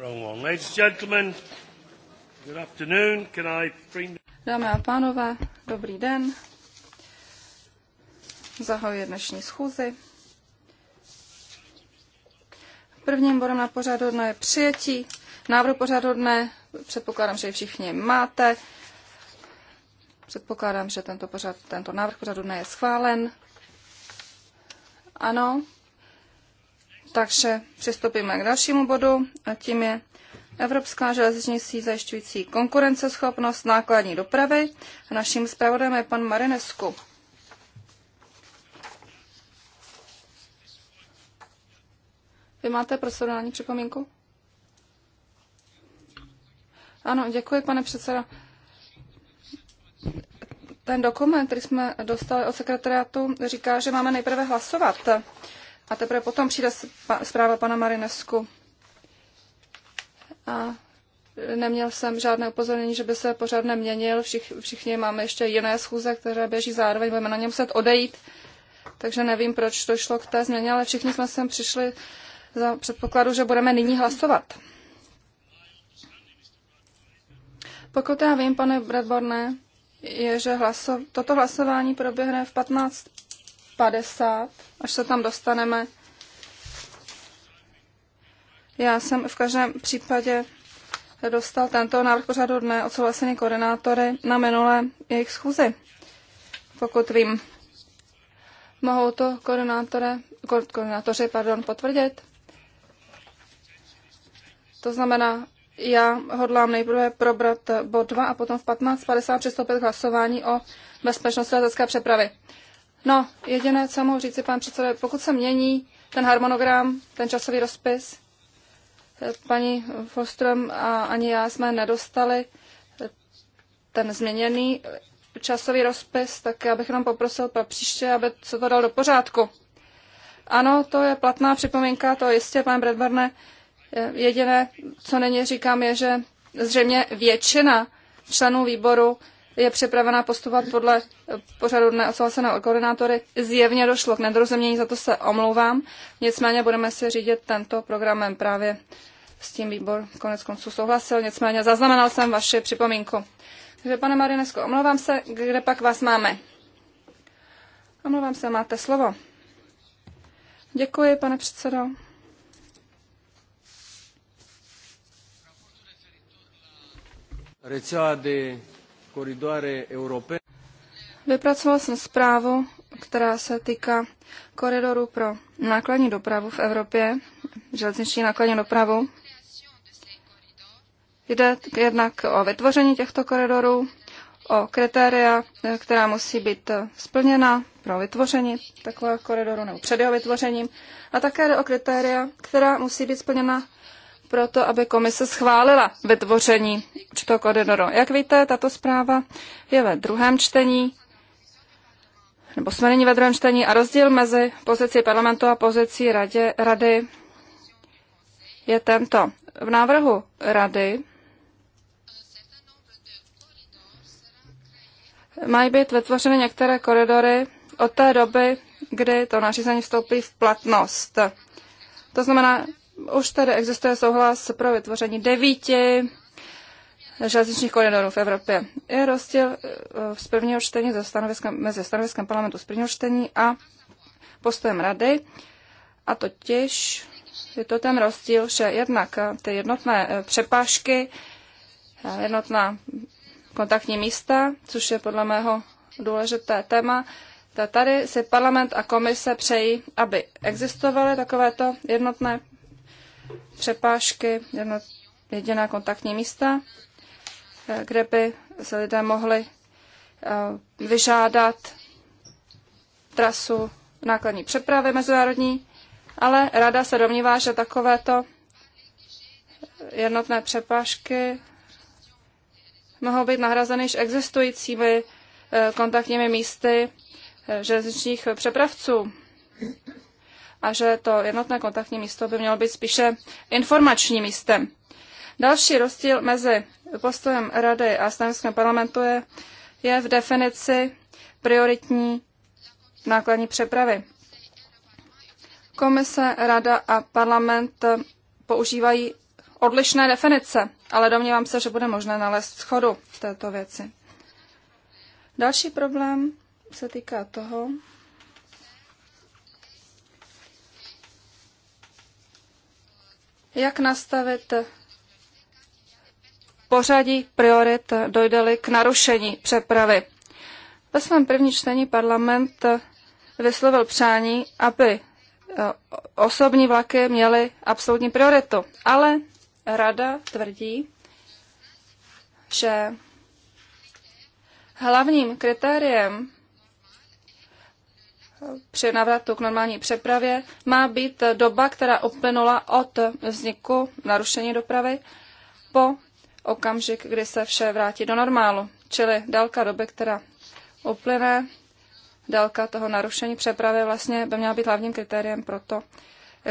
Wrong one. Ladies and gentlemen, good afternoon. Can I bring... Dámy a pánové, dobrý den. Zahajuji dnešní schůzi. Prvním bodem na pořadu dne je přijetí. Návrh pořadu dne, předpokládám, že ji všichni máte. Předpokládám, že tento, pořad, tento návrh pořadu dne je schválen. Ano, takže přistoupíme k dalšímu bodu a tím je Evropská železniční síť zajišťující konkurenceschopnost nákladní dopravy. naším zpravodajem je pan Marinesku. Vy máte procedurální připomínku? Ano, děkuji, pane předseda. Ten dokument, který jsme dostali od sekretariátu, říká, že máme nejprve hlasovat. A teprve potom přijde zpráva pana Marinesku. A neměl jsem žádné upozornění, že by se pořád neměnil. Všich, všichni máme ještě jiné schůze, které běží zároveň, budeme na ně muset odejít. Takže nevím, proč to šlo k té změně, ale všichni jsme sem přišli za předpokladu, že budeme nyní hlasovat. Pokud já vím, pane Bradborne, je, že hlaso- toto hlasování proběhne v 50, až se tam dostaneme. Já jsem v každém případě dostal tento návrh pořadu dne odsouhlasený koordinátory na minulé jejich schůzi, pokud vím. Mohou to koordinátory, ko, koordinátoři pardon, potvrdit? To znamená, já hodlám nejprve probrat bod 2 a potom v 15.50 přistoupit k hlasování o bezpečnosti letecké přepravy. No, jediné, co mohu říct, pan předseda, pokud se mění ten harmonogram, ten časový rozpis, eh, paní Fostrom a ani já jsme nedostali eh, ten změněný časový rozpis, tak já bych jenom poprosil pro příště, aby se to dal do pořádku. Ano, to je platná připomínka, to jistě, pan Bradburne. Eh, jediné, co není říkám, je, že zřejmě většina členů výboru je připravená postupovat podle pořadu dne odsouhlaseného koordinátory. Zjevně došlo k nedorozumění, za to se omlouvám. Nicméně budeme si řídit tento programem právě s tím výbor konec konců souhlasil, nicméně zaznamenal jsem vaši připomínku. Takže pane Marinesko, omlouvám se, kde pak vás máme? Omlouvám se, máte slovo. Děkuji, pane předsedo. Rețeaua de koridoare Vypracoval jsem zprávu, která se týká koridoru pro nákladní dopravu v Evropě, železniční nákladní dopravu. Jde jednak o vytvoření těchto koridorů, o kritéria, která musí být splněna pro vytvoření takového koridoru nebo před jeho vytvořením, a také jde o kritéria, která musí být splněna pro to, aby komise schválila vytvoření určitého koordinoru. Jak víte, tato zpráva je ve druhém čtení, nebo jsme nyní ve druhém čtení a rozdíl mezi pozicí parlamentu a pozicí radě, rady je tento. V návrhu rady mají být vytvořeny některé koridory od té doby, kdy to nařízení vstoupí v platnost. To znamená, už tady existuje souhlas pro vytvoření devíti železničních koridorů v Evropě. Je rozdíl eh, z prvního čtení ze stanoviskem, mezi stanoviskem parlamentu z prvního čtení a postojem rady. A totiž je to ten rozdíl, že jednak eh, ty jednotné eh, přepážky, jednotná kontaktní místa, což je podle mého důležité téma, tady si parlament a komise přejí, aby existovaly takovéto jednotné přepážky, jedno, jediná kontaktní místa, eh, kde by se lidé mohli eh, vyžádat trasu nákladní přepravy mezinárodní, ale rada se domnívá, že takovéto jednotné přepážky mohou být nahrazeny již existujícími eh, kontaktními místy železničních přepravců a že to jednotné kontaktní místo by mělo být spíše informačním místem. Další rozdíl mezi postojem Rady a stanoviskem parlamentu je, je v definici prioritní nákladní přepravy. Komise, Rada a parlament používají odlišné definice, ale domnívám se, že bude možné nalézt schodu v této věci. Další problém se týká toho, jak nastavit pořadí priorit, dojde-li k narušení přepravy. Ve svém první čtení parlament vyslovil přání, aby e, osobní vlaky měly absolutní prioritu. Ale rada tvrdí, že hlavním kritériem při návratu k normální přepravě má být doba, která uplynula od vzniku narušení dopravy po okamžik, kdy se vše vrátí do normálu, čili délka doby, která uplyne, délka toho narušení přepravy vlastně by měla být hlavním kritériem pro to,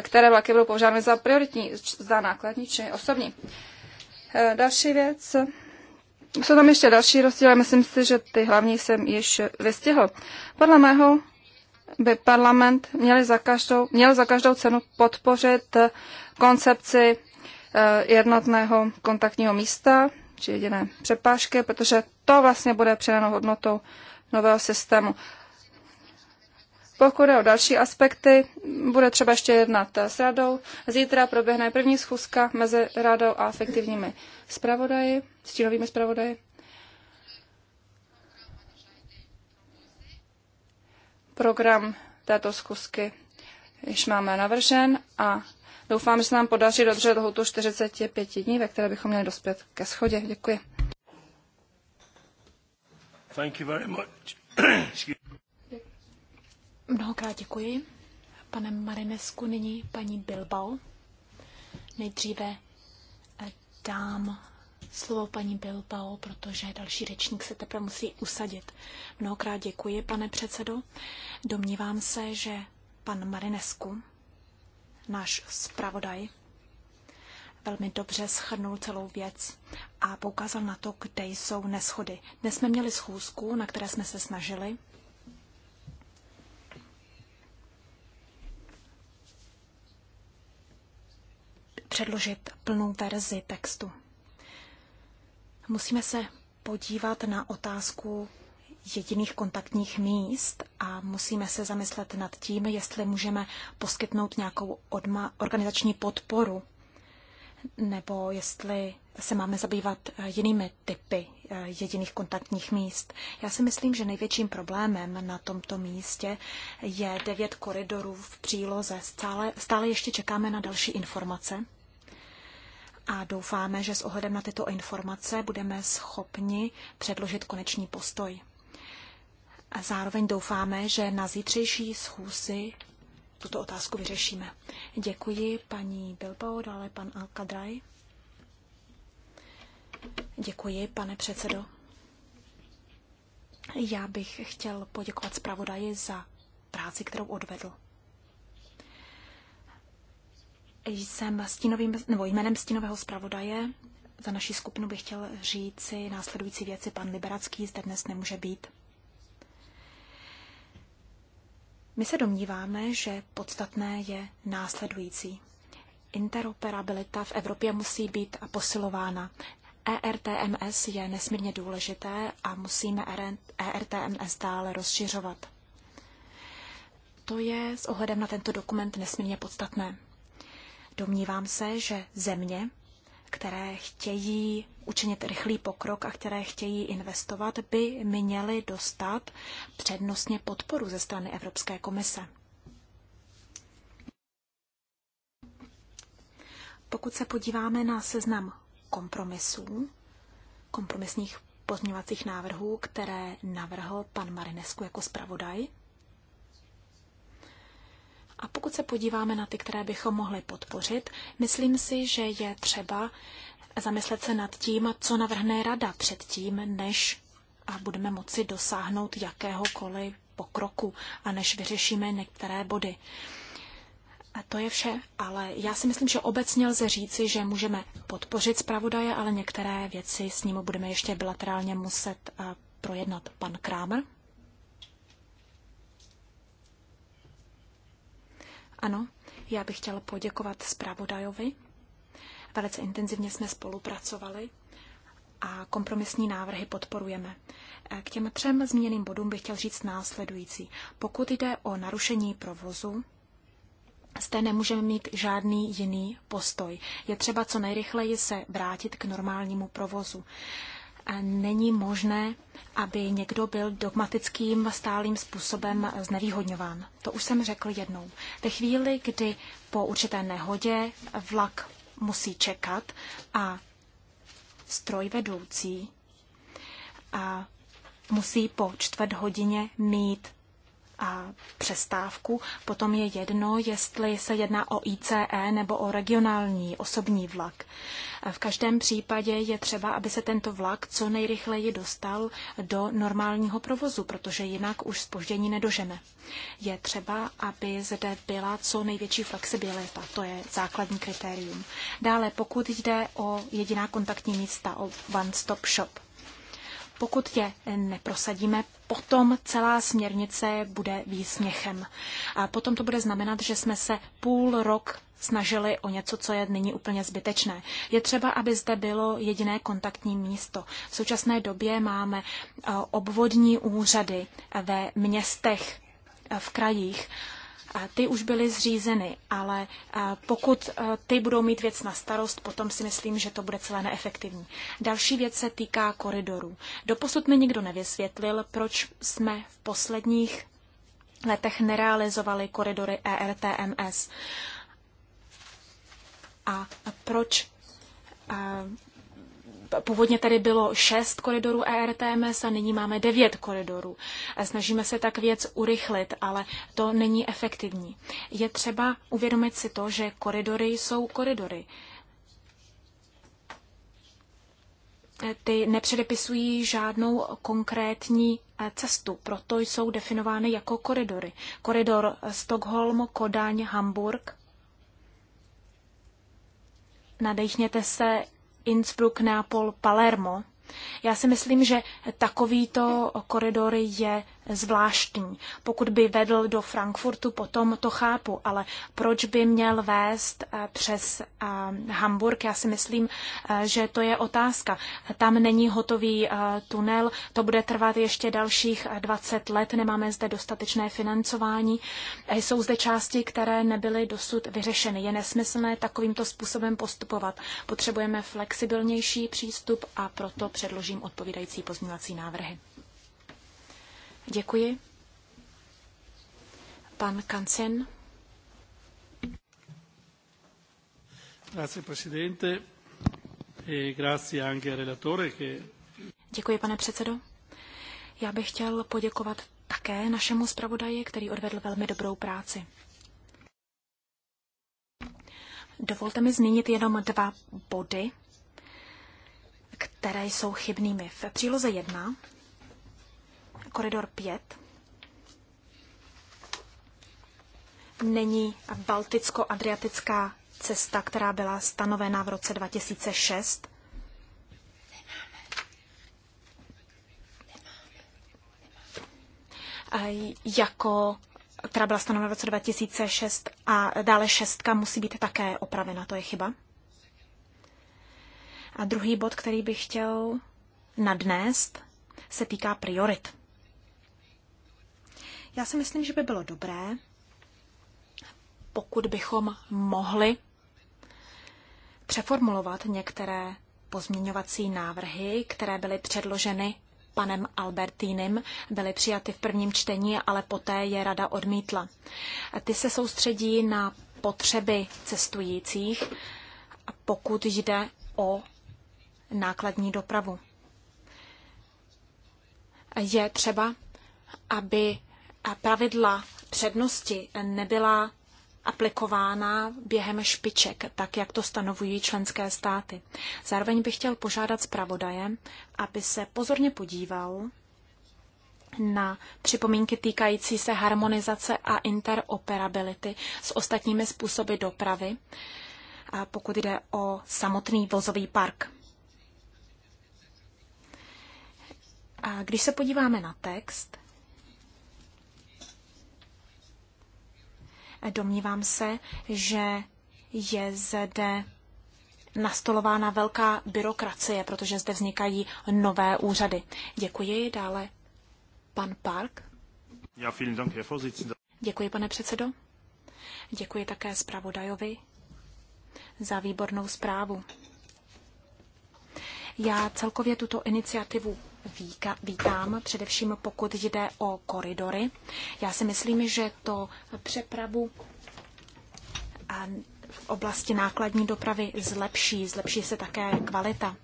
které vlaky budou používány za prioritní, za nákladní či osobní. Eh, další věc, jsou tam ještě další rozdíly, myslím si, že ty hlavní jsem již vystihl. Podle mého by parlament měl za každou, měl za každou cenu podpořit koncepci eh, jednotného kontaktního místa, či jediné přepážky, protože to vlastně bude přidanou hodnotou nového systému. Pokud je o další aspekty, bude třeba ještě jednat s radou. Zítra proběhne první schůzka mezi radou a efektivními zpravodaji, stínovými zpravodaji. Program této zkusky již máme navržen a doufám, že se nám podaří dodržet lhutu 45 dní, ve které bychom měli dospět ke schodě. Děkuji. Thank you very much. Mnohokrát děkuji. Panem Marinesku nyní paní Bilbao. Nejdříve eh, dám slovo paní Bilbao, protože další řečník se teprve musí usadit. Mnohokrát děkuji, pane předsedo. Domnívám se, že pan Marinesku, náš zpravodaj, velmi dobře schrnul celou věc a poukázal na to, kde jsou neschody. Dnes jsme měli schůzku, na které jsme se snažili předložit plnou verzi textu. Musíme se podívat na otázku jediných kontaktních míst a musíme se zamyslet nad tím, jestli můžeme poskytnout nějakou organizační podporu nebo jestli se máme zabývat eh, jinými typy eh, jediných kontaktních míst. Já si myslím, že největším problémem na tomto místě je devět koridorů v příloze. Stále, stále ještě čekáme na další informace a doufáme, že s ohledem na tyto informace budeme schopni předložit konečný postoj. A zároveň doufáme, že na zítřejší schůzi tuto otázku vyřešíme. Děkuji paní Bilbao, dále pan Alkadraj. Děkuji, pane předsedo. Já bych chtěl poděkovat zpravodaji za práci, kterou odvedl. Jsem stínovým, nebo jménem stínového zpravodaje za naší skupinu bych chtěl říci následující věci. Pan Liberacký zde dnes nemůže být. My se domníváme, že podstatné je následující. Interoperabilita v Evropě musí být posilována. ERTMS je nesmírně důležité a musíme ERTMS dále rozšiřovat. To je s ohledem na tento dokument nesmírně podstatné. Domnívám se, že země, které chtějí učinit rychlý pokrok a které chtějí investovat, by měly dostat přednostně podporu ze strany Evropské komise. Pokud se podíváme na seznam kompromisů, kompromisních pozměňovacích návrhů, které navrhl pan Marinesku jako zpravodaj, a pokud se podíváme na ty, které bychom mohli podpořit, myslím si, že je třeba zamyslet se nad tím, co navrhne rada předtím, než a budeme moci dosáhnout jakéhokoliv pokroku a než vyřešíme některé body. A to je vše, ale já si myslím, že obecně lze říci, že můžeme podpořit zpravodaje, ale některé věci s ním budeme ještě bilaterálně muset projednat. Pan Krámer? Ano, já bych chtěla poděkovat zpravodajovi. Velice intenzivně jsme spolupracovali a kompromisní návrhy podporujeme. E, k těm třem zmíněným bodům bych chtěl říct následující. Pokud jde o narušení provozu, zde nemůžeme mít žádný jiný postoj. Je třeba co nejrychleji se vrátit k normálnímu provozu není možné, aby někdo byl dogmatickým stálým způsobem znevýhodňován. To už jsem řekl jednou. Ve chvíli, kdy po určité nehodě vlak musí čekat a strojvedoucí a musí po čtvrt hodině mít přestávku. Potom je jedno, jestli se jedná o ICE nebo o regionální osobní vlak. V každém případě je třeba, aby se tento vlak co nejrychleji dostal do normálního provozu, protože jinak už spoždění nedožene. Je třeba, aby zde byla co největší flexibilita, to je základní kritérium. Dále, pokud jde o jediná kontaktní místa, o one-stop shop. Pokud je neprosadíme, potom celá směrnice bude výsměchem. A potom to bude znamenat, že jsme se půl rok snažili o něco, co je nyní úplně zbytečné. Je třeba, aby zde bylo jediné kontaktní místo. V současné době máme eh, obvodní úřady ve městech, eh, v krajích ty už byly zřízeny, ale pokud ty budou mít věc na starost, potom si myslím, že to bude celé neefektivní. Další věc se týká koridorů. Doposud mi nikdo nevysvětlil, proč jsme v posledních letech nerealizovali koridory ERTMS. A proč Původně tady bylo šest koridorů ERTMS a nyní máme devět koridorů. Snažíme se tak věc urychlit, ale to není efektivní. Je třeba uvědomit si to, že koridory jsou koridory. Ty nepředepisují žádnou konkrétní cestu, proto jsou definovány jako koridory. Koridor Stockholm, Kodaň, Hamburg. Nadechněte se Innsbruck, Nápol, Palermo. Já si myslím, že takovýto koridor je zvláštní. Pokud by vedl do Frankfurtu, potom to chápu, ale proč by měl vést eh, přes eh, Hamburg? Já si myslím, eh, že to je otázka. Tam není hotový tunel, to bude trvat ještě dalších 20 let, nemáme zde dostatečné financování. Jsou zde části, které nebyly dosud vyřešeny. Je nesmyslné takovýmto způsobem postupovat. Potřebujeme flexibilnější přístup a proto předložím odpovídající pozměňovací návrhy. Děkuji. Pan Kancen. E Děkuji, pane předsedo. Já bych chtěl poděkovat také našemu zpravodaji, který odvedl velmi dobrou práci. Dovolte mi zmínit jenom dva body, které jsou chybnými. V příloze 1 koridor 5 není balticko-adriatická cesta, která byla stanovena v roce 2006. jako která byla stanovena v roce 2006 a dále šestka musí být také opravena, to je chyba. A druhý bod, který bych chtěl nadnést, se týká priorit. Já si myslím, že by bylo dobré, pokud bychom mohli přeformulovat některé pozměňovací návrhy, které byly předloženy panem Albertínem, byly přijaty v prvním čtení, ale poté je rada odmítla. Ty se soustředí na potřeby cestujících, pokud jde o nákladní dopravu. Je třeba, aby pravidla přednosti nebyla aplikována během špiček, tak jak to stanovují členské státy. Zároveň bych chtěl požádat zpravodaje, aby se pozorně podíval na připomínky týkající se harmonizace a interoperability s ostatními způsoby dopravy, pokud jde o samotný vozový park. A když se podíváme na text, Domnívám se, že je zde nastolována velká byrokracie, protože zde vznikají nové úřady. Děkuji. Dále pan Park. Děkuji, pane předsedo. Děkuji také zpravodajovi za výbornou zprávu. Já celkově tuto iniciativu víka, vítám, především pokud jde o koridory. Já si myslím, že to přepravu v oblasti nákladní dopravy zlepší, zlepší se také kvalita.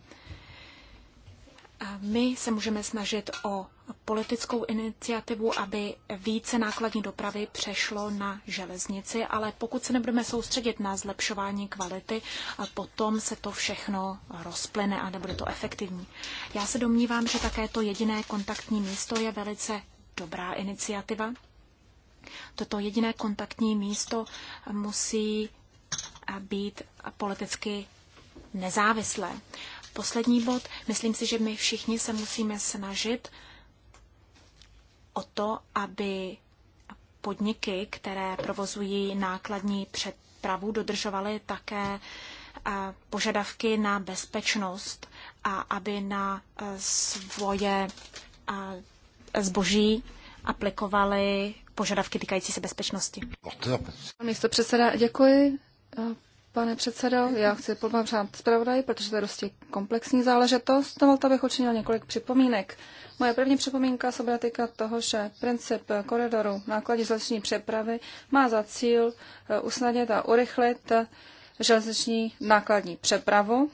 My se můžeme snažit o politickou iniciativu, aby více nákladní dopravy přešlo na železnici, ale pokud se nebudeme soustředit na zlepšování kvality, a potom se to všechno rozplyne a nebude to efektivní. Já se domnívám, že také to jediné kontaktní místo je velice dobrá iniciativa. Toto jediné kontaktní místo musí být politicky nezávislé. Poslední bod. Myslím si, že my všichni se musíme snažit o to, aby podniky, které provozují nákladní přepravu, dodržovaly také eh, požadavky na bezpečnost a aby na eh, svoje eh, zboží aplikovali požadavky týkající se bezpečnosti. Pan místo předseda, děkuji pane předsedo. Já chci poblahopřát zpravodaj, protože to je dosti komplexní záležitost. Dovolte, abych učinil několik připomínek. Moje první připomínka se bude týkat toho, že princip koridoru nákladní železniční přepravy má za cíl eh, usnadnit a urychlit eh, železniční nákladní přepravu.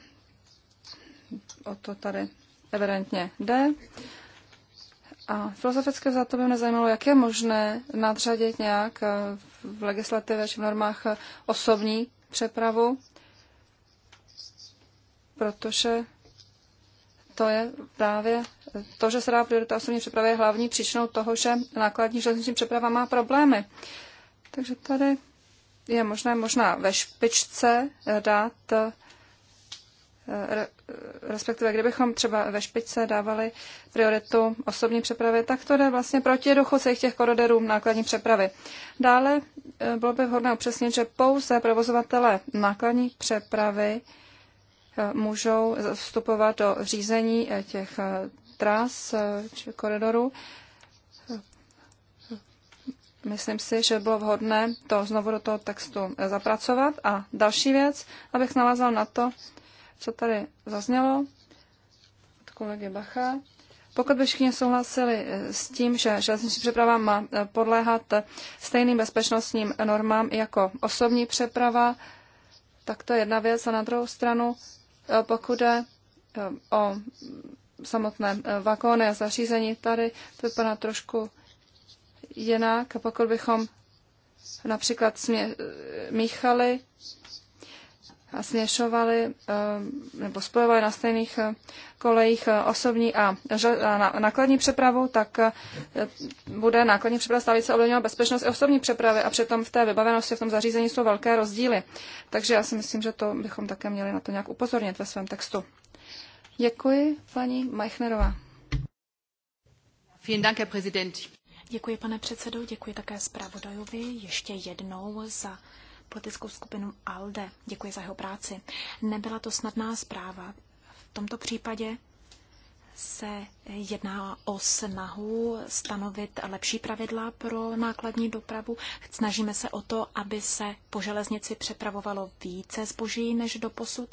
O to tady evidentně jde. A filozoficky za to by mě zajímalo, jak je možné nadřadit nějak eh, v legislativě či v normách osobní přepravu, protože to je právě to, že se dá priorita osobní přepravě, je hlavní příčinou toho, že nákladní železniční přeprava má problémy. Takže tady je možné možná ve špičce dát respektive kdybychom třeba ve špičce dávali prioritu osobní přepravy, tak to jde vlastně proti ruchu se těch koroderů nákladní přepravy. Dále e, bylo by vhodné upřesnit, že pouze provozovatele nákladní přepravy e, můžou vstupovat do řízení e, těch tras či koridorů. Myslím si, že bylo vhodné to znovu do toho textu zapracovat. A další věc, abych navázal na to, co tady zaznělo od kolegy Bacha. Pokud by všichni souhlasili eh, s tím, že železniční přeprava má eh, podléhat eh, stejným bezpečnostním normám jako osobní přeprava, tak to je jedna věc. A na druhou stranu, pokud je o samotné vagóny a zařízení, tady to vypadá trošku jinak. Pokud bychom například smě- míchali směšovali eh, nebo spojovali na stejných eh, kolejích eh, osobní a nákladní přepravu, tak bude nákladní přeprava stále se ovlivňovat bezpečnost i osobní přepravy a přitom v té vybavenosti, v tom zařízení jsou velké rozdíly. Takže já si myslím, že to bychom také měli na to nějak upozornit ve svém textu. Děkuji, paní Majchnerová. Vielen Dank, Herr Präsident. Děkuji, pane předsedo, děkuji také zpravodajovi ještě jednou za politickou skupinu ALDE. Děkuji za jeho práci. Nebyla to snadná zpráva. V tomto případě se jedná o snahu stanovit lepší pravidla pro nákladní dopravu. Snažíme se o to, aby se po železnici přepravovalo více zboží než do posud.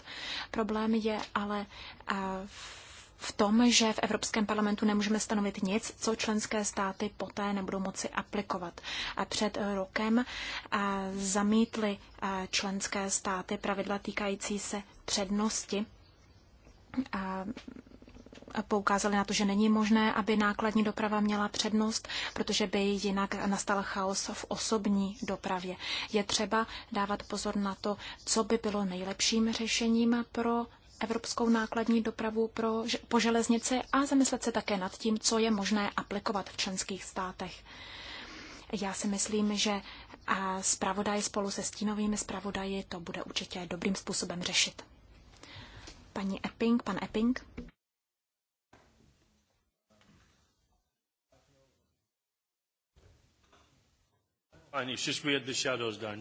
Problém je ale eh, v v tom, že v Evropském parlamentu nemůžeme stanovit nic, co členské státy poté nebudou moci aplikovat. A před rokem zamítly členské státy pravidla týkající se přednosti a poukázali na to, že není možné, aby nákladní doprava měla přednost, protože by jinak nastal chaos v osobní dopravě. Je třeba dávat pozor na to, co by bylo nejlepším řešením pro evropskou nákladní dopravu pro, po železnici a zamyslet se také nad tím, co je možné aplikovat v členských státech. Já si myslím, že zpravodaj spolu se stínovými zpravodaji to bude určitě dobrým způsobem řešit. Paní Epping, pan Epping.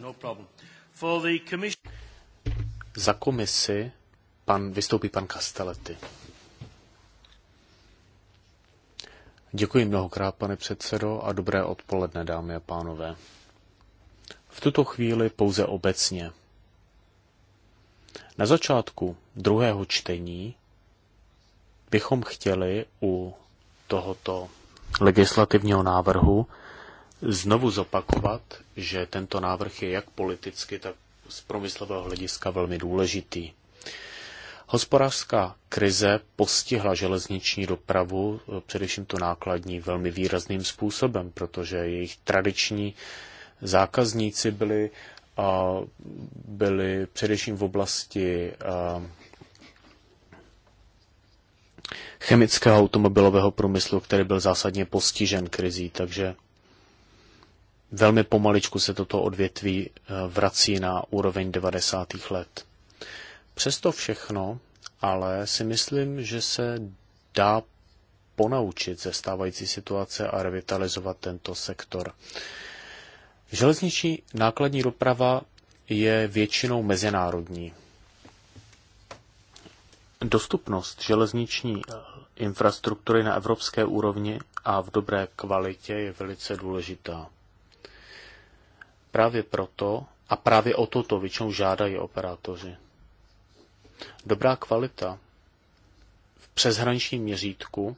No Za komisi pan, vystoupí pan Castelletti. Děkuji mnohokrát, pane předsedo, a dobré odpoledne, dámy a pánové. V tuto chvíli pouze obecně. Na začátku druhého čtení bychom chtěli u tohoto legislativního návrhu znovu zopakovat, že tento návrh je jak politicky, tak z promyslového hlediska velmi důležitý. Hospodářská krize postihla železniční dopravu, eh, především tu nákladní, velmi výrazným způsobem, protože jejich tradiční zákazníci byli, byli především v oblasti eh, chemického automobilového průmyslu, který byl zásadně postižen krizí, takže velmi pomaličku se toto odvětví eh, vrací na úroveň 90. let. Přesto všechno, ale si myslím, že se dá ponaučit ze stávající situace a revitalizovat tento sektor. Železniční nákladní doprava je většinou mezinárodní. Dostupnost železniční eh, infrastruktury na evropské úrovni a v dobré kvalitě je velice důležitá. Právě proto a právě o toto většinou žádají operátoři. Dobrá kvalita v přeshraničním měřítku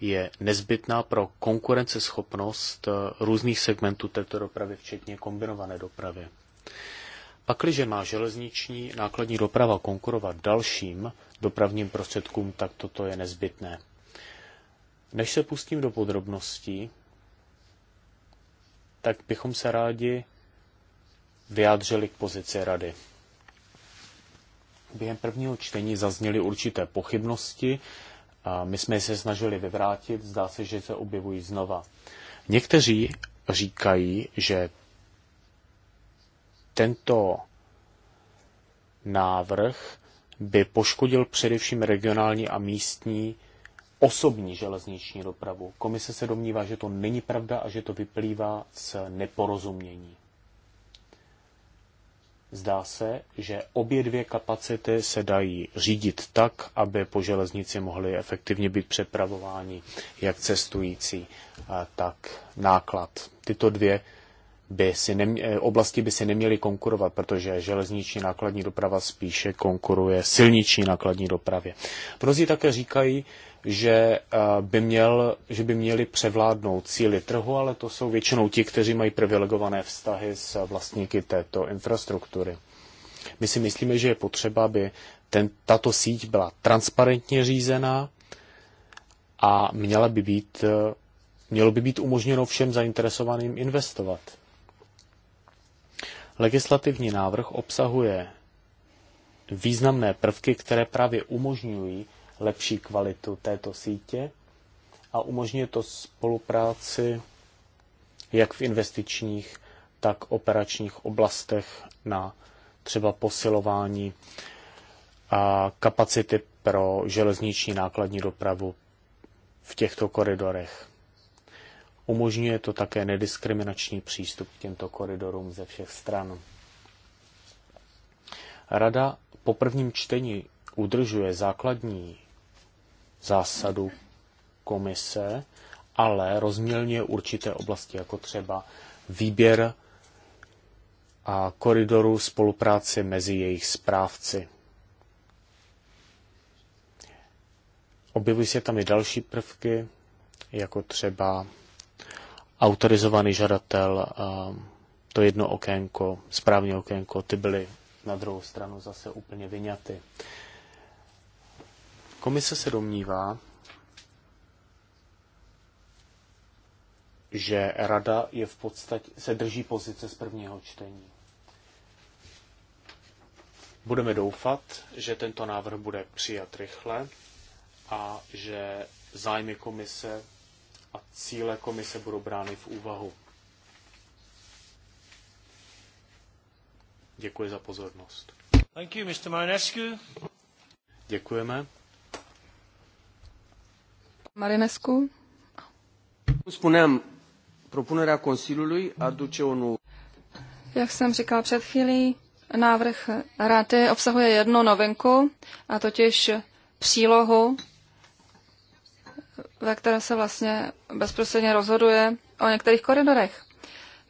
je nezbytná pro konkurenceschopnost eh, různých segmentů této dopravy, včetně kombinované dopravy. Pakliže má železniční nákladní doprava konkurovat dalším dopravním prostředkům, tak toto je nezbytné. Než se pustím do podrobností, tak bychom se rádi vyjádřili k pozici rady. Během prvního čtení zazněly určité pochybnosti. My jsme se snažili vyvrátit, zdá se, že se objevují znova. Někteří říkají, že tento návrh by poškodil především regionální a místní osobní železniční dopravu. Komise se domnívá, že to není pravda a že to vyplývá z neporozumění. Zdá se, že obě dvě kapacity se dají řídit tak, aby po železnici mohly efektivně být přepravováni jak cestující, tak náklad. Tyto dvě by si nemě, eh, oblasti by si neměly konkurovat, protože železniční nákladní doprava spíše konkuruje silniční nákladní dopravě. Mnozí také říkají, že eh, by, měl, že by měli převládnout cíly trhu, ale to jsou většinou ti, kteří mají privilegované vztahy s vlastníky této infrastruktury. My si myslíme, že je potřeba, aby ten, tato síť byla transparentně řízená a měla by být, eh, mělo by být umožněno všem zainteresovaným investovat. Legislativní návrh obsahuje významné prvky, které právě umožňují lepší kvalitu této sítě a umožňuje to spolupráci jak v investičních, tak operačních oblastech na třeba posilování a kapacity pro železniční nákladní dopravu v těchto koridorech. Umožňuje to také nediskriminační přístup k těmto koridorům ze všech stran. Rada po prvním čtení udržuje základní zásadu komise, ale rozmělňuje určité oblasti, jako třeba výběr a koridoru spolupráce mezi jejich správci. Objevují se tam i další prvky, jako třeba autorizovaný žadatel to jedno okénko, správně okénko, ty byly na druhou stranu zase úplně vyňaty. Komise se domnívá, že rada je v podstatě, se drží pozice z prvního čtení. Budeme doufat, že tento návrh bude přijat rychle a že zájmy komise a cíle komise budou brány v úvahu. Děkuji za pozornost. Thank you, Mr. Marinescu. Děkujeme. Marinescu. Spuneam, propunerea Consiliului aduce o nouă. Jak jsem říkal před chvílí, návrh rady obsahuje jednu novinku, a totiž přílohu ve které se vlastně bezprostředně rozhoduje o některých koridorech.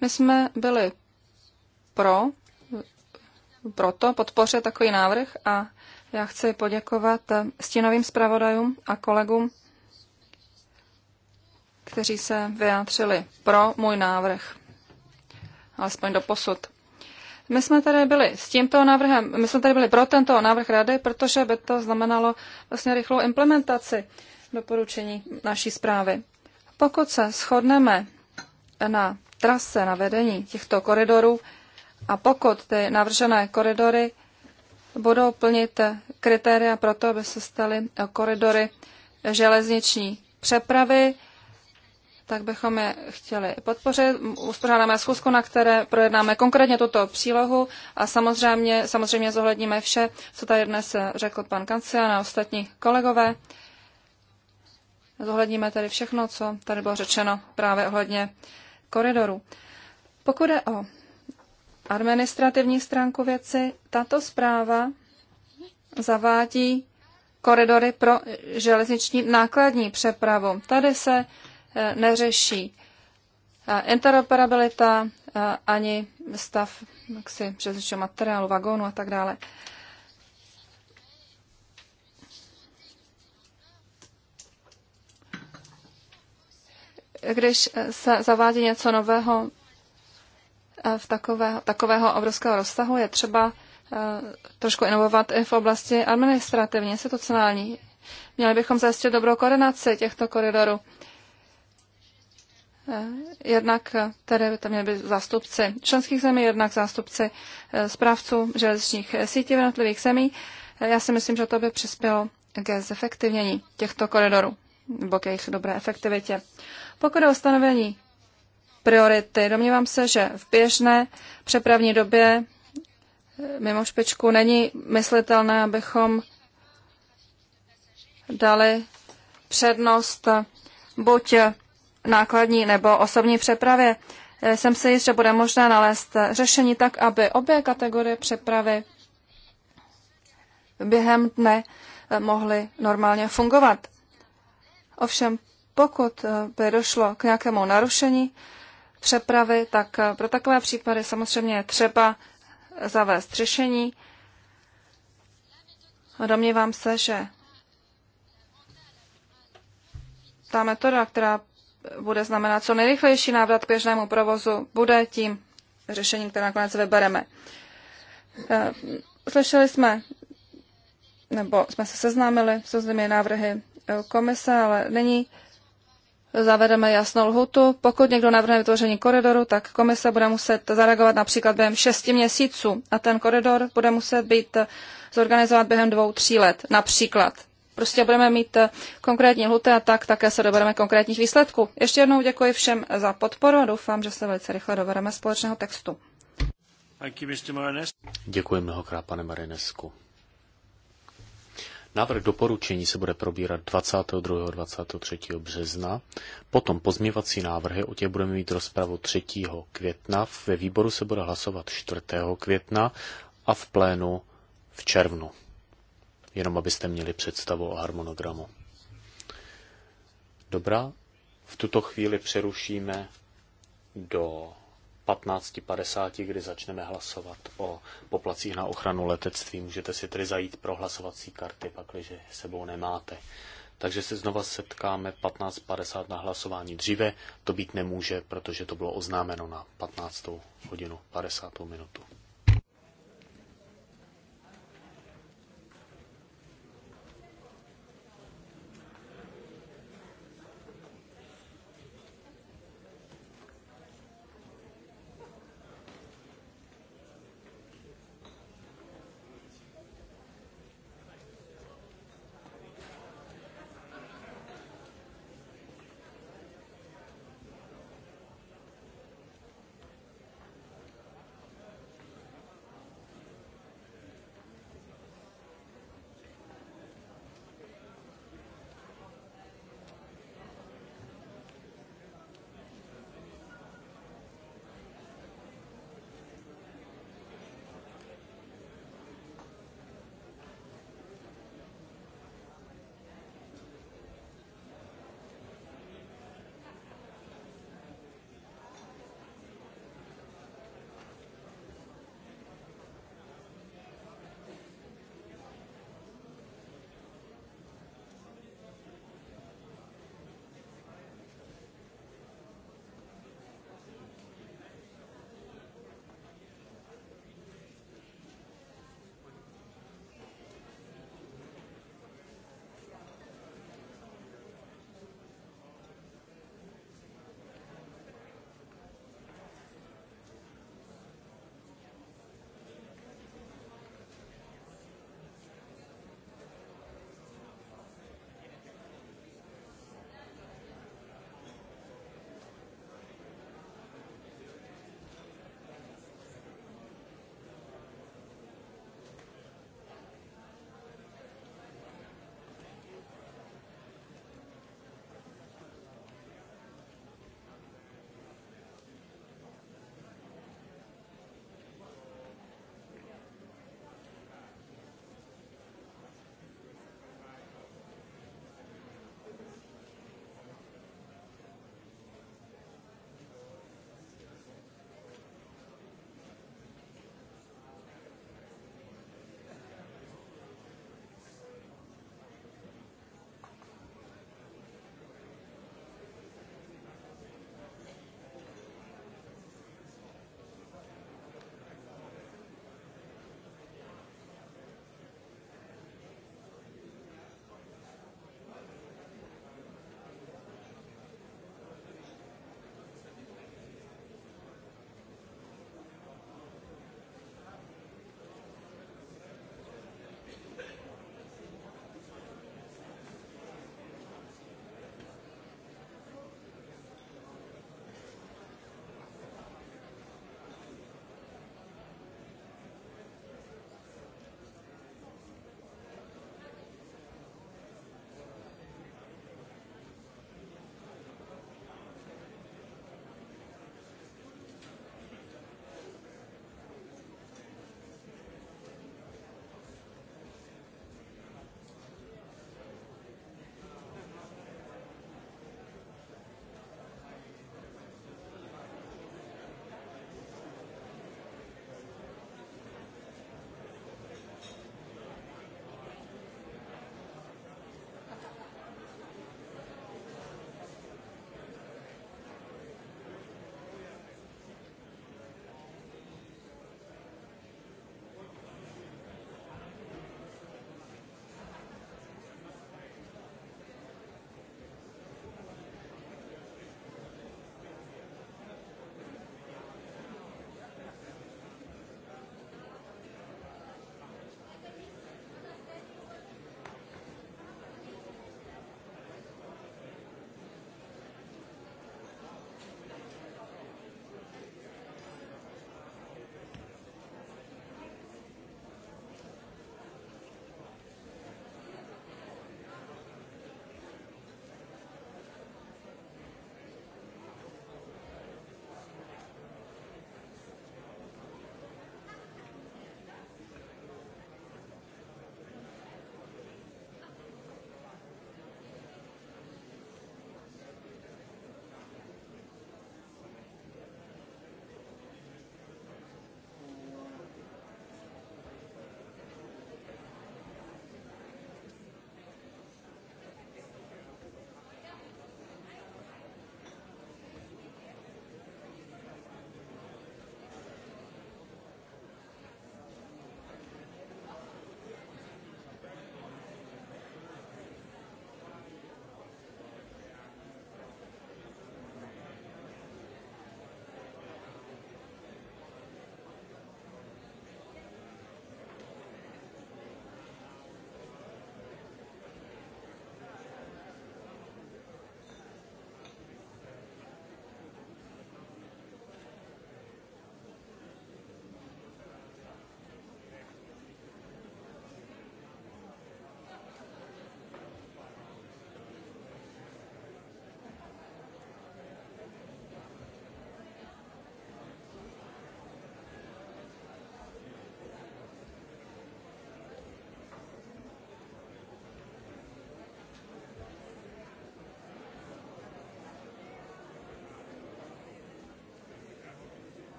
My jsme byli pro, proto podpoře takový návrh a já chci poděkovat stínovým zpravodajům a kolegům, kteří se vyjádřili pro můj návrh, alespoň do posud. My jsme tady byli s tímto návrhem, my jsme tady byli pro tento návrh rady, protože by to znamenalo vlastně rychlou implementaci doporučení naší zprávy. Pokud se shodneme na trase, na vedení těchto koridorů a pokud ty navržené koridory budou plnit kritéria pro to, aby se staly koridory železniční přepravy, tak bychom je chtěli podpořit. Uspořádáme schůzku, na které projednáme konkrétně tuto přílohu a samozřejmě, samozřejmě zohledníme vše, co tady dnes řekl pan Kancian a ostatní kolegové. Zohledníme tedy všechno, co tady bylo řečeno právě ohledně koridoru. Pokud je o administrativní stránku věci, tato zpráva zavádí koridory pro železniční nákladní přepravu. Tady se eh, neřeší eh, interoperabilita eh, ani stav jaksi, železničního materiálu, vagónu a tak dále. když se zavádí něco nového eh, v takového, takového obrovského rozsahu, je třeba eh, trošku inovovat i v oblasti administrativní, institucionální. Měli bychom zajistit dobrou koordinaci těchto koridorů. Eh, jednak tady tam měly být zástupci členských zemí, jednak zástupci zprávců železničních sítí v jednotlivých zemí. Já si myslím, že to by přispělo ke zefektivnění těchto koridorů nebo k jejich dobré efektivitě. Pokud je o stanovení priority, domnívám se, že v běžné přepravní době eh, mimo špičku není myslitelné, abychom dali přednost buď nákladní nebo osobní přepravě. Eh, jsem si jist, že bude možné nalézt řešení tak, aby obě kategorie přepravy během dne eh, mohly normálně fungovat. Ovšem, pokud eh, by došlo k nějakému narušení přepravy, tak eh, pro takové případy samozřejmě je třeba zavést řešení. Domnívám se, že ta metoda, která bude znamenat co nejrychlejší návrat k běžnému provozu, bude tím řešením, které nakonec vybereme. Eh, slyšeli jsme, nebo jsme se seznámili s různými návrhy Eh, komise, ale nyní zavedeme jasnou lhutu. Pokud někdo navrhne vytvoření koridoru, tak komise bude muset zareagovat například během šesti měsíců a ten koridor bude muset být zorganizovat během dvou, tří let například. Prostě budeme mít eh, konkrétní lhuty a tak také se dobereme konkrétních výsledků. Ještě jednou děkuji všem za podporu a doufám, že se velice rychle dobereme společného textu. Děkuji mnohokrát, pane Marinesku. Návrh doporučení se bude probírat 22. a 23. března, potom pozměvací návrhy, o těch budeme mít rozpravu 3. května, ve výboru se bude hlasovat 4. května a v plénu v červnu. Jenom abyste měli představu o harmonogramu. Dobrá, v tuto chvíli přerušíme do 15.50, kdy začneme hlasovat o poplacích na ochranu letectví. Můžete si tedy zajít pro hlasovací karty, pakliže sebou nemáte. Takže se znova setkáme 15.50 na hlasování. Dříve to být nemůže, protože to bylo oznámeno na 15. hodinu 50. minutu.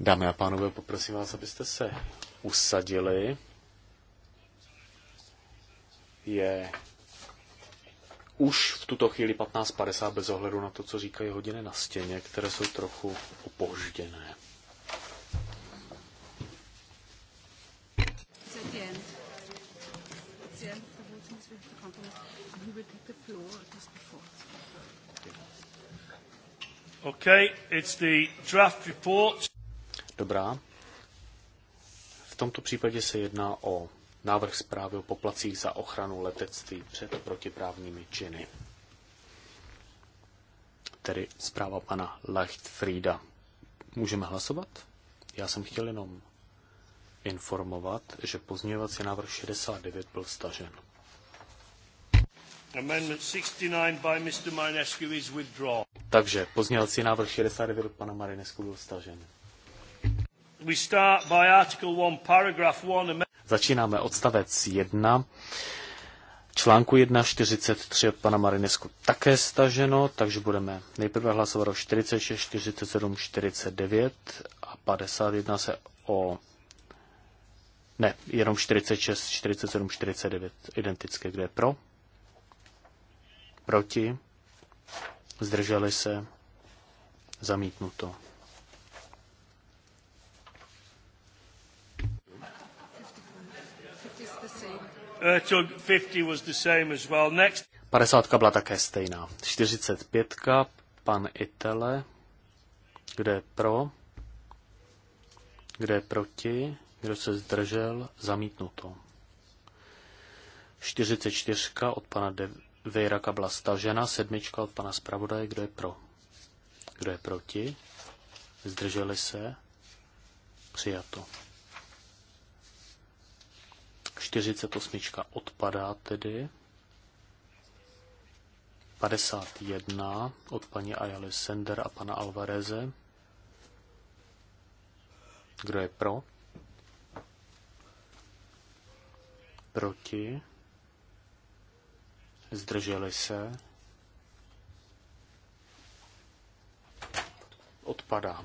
Dámy a pánové, poprosím vás, abyste se usadili. Je už v tuto chvíli 15.50 bez ohledu na to, co říkají hodiny na stěně, které jsou trochu opožděné. Okay, it's the draft report. Dobrá. V tomto případě se jedná o návrh zprávy o poplacích za ochranu letectví před protiprávními činy. Tedy zpráva pana Leichtfrieda. Můžeme hlasovat? Já jsem chtěl jenom informovat, že pozměňovací návrh 69 byl stažen. Amendment 69 by Mr. Marinescu is withdrawn. Takže pozněvací návrh 69 od pana Marinesku byl stažen. We start by article one, paragraph one. Začínáme odstavec 1. Článku 1.43 od pana Marinesku také staženo, takže budeme nejprve hlasovat o 46, 47, 49 a 51 se o... Ne, jenom 46, 47, 49 identické, kde je pro, proti, zdrželi se, zamítnuto. Padesátka byla také stejná. 45. Pan Itele. Kde je pro? Kde je proti? Kdo se zdržel? Zamítnuto. 44. od pana Vejraka byla stažena, sedmička od pana zpravodaje, kdo je pro? Kdo je proti? Zdrželi se? Přijato. 48 odpadá tedy. 51 od paní Ayali Sender a pana Alvareze. Kdo je pro? Proti? zdrželi se, odpadá.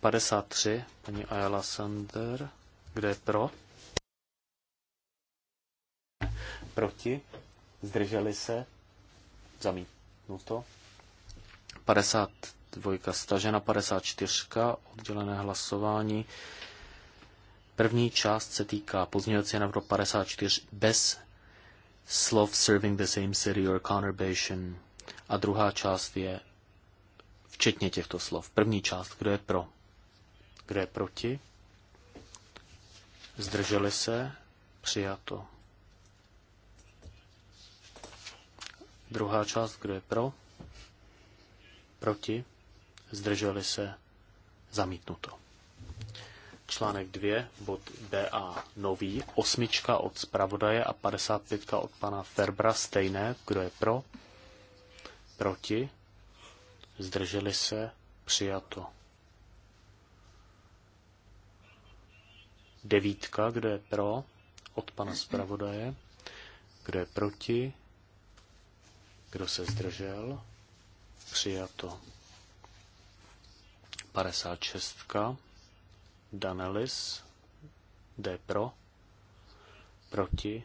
53, paní Ayala Sander, kde je pro? Proti, zdrželi se, zamítnuto. 52, stažena 54, oddělené hlasování. První část se týká pozměňovací návrhu 54 bez slov serving the same city or conurbation. A druhá část je včetně těchto slov. První část, kdo je pro, kdo je proti, zdrželi se, přijato. Druhá část, kdo je pro, proti, zdrželi se, zamítnuto článek 2, bod BA nový, osmička od zpravodaje a 55 od pana Ferbra stejné. Kdo je pro? Proti? Zdrželi se? Přijato. Devítka, kdo je pro? Od pana zpravodaje. Kdo je proti? Kdo se zdržel? Přijato. 56 Danelis. D pro. Proti.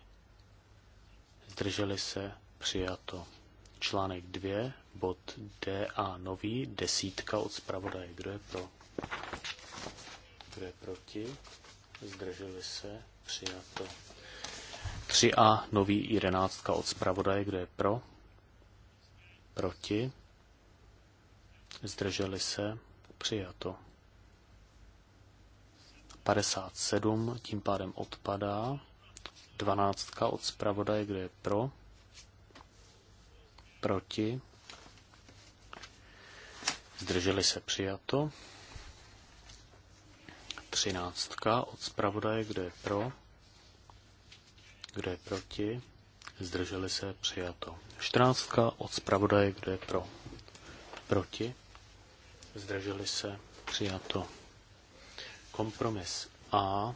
Zdrželi se. Přijato. Článek 2, bod D a nový, desítka od zpravodaje. Kdo je pro? Kdo je proti? Zdrželi se. Přijato. 3A, nový jedenáctka od zpravodaje. Kdo je pro? Proti? Zdrželi se. Přijato. 57 tím pádem odpadá. 12 od zpravodaje, kde je pro. Proti. Zdrželi se přijato. 13 od zpravodaje, kde je pro. Kde je proti. Zdrželi se přijato. 14 od zpravodaje, kde je pro. Proti. Zdrželi se přijato. Kompromis A,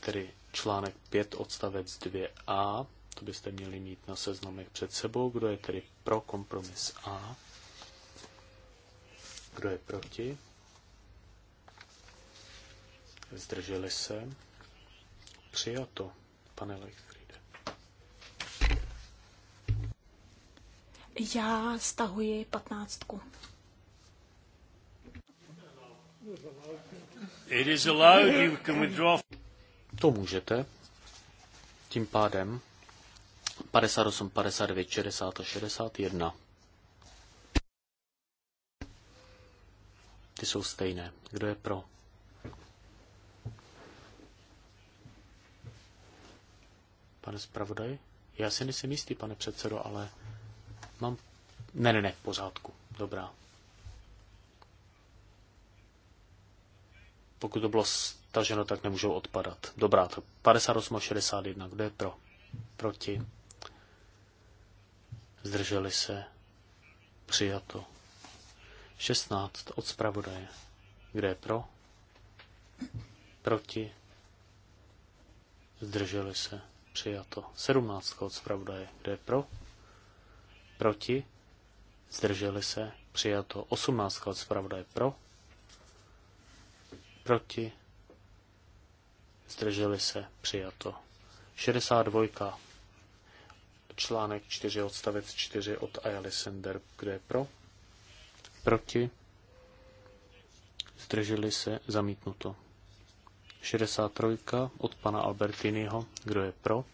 tedy článek 5 odstavec 2a, to byste měli mít na seznamech před sebou, kdo je tedy pro kompromis A, kdo je proti, zdrželi se, přijato, pane Leichfriede. Já stahuji patnáctku. To můžete. Tím pádem 58, 59, 60 a 61. Ty jsou stejné. Kdo je pro? Pane zpravodaj? Já si nejsem jistý, pane předsedo, ale mám... Ne, ne, ne, v pořádku. Dobrá. Pokud to bylo staženo, tak nemůžou odpadat. Dobrá, to 58 a 61. Kdo je pro? Proti? Zdrželi se? Přijato. 16 od zpravodaje. Kdo je pro? Proti? Zdrželi se? Přijato. 17 od zpravodaje. Kdo je pro? Proti? Zdrželi se? Přijato. 18 od zpravodaje pro? Proti? Zdrželi se. Přijato. 62. Článek 4 odstavec 4 od Ayali Sender. kde je pro? Proti? Zdrželi se. Zamítnuto. 63. od pana Albertiniho. Kdo je pro?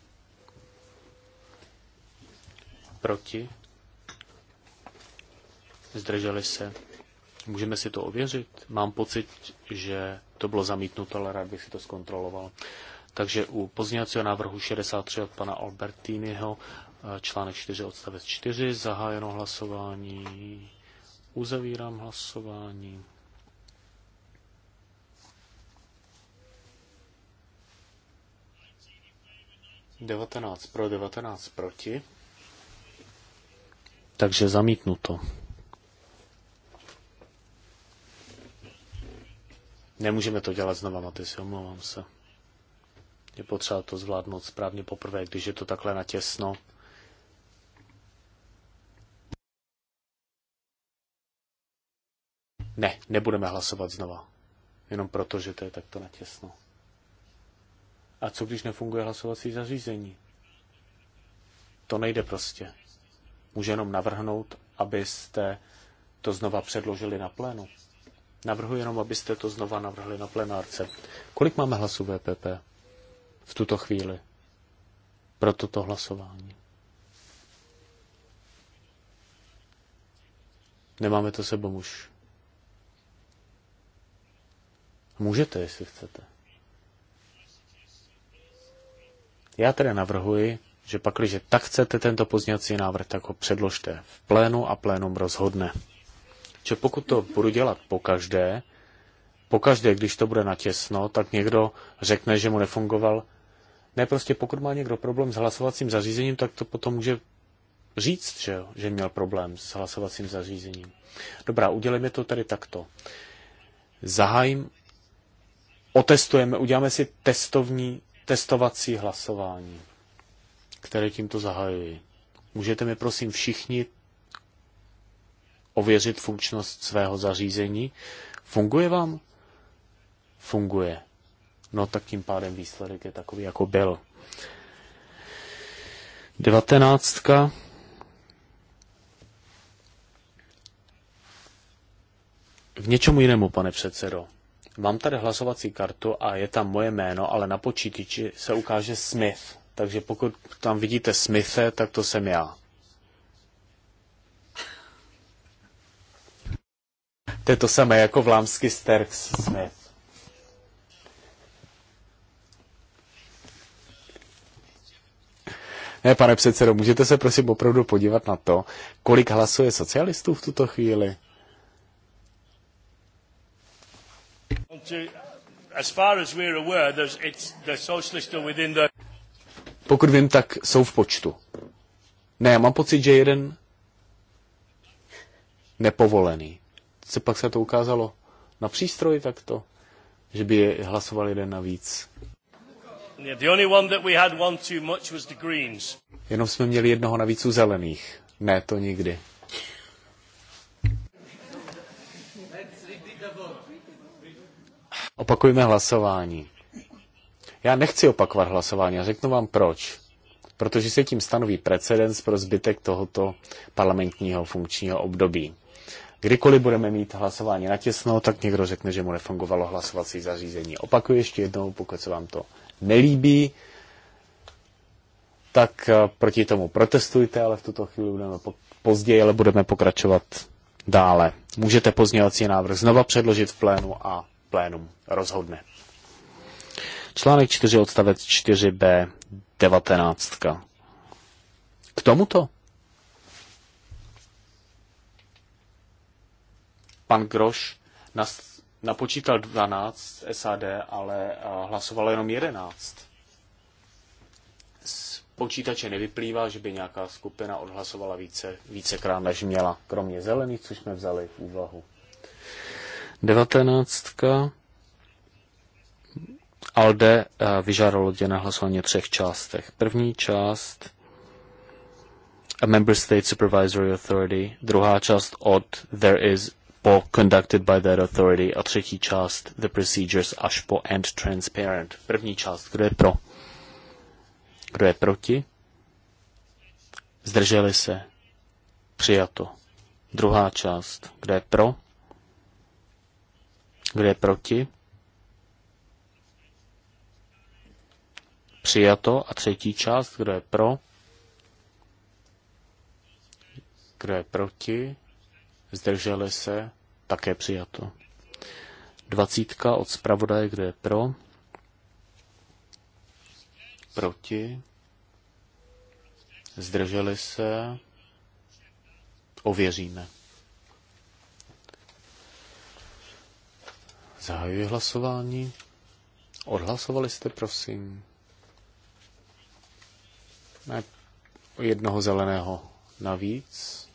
Proti? Zdrželi se Můžeme si to ověřit? Mám pocit, že to bylo zamítnuto, ale rád bych si to zkontroloval. Takže u pozněcího návrhu 63 od pana Albertiniho, eh, článek 4 odstavec 4, zahájeno hlasování, uzavírám hlasování. Devatenáct pro, devatenáct proti. Takže zamítnuto. Nemůžeme to dělat znova, Matysi, omlouvám se. Je potřeba to zvládnout správně poprvé, když je to takhle natěsno. Ne, nebudeme hlasovat znova. Jenom proto, že to je takto natěsno. A co když nefunguje hlasovací zařízení? To nejde prostě. Může jenom navrhnout, abyste to znova předložili na plénu. Navrhuji jenom, abyste to znova navrhli na plenárce. Kolik máme hlasů VPP v tuto chvíli pro toto hlasování? Nemáme to sebou už. Můžete, jestli chcete. Já tedy navrhuji, že pakliže tak chcete tento pozněcí návrh, tak ho předložte v plénu a plénum rozhodne že pokud to budu dělat po každé, po každé, když to bude natěsno, tak někdo řekne, že mu nefungoval. Ne, prostě pokud má někdo problém s hlasovacím zařízením, tak to potom může říct, že, že měl problém s hlasovacím zařízením. Dobrá, udělejme to tady takto. Zahájím, otestujeme, uděláme si testovní, testovací hlasování, které tímto zahajuji. Můžete mi prosím všichni ověřit funkčnost svého zařízení. Funguje vám? Funguje. No tak tím pádem výsledek je takový, jako byl. Devatenáctka. K něčemu jinému, pane předsedo. Mám tady hlasovací kartu a je tam moje jméno, ale na počítači se ukáže Smith. Takže pokud tam vidíte Smithe, tak to jsem já. To je to samé jako Lámsky Sterks Smith. Ne, pane předsedo, můžete se prosím opravdu podívat na to, kolik hlasuje socialistů v tuto chvíli? Pokud vím, tak jsou v počtu. Ne, já mám pocit, že jeden nepovolený se pak se to ukázalo na přístroji takto, že by je hlasoval jeden navíc. Jenom jsme měli jednoho navíc u zelených. Ne, to nikdy. Opakujeme hlasování. Já nechci opakovat hlasování a řeknu vám proč. Protože se tím stanoví precedens pro zbytek tohoto parlamentního funkčního období. Kdykoliv budeme mít hlasování natěsno, tak někdo řekne, že mu nefungovalo hlasovací zařízení. Opakuji ještě jednou, pokud se vám to nelíbí, tak eh, proti tomu protestujte, ale v tuto chvíli budeme po- později, ale budeme pokračovat dále. Můžete pozdějovací návrh znova předložit v plénu a plénum rozhodne. Článek 4 odstavec 4b 19. K tomuto Pan Groš nas, napočítal 12 SAD, ale eh, hlasovalo jenom 11. Z počítače nevyplývá, že by nějaká skupina odhlasovala více, vícekrát, než měla, kromě zelených, což jsme vzali v úvahu. 19. Alde eh, vyžádalo na hlasování třech částech. První část a Member State Supervisory Authority, druhá část od There is po conducted by that authority a třetí část the procedures až po and transparent. První část, kdo je pro? Kdo je proti? Zdrželi se. Přijato. Druhá část, kdo je pro? Kdo je proti? Přijato. A třetí část, kdo je pro? Kdo je proti? zdrželi se, také přijato. Dvacítka od zpravodaje, kde je pro, proti, zdrželi se, ověříme. Zahajuji hlasování. Odhlasovali jste, prosím. Ne, jednoho zeleného navíc.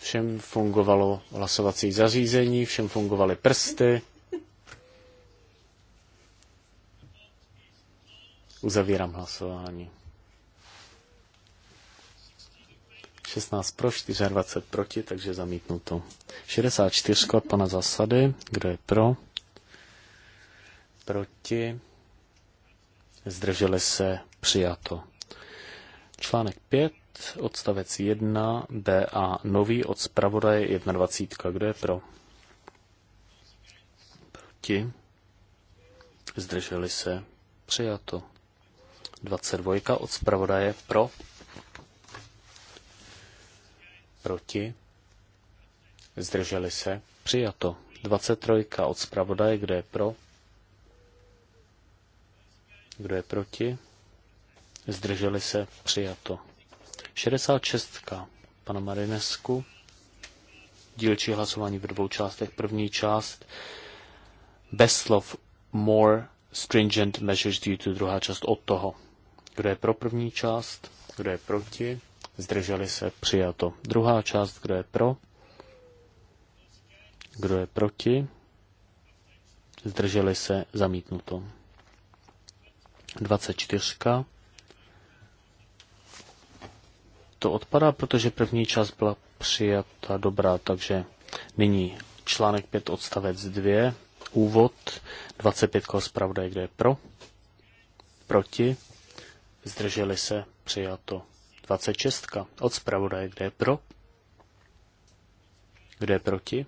všem fungovalo hlasovací zařízení, všem fungovaly prsty. Uzavírám hlasování. 16 pro, 24 proti, takže zamítnuto. 64 od pana Zasady, kdo je pro? Proti. Zdrželi se, přijato. Článek 5, odstavec 1, B a nový od zpravodaje 21. Kdo je pro? Proti? Zdrželi se? Přijato. 22 od zpravodaje pro? Proti? Zdrželi se? Přijato. 23 od zpravodaje, kde je pro? Kdo je proti? Zdrželi se? Přijato. 66. Pana Marinesku. Dílčí hlasování ve dvou částech. První část bez slov more stringent measures due to druhá část od toho. Kdo je pro první část? Kdo je proti? Zdrželi se přijato. Druhá část, kdo je pro? Kdo je proti? Zdrželi se zamítnuto. 24 to odpadá, protože první část byla přijata dobrá, takže nyní článek 5 odstavec 2, úvod 25 zpravodaj, kde je pro, proti, zdrželi se, přijato 26 od zpravodaje, kde je pro, kde je proti,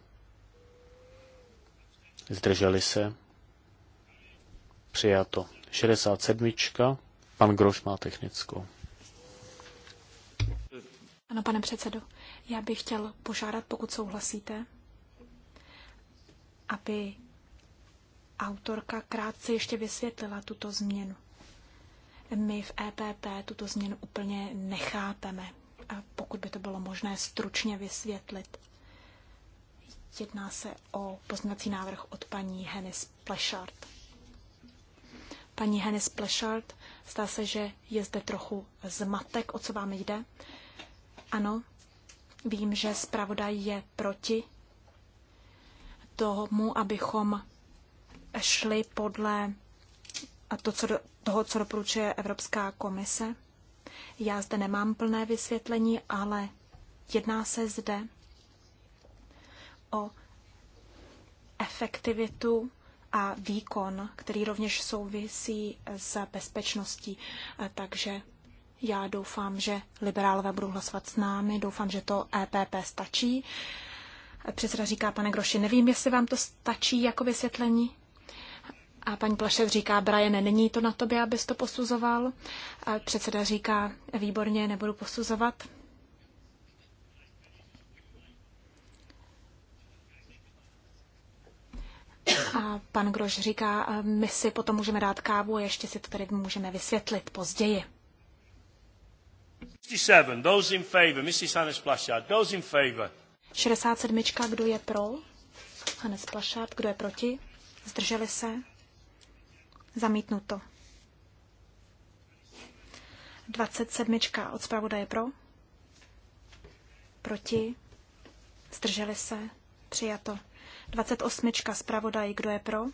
zdrželi se, přijato 67. Pan Groš má technickou. Ano, pane předsedo, já bych chtěl požádat, pokud souhlasíte, aby autorka krátce ještě vysvětlila tuto změnu. My v EPP tuto změnu úplně nechápeme, a pokud by to bylo možné stručně vysvětlit. Jedná se o poznací návrh od paní Hennis Plešard. Paní Hennis Plešard, zdá se, že je zde trochu zmatek, o co vám jde. Ano, vím, že zpravodaj je proti tomu, abychom šli podle to, co do, toho, co doporučuje Evropská komise. Já zde nemám plné vysvětlení, ale jedná se zde o efektivitu a výkon, který rovněž souvisí s bezpečností. Takže já doufám, že liberálové budou hlasovat s námi, doufám, že to EPP stačí. Předseda říká, pane Groši, nevím, jestli vám to stačí jako vysvětlení. A paní Plašet říká, Brian, není to na tobě, abys to posuzoval. A předseda říká, výborně, nebudu posuzovat. A pan Groš říká, my si potom můžeme dát kávu a ještě si to tady můžeme vysvětlit později. 67. Those in favor. Mrs. Hannes Plašard. Those in favor. 67. Kdo je pro? Hannes Plašard. Kdo je proti? Zdrželi se? Zamítnuto. 27. od je pro? Proti? Zdrželi se? Přijato. 28. zpravodaj. Kdo je pro?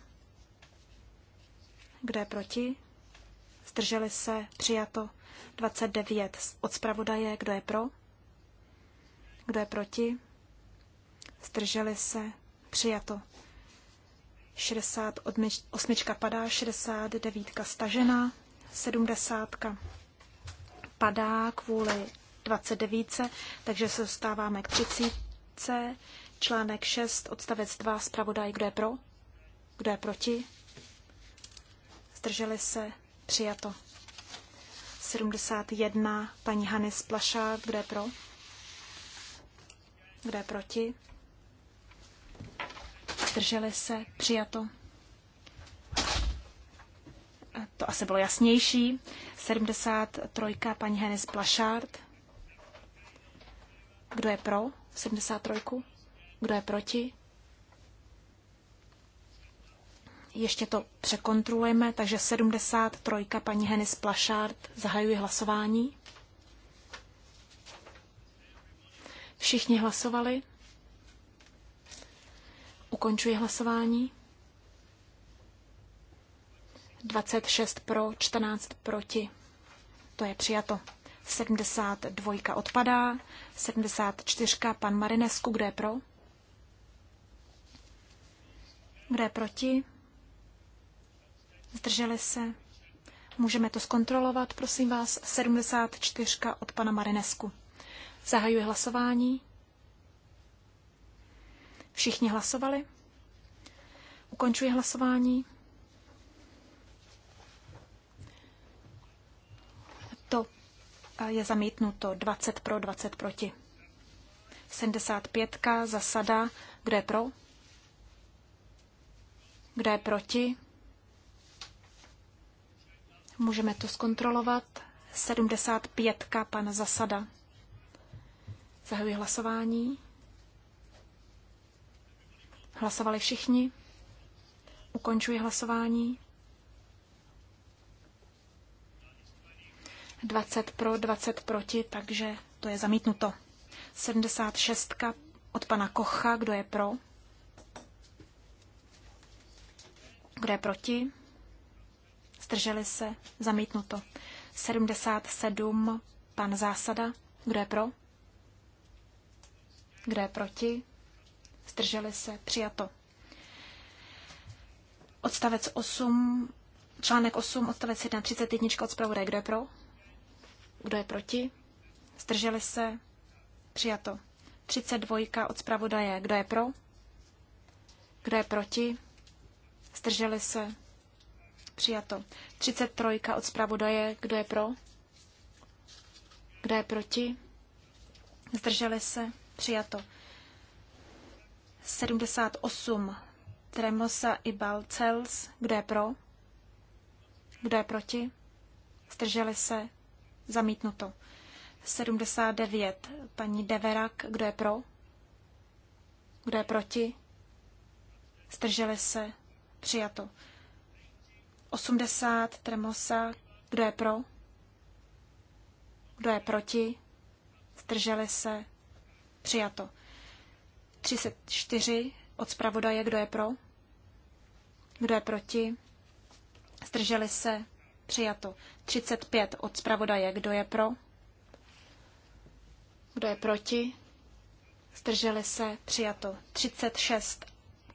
Kdo je proti? Zdrželi se? Přijato. 29 od zpravodaje, kdo je pro, kdo je proti, zdrželi se, přijato. 68 padá, 69 stažená, 70 padá kvůli 29, takže se dostáváme k 30. Článek 6, odstavec 2, zpravodaj, kdo je pro, kdo je proti, zdrželi se, přijato. 71 paní Hannes Plašák, kde pro? Kde proti? Zdrželi se, přijato. To asi bylo jasnější. 73 paní Hannes Plašárt. Kdo je pro 73? Kdo je proti? ještě to překontrolujeme, takže 73. paní Henis Plašard zahajuje hlasování. Všichni hlasovali. Ukončuji hlasování. 26 pro, 14 proti. To je přijato. 72 odpadá, 74 pan Marinesku, kde je pro? Kde je proti? zdrželi se. Můžeme to zkontrolovat, prosím vás, 74 od pana Marinesku. Zahajuji hlasování. Všichni hlasovali? Ukončuji hlasování. To eh, je zamítnuto 20 pro, 20 proti. 75 zasada, kdo je pro? Kdo je proti? Můžeme to zkontrolovat. 75. pan Zasada. Zahajuji hlasování. Hlasovali všichni. Ukončuji hlasování. 20 pro, 20 proti, takže to je zamítnuto. 76 od pana Kocha, kdo je pro? Kdo je proti? zdrželi se, zamítnuto. 77, pan Zásada, kdo je pro? Kdo je proti? Zdrželi se, přijato. Odstavec 8, článek 8, odstavec 1, 31 od zpravodaje, kdo je pro? Kdo je proti? Zdrželi se, přijato. 32 od zpravodaje, kdo je pro? Kdo je proti? Zdrželi se, Přijato. 33 od zpravodaje. Kdo je pro? Kdo je proti? Zdrželi se? Přijato. 78. Tremosa i Balcels. Kdo je pro? Kdo je proti? Zdrželi se? Zamítnuto. 79. Paní Deverak. Kdo je pro? Kdo je proti? Zdrželi se? Přijato. 80 Tremosa, kdo je pro? Kdo je proti? Zdrželi se? Přijato. 34 od zpravodaje, kdo je pro? Kdo je proti? Zdrželi se? Přijato. 35 od zpravodaje, kdo je pro? Kdo je proti? Zdrželi se? Přijato. 36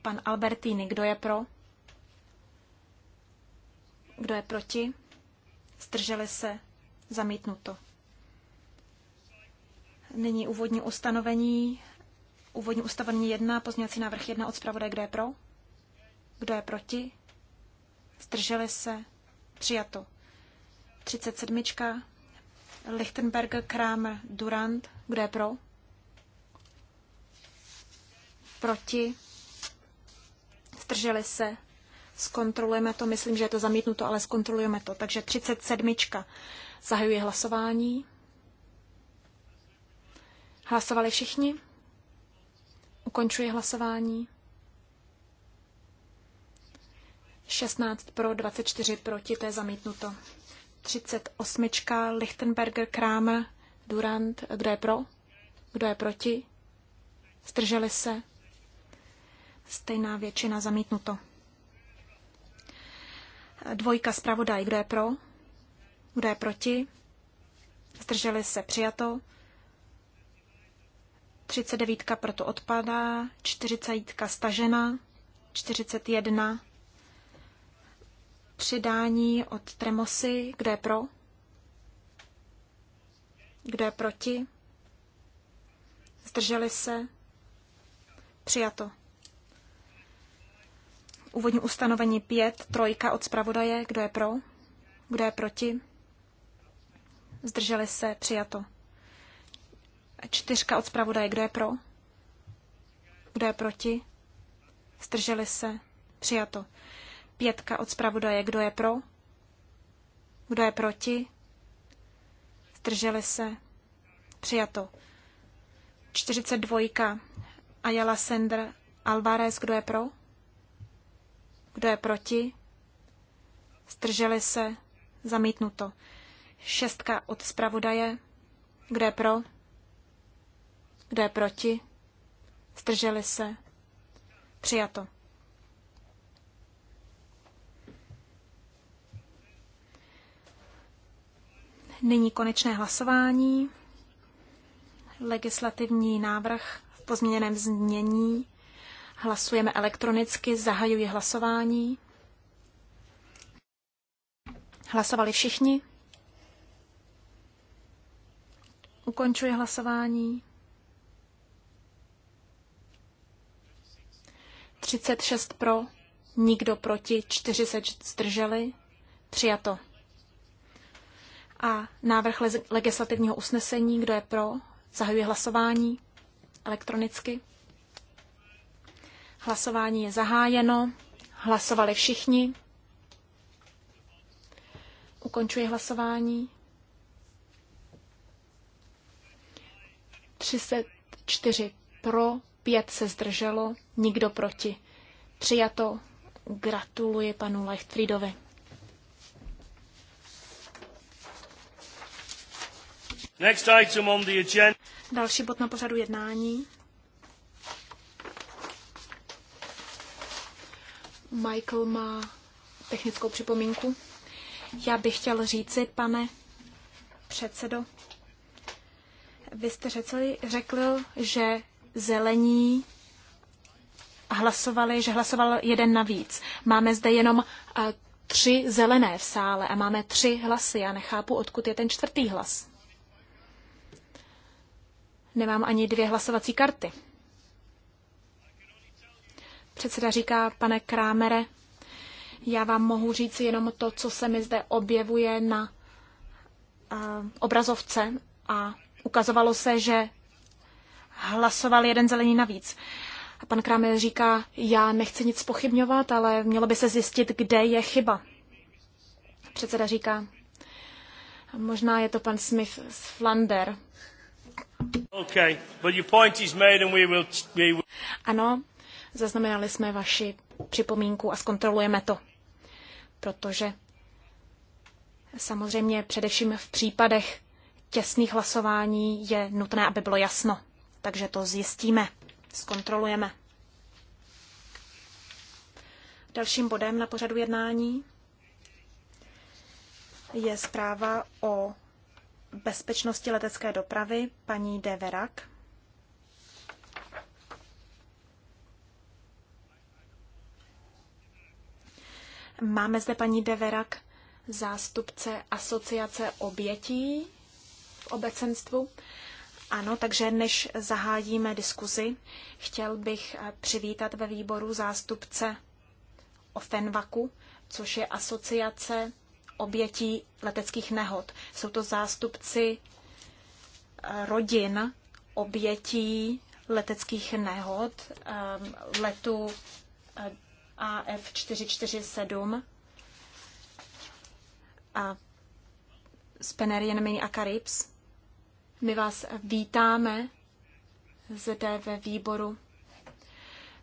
pan Albertini, kdo je pro? Kdo je proti? Zdrželi se? Zamítnuto. Nyní úvodní ustanovení. Úvodní ustanovení 1, pozměňovací návrh 1 od zpravodaje. Kdo je pro? Kdo je proti? Zdrželi se? Přijato. 37. Lichtenberg Kramer, Durand. Kdo je pro? Proti? Zdrželi se? Zkontrolujeme to, myslím, že je to zamítnuto, ale zkontrolujeme to. Takže 37. Zahajuji hlasování. Hlasovali všichni? Ukončuji hlasování. 16 pro, 24 proti, to je zamítnuto. 38. Lichtenberger, Kramer, Durant, kdo je pro? Kdo je proti? Zdrželi se? Stejná většina zamítnuto. Dvojka zpravodaj, kdo je pro? Kdo je proti? Zdrželi se přijato. 39 proto odpadá, 40 stažena, 41 přidání od Tremosy, kdo je pro? Kdo je proti? Zdrželi se? Přijato. Úvodní ustanovení 5, trojka od zpravodaje, kdo je pro, kdo je proti, zdrželi se, přijato. Čtyřka od zpravodaje, kdo je pro, kdo je proti, zdrželi se, přijato. Pětka od zpravodaje, kdo je pro, kdo je proti, zdrželi se, přijato. 42. Ayala Sender Alvarez, kdo je pro? Kdo je proti? Zdrželi se? Zamítnuto. Šestka od zpravodaje. Kdo je pro? Kdo je proti? Zdrželi se? Přijato. Nyní konečné hlasování. Legislativní návrh v pozměněném znění Hlasujeme elektronicky, zahajuji hlasování. Hlasovali všichni? Ukončuji hlasování. 36 pro, nikdo proti, 4 se zdrželi. Přijato. A návrh legislativního usnesení, kdo je pro, zahajuji hlasování elektronicky. Hlasování je zahájeno. Hlasovali všichni. Ukončuji hlasování. 34 pro, 5 se zdrželo, nikdo proti. Přijato. Gratuluji panu Lechtfriedovi. Next item on the agenda. Další bod na pořadu jednání. Michael má technickou připomínku. Já bych chtěl říci, pane předsedo, vy jste řekli, řekl, že zelení hlasovali, že hlasoval jeden navíc. Máme zde jenom eh, tři zelené v sále a máme tři hlasy. Já nechápu, odkud je ten čtvrtý hlas. Nemám ani dvě hlasovací karty. Předseda říká, pane Krámere, já vám mohu říct jenom to, co se mi zde objevuje na uh, obrazovce a ukazovalo se, že hlasoval jeden zelený navíc. A pan Krámer říká, já nechci nic pochybňovat, ale mělo by se zjistit, kde je chyba. Předseda říká, možná je to pan Smith z Flander. Okay, but your point is made and we will, we will... Ano, Zaznamenali jsme vaši připomínku a zkontrolujeme to, protože samozřejmě především v případech těsných hlasování je nutné, aby bylo jasno. Takže to zjistíme, zkontrolujeme. Dalším bodem na pořadu jednání je zpráva o bezpečnosti letecké dopravy paní Deverak. Máme zde paní Deverak, zástupce asociace obětí v obecenstvu. Ano, takže než zahájíme diskuzi, chtěl bych eh, přivítat ve výboru zástupce OFENVAKu, což je asociace obětí leteckých nehod. Jsou to zástupci eh, rodin obětí leteckých nehod eh, letu AF447 a z Penerienmi a Karibs. My vás vítáme zde ve výboru.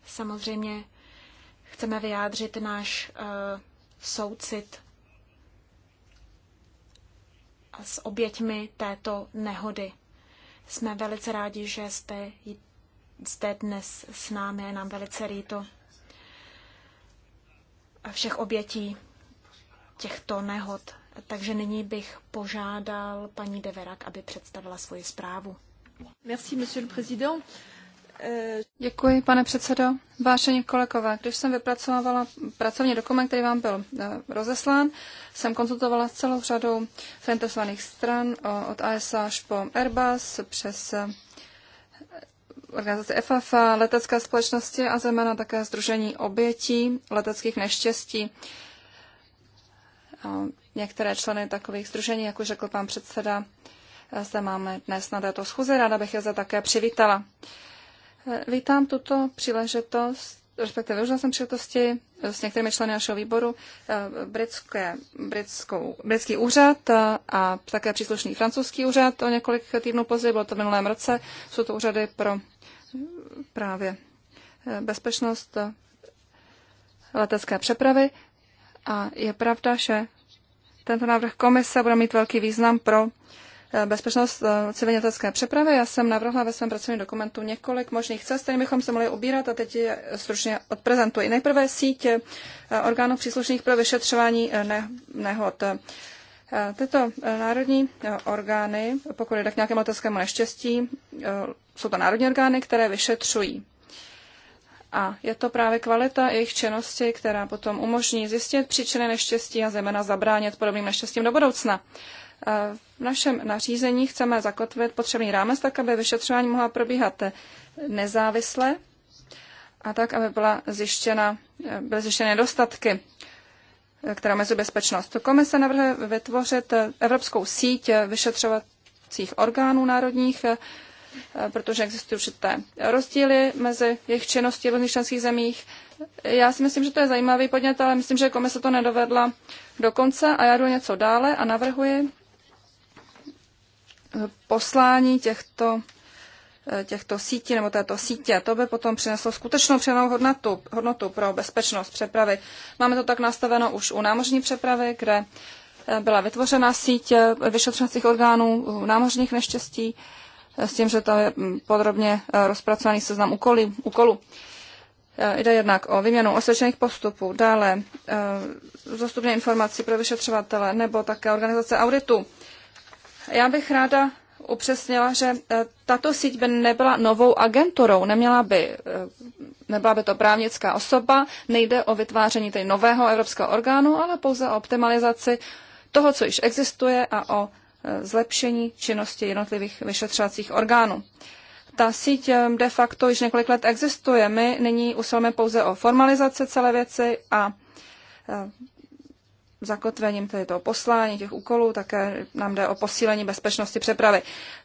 Samozřejmě chceme vyjádřit náš uh, soucit s oběťmi této nehody. Jsme velice rádi, že jste zde dnes s námi, je nám velice líto všech obětí těchto nehod. Takže nyní bych požádal paní Deverak, aby představila svoji zprávu. Merci, monsieur le président. Euh, Děkuji, pane předsedo. Vážení kolegové, když jsem vypracovala pracovní dokument, který vám byl eh, rozeslán, jsem konzultovala s celou řadou zainteresovaných stran od ASA až po Airbus přes eh, Organizace FF, letecké společnosti a zejména také Združení obětí leteckých neštěstí. Některé členy takových združení, jak už řekl pan předseda, zde máme dnes na této schůze. Ráda bych je za také přivítala. Vítám tuto příležitost, respektive využila jsem příležitosti s některými členy našeho výboru, britské, britskou, britský úřad a také příslušný francouzský úřad o několik týdnů později, bylo to v minulém roce, jsou to úřady pro právě bezpečnost letecké přepravy a je pravda, že tento návrh komise bude mít velký význam pro eh, bezpečnost eh, civilní letecké přepravy. Já jsem navrhla ve svém pracovním dokumentu několik možných cest, kterými bychom se mohli ubírat a teď je stručně odprezentuji. Nejprve síť eh, orgánů příslušných pro vyšetřování nehod. Tyto národní orgány, pokud jde k nějakému leteckému neštěstí, jsou to národní orgány, které vyšetřují. A je to právě kvalita jejich činnosti, která potom umožní zjistit příčiny neštěstí a zejména zabránit podobným neštěstím do budoucna. V našem nařízení chceme zakotvit potřebný rámec tak, aby vyšetřování mohla probíhat nezávisle a tak, aby byla zjištěna, byly zjištěny nedostatky, které mezi bezpečnost. Komise navrhuje vytvořit evropskou síť vyšetřovacích orgánů národních, Eh, protože existují určité rozdíly mezi jejich činností v různých členských zemích. Já si myslím, že to je zajímavý podnět, ale myslím, že komise to nedovedla do konce a já jdu něco dále a navrhuji eh, poslání těchto eh, těchto sítí nebo této sítě. To by potom přineslo skutečnou přenou hodnotu, hodnotu pro bezpečnost přepravy. Máme to tak nastaveno už u námořní přepravy, kde byla vytvořena síť vyšetřovacích orgánů námořních neštěstí s tím, že to je mm, podrobně eh, rozpracovaný seznam úkolů. úkolů. Eh, jde jednak o výměnu osvědčených postupů, dále dostupné eh, informací pro vyšetřovatele nebo také organizace auditu. Já bych ráda upřesnila, že tato síť by nebyla novou agenturou, neměla by, nebyla by to právnická osoba, nejde o vytváření tedy nového evropského orgánu, ale pouze o optimalizaci toho, co již existuje a o zlepšení činnosti jednotlivých vyšetřovacích orgánů. Ta síť de facto již několik let existuje. My nyní usilujeme pouze o formalizaci celé věci a eh, zakotvením tedy toho poslání, těch úkolů, také nám jde o posílení bezpečnosti přepravy.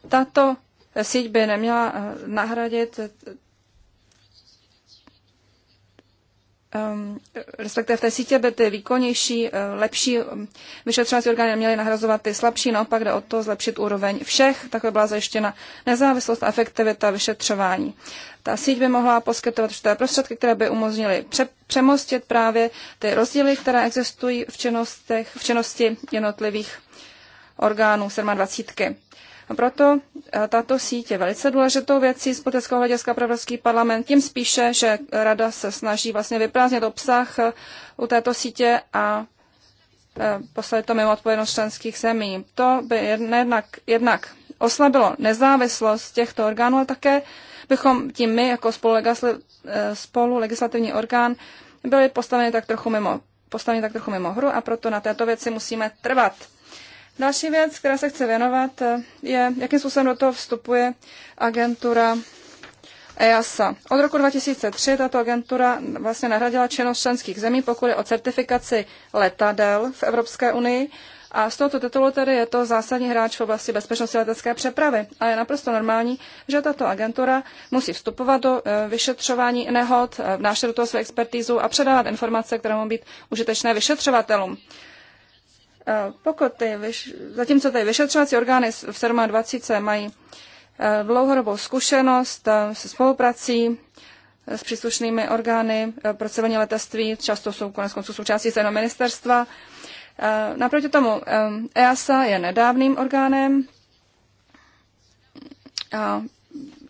Tato síť by neměla eh, nahradit Ehm, respektive v té sítě by ty výkonnější, eh, lepší ehm, vyšetřovací orgány měly nahrazovat ty slabší, naopak jde o to zlepšit úroveň všech, by byla zajištěna nezávislost a efektivita vyšetřování. Ta síť by mohla poskytovat určité prostředky, které by umožnily pře- přemostit právě ty rozdíly, které existují v, činnostech, v činnosti jednotlivých orgánů 27. Proto eh, tato síť je velice důležitou věcí z politického hlediska pro Evropský parlament, tím spíše, že rada se snaží vlastně vyprázdnit obsah eh, u této sítě a eh, poslat to mimo odpovědnost členských zemí. To by jednak, jednak oslabilo nezávislost těchto orgánů, ale také bychom tím my jako spolu legislativní orgán byli postaveni tak trochu mimo postaveni tak trochu mimo hru a proto na této věci musíme trvat. Další věc, která se chce věnovat, je, jakým způsobem do toho vstupuje agentura EASA. Od roku 2003 tato agentura vlastně nahradila činnost členských zemí, pokud je o certifikaci letadel v Evropské unii. A z tohoto titulu tedy je to zásadní hráč v oblasti bezpečnosti letecké přepravy. A je naprosto normální, že tato agentura musí vstupovat do e, vyšetřování nehod, e, vnášet do toho své expertízu a předávat informace, které mohou být užitečné vyšetřovatelům. Pokud ty, zatímco ty vyšetřovací orgány v 27 mají e, dlouhodobou zkušenost e, se spoluprací e, s příslušnými orgány pro civilní letectví, často jsou konec konců součástí stejného ministerstva. Naproti tomu EASA je nedávným orgánem a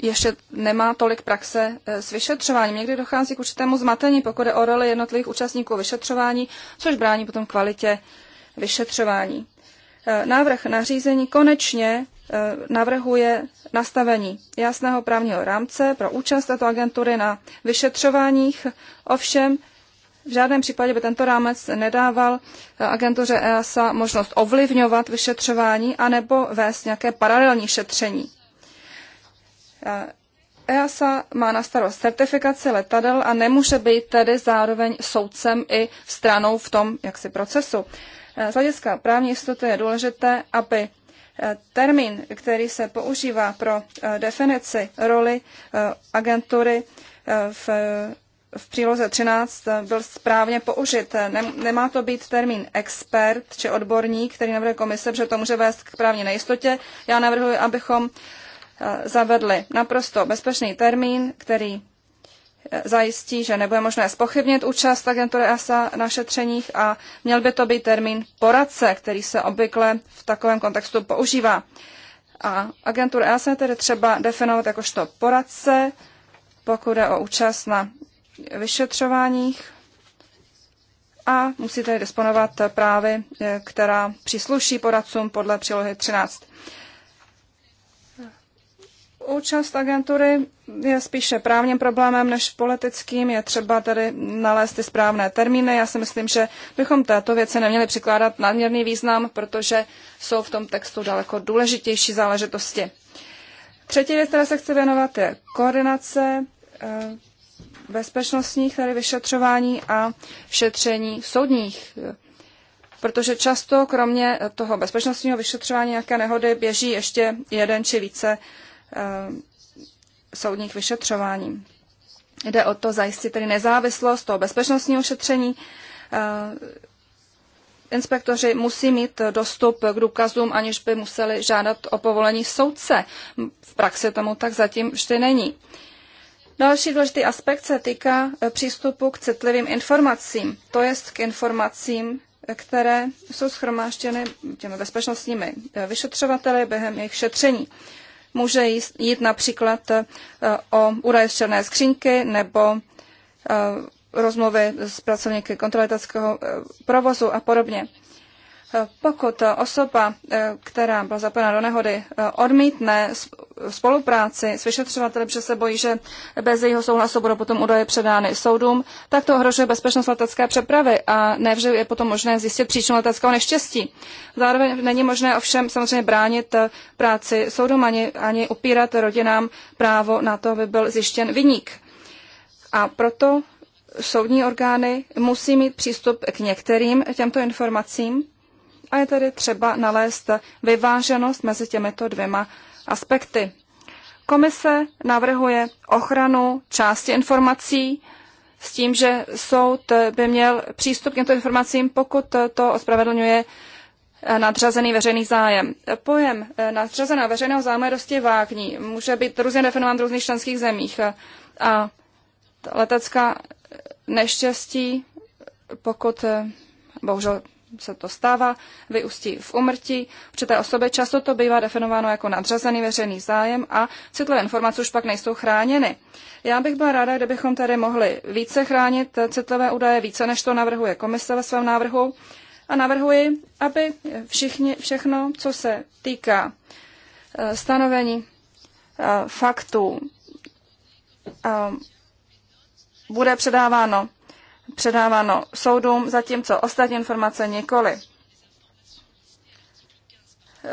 ještě nemá tolik praxe s vyšetřováním. Někdy dochází k určitému zmatení, pokud je o roli jednotlivých účastníků vyšetřování, což brání potom kvalitě vyšetřování. E, návrh nařízení konečně e, navrhuje nastavení jasného právního rámce pro účast této agentury na vyšetřováních. Ovšem, v žádném případě by tento rámec nedával e, agentuře EASA možnost ovlivňovat vyšetřování anebo vést nějaké paralelní šetření. EASA má na starost certifikaci letadel a nemůže být tedy zároveň soudcem i stranou v tom jaksi procesu. Z hlediska právní jistoty je důležité, aby eh, termín, který se používá pro eh, definici roli eh, agentury v, v příloze 13, byl správně použit. Nemá to být termín expert či odborník, který navrhuje komise, protože to může vést k právní nejistotě. Já navrhuji, abychom zavedli naprosto bezpečný termín, který zajistí, že nebude možné spochybnit účast agentury ESA na šetřeních a měl by to být termín poradce, který se obvykle v takovém kontextu používá. A agenturu ESA tedy třeba definovat jakožto poradce, pokud je o účast na vyšetřováních a musí tedy disponovat právy, eh, která přísluší poradcům podle přílohy 13. Účast agentury je spíše právním problémem než politickým. Je třeba tady nalézt ty správné termíny. Já si myslím, že bychom této věci neměli přikládat nadměrný význam, protože jsou v tom textu daleko důležitější záležitosti. Třetí věc, které se chci věnovat, je koordinace eh, bezpečnostních, tady vyšetřování a šetření soudních. Protože často kromě toho bezpečnostního vyšetřování nějaké nehody běží ještě jeden či více Eh, soudních vyšetřování. Jde o to zajistit tedy nezávislost toho bezpečnostního šetření. Eh, inspektoři musí mít dostup k důkazům, aniž by museli žádat o povolení soudce. V praxi tomu tak zatím vždy není. Další důležitý aspekt se týká eh, přístupu k citlivým informacím, to jest k informacím, které jsou schromáštěny těmi bezpečnostními vyšetřovateli během jejich šetření. Může jít například eh, o údaje z černé skřínky nebo eh, rozmluvy s pracovníky kontroly eh, provozu a podobně. Pokud osoba, eh, která byla zapojena do nehody, eh, odmítne spolupráci s vyšetřovateli, protože se bojí, že bez jejího souhlasu budou potom údaje předány soudům, tak to ohrožuje bezpečnost letecké přepravy a nevždy je potom možné zjistit příčinu leteckého neštěstí. Zároveň není možné ovšem samozřejmě bránit eh, práci soudům ani, ani upírat rodinám právo na to, aby byl zjištěn vyník. A proto soudní orgány musí mít přístup k některým těmto informacím a je tedy třeba nalézt vyváženost mezi těmito dvěma aspekty. Komise navrhuje ochranu části informací s tím, že soud by měl přístup k těmto informacím, pokud to ospravedlňuje nadřazený veřejný zájem. Pojem nadřazená veřejného zájmu je dosti vágní. Může být různě definován v různých členských zemích. A letecká neštěstí, pokud bohužel se to stává, vyústí v umrtí té osoby. Často to bývá definováno jako nadřazený veřejný zájem a citlivé informace už pak nejsou chráněny. Já bych byla ráda, kdybychom tady mohli více chránit citlivé údaje, více než to navrhuje komise ve svém návrhu. A navrhuji, aby všichni, všechno, co se týká eh, stanovení eh, faktů, eh, bude předáváno předáváno soudům, zatímco ostatní informace nikoli.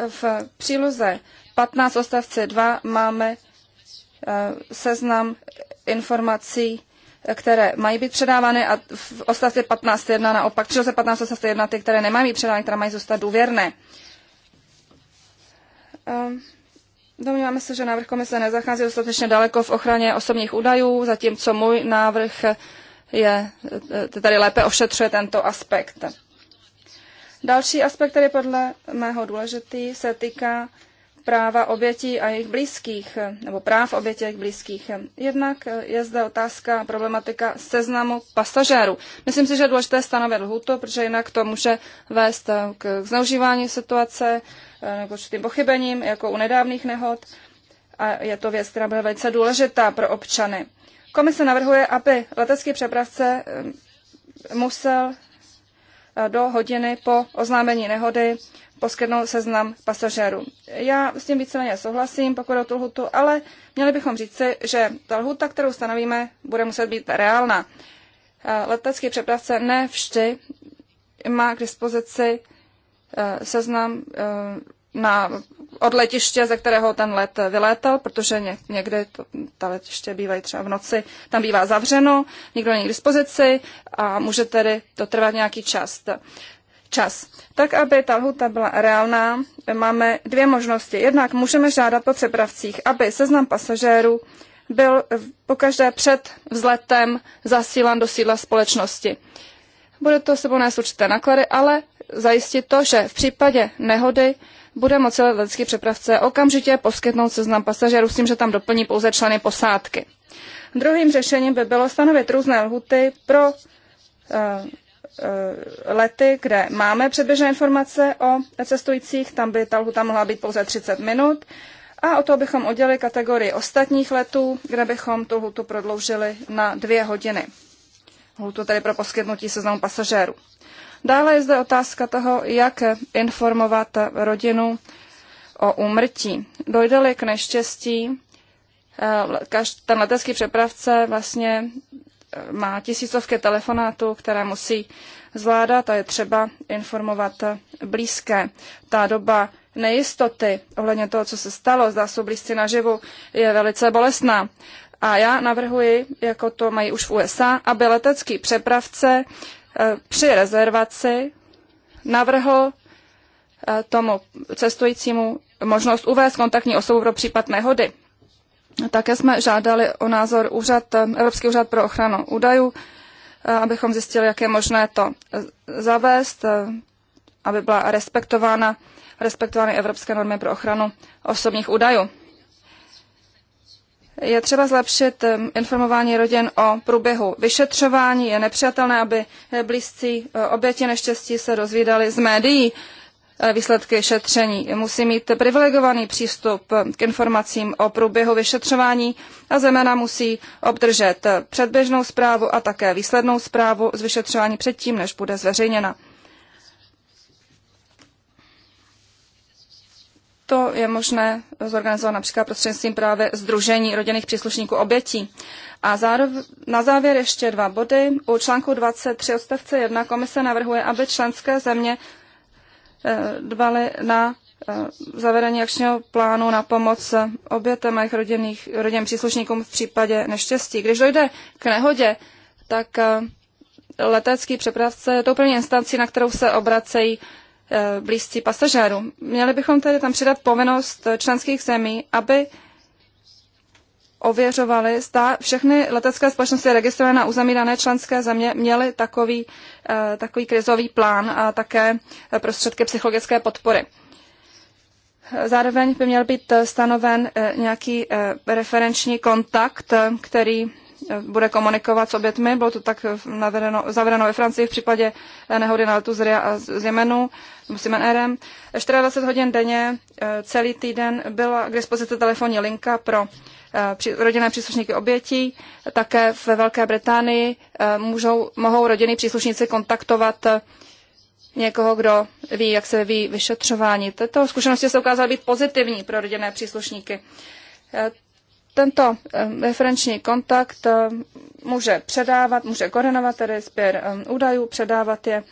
V příloze 15 ostavce 2 máme eh, seznam informací, které mají být předávány a v 15 15.1 naopak, příloze 15 ostavce 1 ty, které nemají být předávány, které mají zůstat důvěrné. Eh, domníváme se, že návrh komise nezachází dostatečně daleko v ochraně osobních údajů, zatímco můj návrh je, eh, tady lépe ošetřuje tento aspekt. Další aspekt, který podle mého důležitý, se týká práva obětí a jejich blízkých, nebo práv obětí a jejich blízkých. Jednak eh, je zde otázka, problematika seznamu pasažérů. Myslím si, že je důležité stanovit lhutu, protože jinak to může vést eh, k zneužívání situace nebo určitým pochybením, jako u nedávných nehod. A je to věc, která byla velice důležitá pro občany. Komise navrhuje, aby letecký přepravce eh, musel eh, do hodiny po oznámení nehody poskytnout seznam pasažérů. Já s tím víceméně souhlasím, pokud o tu lhutu, ale měli bychom říci, že ta lhuta, kterou stanovíme, bude muset být reálná. Eh, letecký přepravce ne vždy má k dispozici seznam na od letiště, ze kterého ten let vylétal, protože někde to, ta letiště bývají třeba v noci, tam bývá zavřeno, nikdo není k dispozici a může tedy to trvat nějaký čas. Čas. Tak, aby ta lhuta byla reálná, máme dvě možnosti. Jednak můžeme žádat po přepravcích, aby seznam pasažérů byl pokaždé před vzletem zasílan do sídla společnosti. Bude to sebou nést určité náklady, ale zajistit to, že v případě nehody bude moci letecký přepravce okamžitě poskytnout seznam pasažerů s tím, že tam doplní pouze členy posádky. Druhým řešením by bylo stanovit různé lhuty pro eh, eh, lety, kde máme předběžné informace o cestujících, tam by ta lhuta mohla být pouze 30 minut. A o to bychom oddělili kategorii ostatních letů, kde bychom tu lhutu prodloužili na dvě hodiny. Lhutu tedy pro poskytnutí seznamu pasažérů. Dále je zde otázka toho, jak informovat rodinu o úmrtí. Dojde-li k neštěstí, eh, ten letecký přepravce vlastně eh, má tisícovky telefonátů, které musí zvládat a je třeba informovat blízké. Ta doba nejistoty ohledně toho, co se stalo, zda jsou blízci naživu, je velice bolestná. A já navrhuji, jako to mají už v USA, aby letecký přepravce Eh, při rezervaci navrhl eh, tomu cestujícímu možnost uvést kontaktní osobu pro případ nehody. Také jsme žádali o názor úřad, eh, Evropský úřad pro ochranu údajů, abychom zjistili, jak je možné to zavést, aby byla respektována, respektovány evropské normy pro ochranu osobních údajů. Je třeba zlepšit informování rodin o průběhu vyšetřování. Je nepřijatelné, aby eh, blízcí eh, oběti neštěstí se dozvídali z médií eh, výsledky šetření. Musí mít privilegovaný přístup k informacím o průběhu vyšetřování a zejména musí obdržet předběžnou zprávu a také výslednou zprávu z vyšetřování předtím, než bude zveřejněna. To je možné zorganizovat například prostřednictvím právě Združení rodinných příslušníků obětí. A zárov, na závěr ještě dva body. U článku 23 odstavce 1 komise navrhuje, aby členské země eh, dbaly na eh, zavedení akčního plánu na pomoc obětem a jejich rodinných, rodin příslušníkům v případě neštěstí. Když dojde k nehodě, tak eh, letecký přepravce je to první instancí, na kterou se obracejí Eh, blízcí pasažérům. Měli bychom tedy tam přidat povinnost členských zemí, aby ověřovali, zda všechny letecké společnosti registrované na území dané členské země měly takový, eh, takový krizový plán a také prostředky psychologické podpory. Zároveň by měl být stanoven eh, nějaký referenční kontakt, který bude komunikovat s obětmi. Bylo to tak navedeno, zavedeno ve Francii v případě eh, nehody na letu z Ria z Jemenu, s Jemenérem. 24 hodin denně eh, celý týden byla k dispozici telefonní linka pro eh, rodinné příslušníky obětí. Také ve Velké Británii můžou, mohou rodinní příslušníci kontaktovat někoho, kdo ví, jak se ví vyšetřování. Tato zkušenosti se ukázaly být pozitivní pro rodinné příslušníky. Tento eh, referenční kontakt eh, může předávat, může koordinovat tedy sběr eh, údajů, předávat je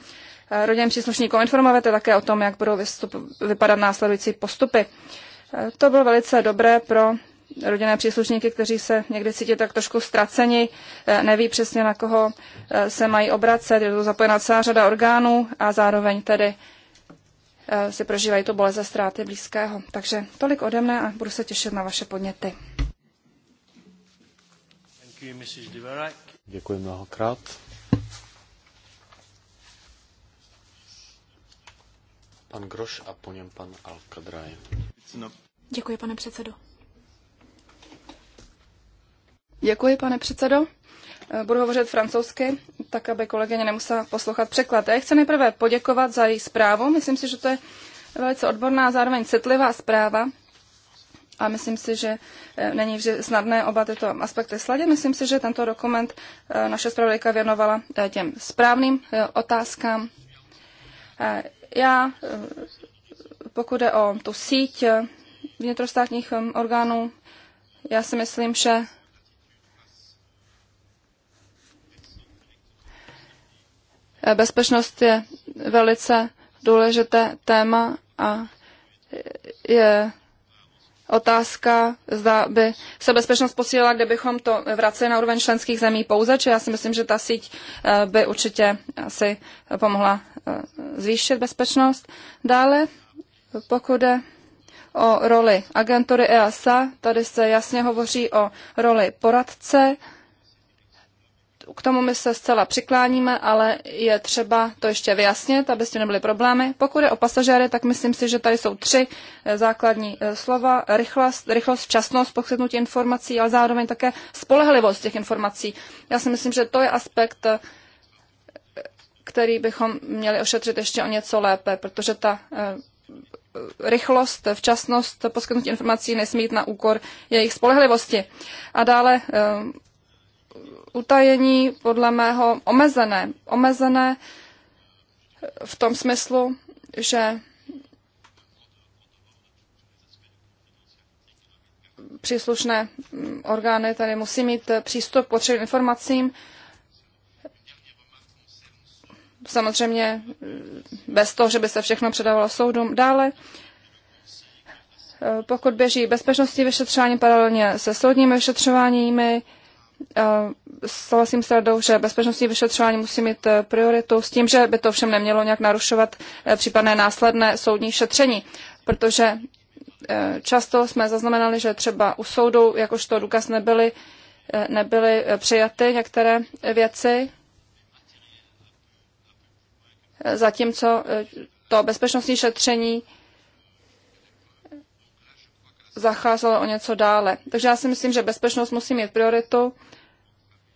rodinným příslušníkům, informovat je také o tom, jak budou vystup, vypadat následující postupy. To bylo velice dobré pro rodinné příslušníky, kteří se někdy cítí tak trošku ztraceni, neví přesně na koho se mají obracet, je to zapojená celá řada orgánů a zároveň tedy si prožívají to bolest ze ztráty blízkého. Takže tolik ode mne a budu se těšit na vaše podněty. Děkuji mnohokrát. Pan Groš a po něm pan Alkadraj. No. Děkuji, pane předsedo. Děkuji, pane předsedo. Eh, budu hovořit francouzsky, tak aby kolegyně nemusela poslouchat překlad. Já chci nejprve poděkovat za její zprávu. Myslím si, že to je velice odborná, zároveň citlivá zpráva a myslím si, že eh, není vždy snadné oba tyto aspekty sladit. Myslím si, že tento dokument eh, naše zpravodajka věnovala eh, těm správným otázkám. Já, pokud jde o tu síť vnitrostátních orgánů, já si myslím, že bezpečnost je velice důležité téma a je otázka, zda by se bezpečnost posílila, kdybychom to vraceli na úroveň členských zemí pouze, či já si myslím, že ta síť eh, by určitě asi pomohla eh, zvýšit bezpečnost. Dále, pokud jde o roli agentury EASA, tady se jasně hovoří o roli poradce, k tomu my se zcela přikláníme, ale je třeba to ještě vyjasnit, aby s tím nebyly problémy. Pokud je o pasažéry, tak myslím si, že tady jsou tři eh, základní eh, slova. Rychlost, rychlost včasnost, poskytnutí informací, ale zároveň také spolehlivost těch informací. Já si myslím, že to je aspekt, eh, který bychom měli ošetřit ještě o něco lépe, protože ta rychlost, včasnost poskytnutí informací nesmí jít na úkor jejich spolehlivosti. A dále utajení podle mého omezené. Omezené v tom smyslu, že příslušné orgány tady musí mít přístup k potřebným informacím. Samozřejmě bez toho, že by se všechno předávalo soudům. Dále, pokud běží bezpečnostní vyšetřování paralelně se soudními vyšetřováními, Eh, souhlasím s radou, že bezpečnostní vyšetřování musí mít eh, prioritu s tím, že by to všem nemělo nějak narušovat eh, případné následné soudní šetření, protože často jsme zaznamenali, že třeba u soudu, jakožto důkaz nebyly, nebyly přijaty některé věci, zatímco to bezpečnostní šetření zacházelo o něco dále. Takže já si myslím, že bezpečnost musí mít prioritu,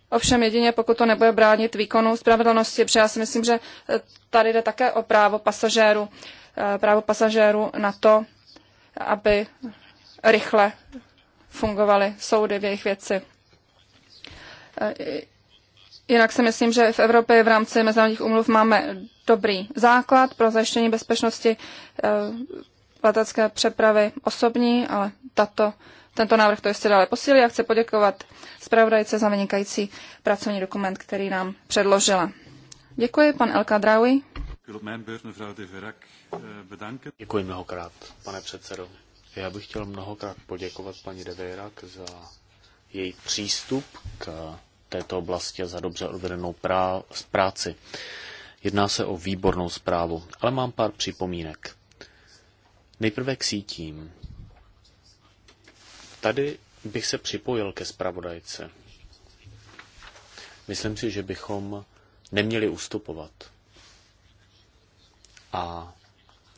ovšem jedině pokud to nebude bránit výkonu spravedlnosti, protože já si myslím, že eh, tady jde také o právo pasažéru, eh, právo pasažéru na to, aby rychle fungovaly soudy v jejich věci. Eh, jinak si myslím, že v Evropě v rámci mezinárodních umluv máme dobrý základ pro zajištění bezpečnosti letecké přepravy osobní, ale tato, tento návrh to ještě dále posílí a chci poděkovat zpravodajce za vynikající pracovní dokument, který nám předložila. Děkuji, pan Elka Draui. Děkuji mnohokrát, pane předsedo. Já bych chtěl mnohokrát poděkovat paní Deverak za její přístup k této oblasti a za dobře odvedenou prá- práci. Jedná se o výbornou zprávu, ale mám pár připomínek. Nejprve k sítím. Tady bych se připojil ke zpravodajce. Myslím si, že bychom neměli ustupovat. A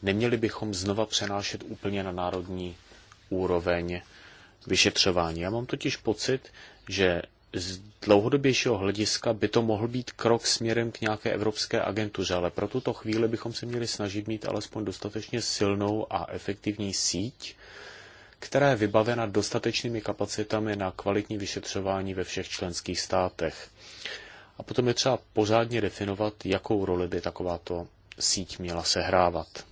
neměli bychom znova přenášet úplně na národní úroveň vyšetřování. Já mám totiž pocit, že z dlouhodobějšího hlediska by to mohl být krok směrem k nějaké evropské agentuře, ale pro tuto chvíli bychom se měli snažit mít alespoň dostatečně silnou a efektivní síť, která je vybavena dostatečnými kapacitami na kvalitní vyšetřování ve všech členských státech. A potom je třeba pořádně definovat, jakou roli by takováto síť měla sehrávat.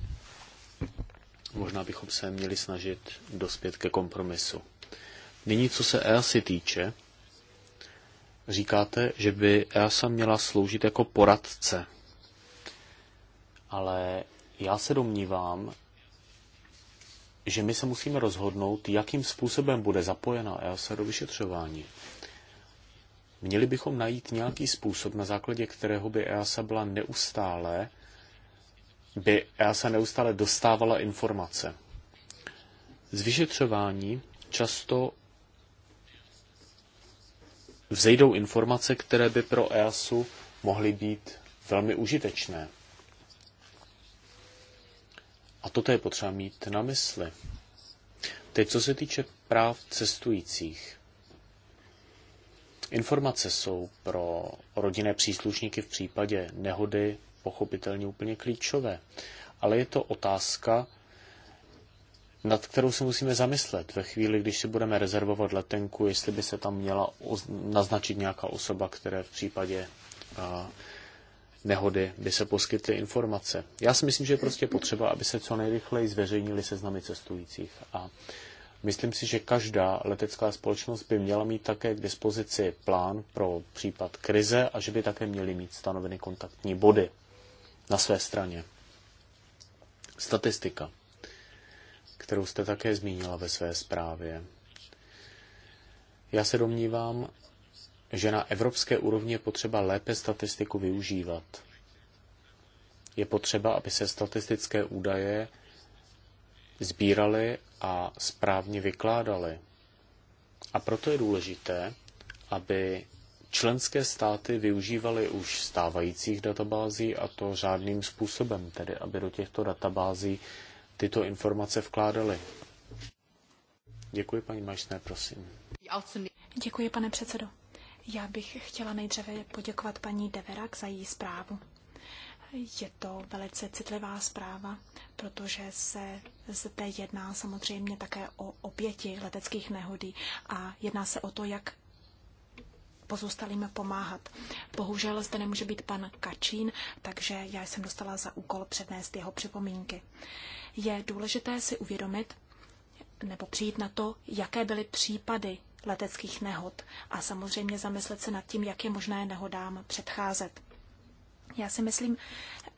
Možná bychom se měli snažit dospět ke kompromisu. Nyní, co se EASI týče, Říkáte, že by EASA měla sloužit jako poradce, ale já se domnívám, že my se musíme rozhodnout, jakým způsobem bude zapojena EASA do vyšetřování. Měli bychom najít nějaký způsob, na základě kterého by EASA byla neustále, by EASA neustále dostávala informace. Z vyšetřování často vzejdou informace, které by pro EASu mohly být velmi užitečné. A toto je potřeba mít na mysli. Teď, co se týče práv cestujících. Informace jsou pro rodinné příslušníky v případě nehody pochopitelně úplně klíčové, ale je to otázka, nad kterou se musíme zamyslet ve chvíli, když si budeme rezervovat letenku, jestli by se tam měla naznačit nějaká osoba, které v případě nehody by se poskytly informace. Já si myslím, že je prostě potřeba, aby se co nejrychleji zveřejnili seznamy cestujících. A myslím si, že každá letecká společnost by měla mít také k dispozici plán pro případ krize a že by také měly mít stanoveny kontaktní body na své straně. Statistika kterou jste také zmínila ve své zprávě. Já se domnívám, že na evropské úrovni je potřeba lépe statistiku využívat. Je potřeba, aby se statistické údaje sbíraly a správně vykládaly. A proto je důležité, aby členské státy využívaly už stávajících databází a to řádným způsobem, tedy aby do těchto databází tyto informace vkládali. Děkuji, paní Majsné, prosím. Děkuji, pane předsedo. Já bych chtěla nejdříve poděkovat paní Deverak za její zprávu. Je to velice citlivá zpráva, protože se zde jedná samozřejmě také o oběti leteckých nehodí a jedná se o to, jak pozůstalým pomáhat. Bohužel zde nemůže být pan Kačín, takže já jsem dostala za úkol přednést jeho připomínky. Je důležité si uvědomit, nebo přijít na to, jaké byly případy leteckých nehod a samozřejmě zamyslet se nad tím, jak je možné nehodám předcházet. Já si myslím,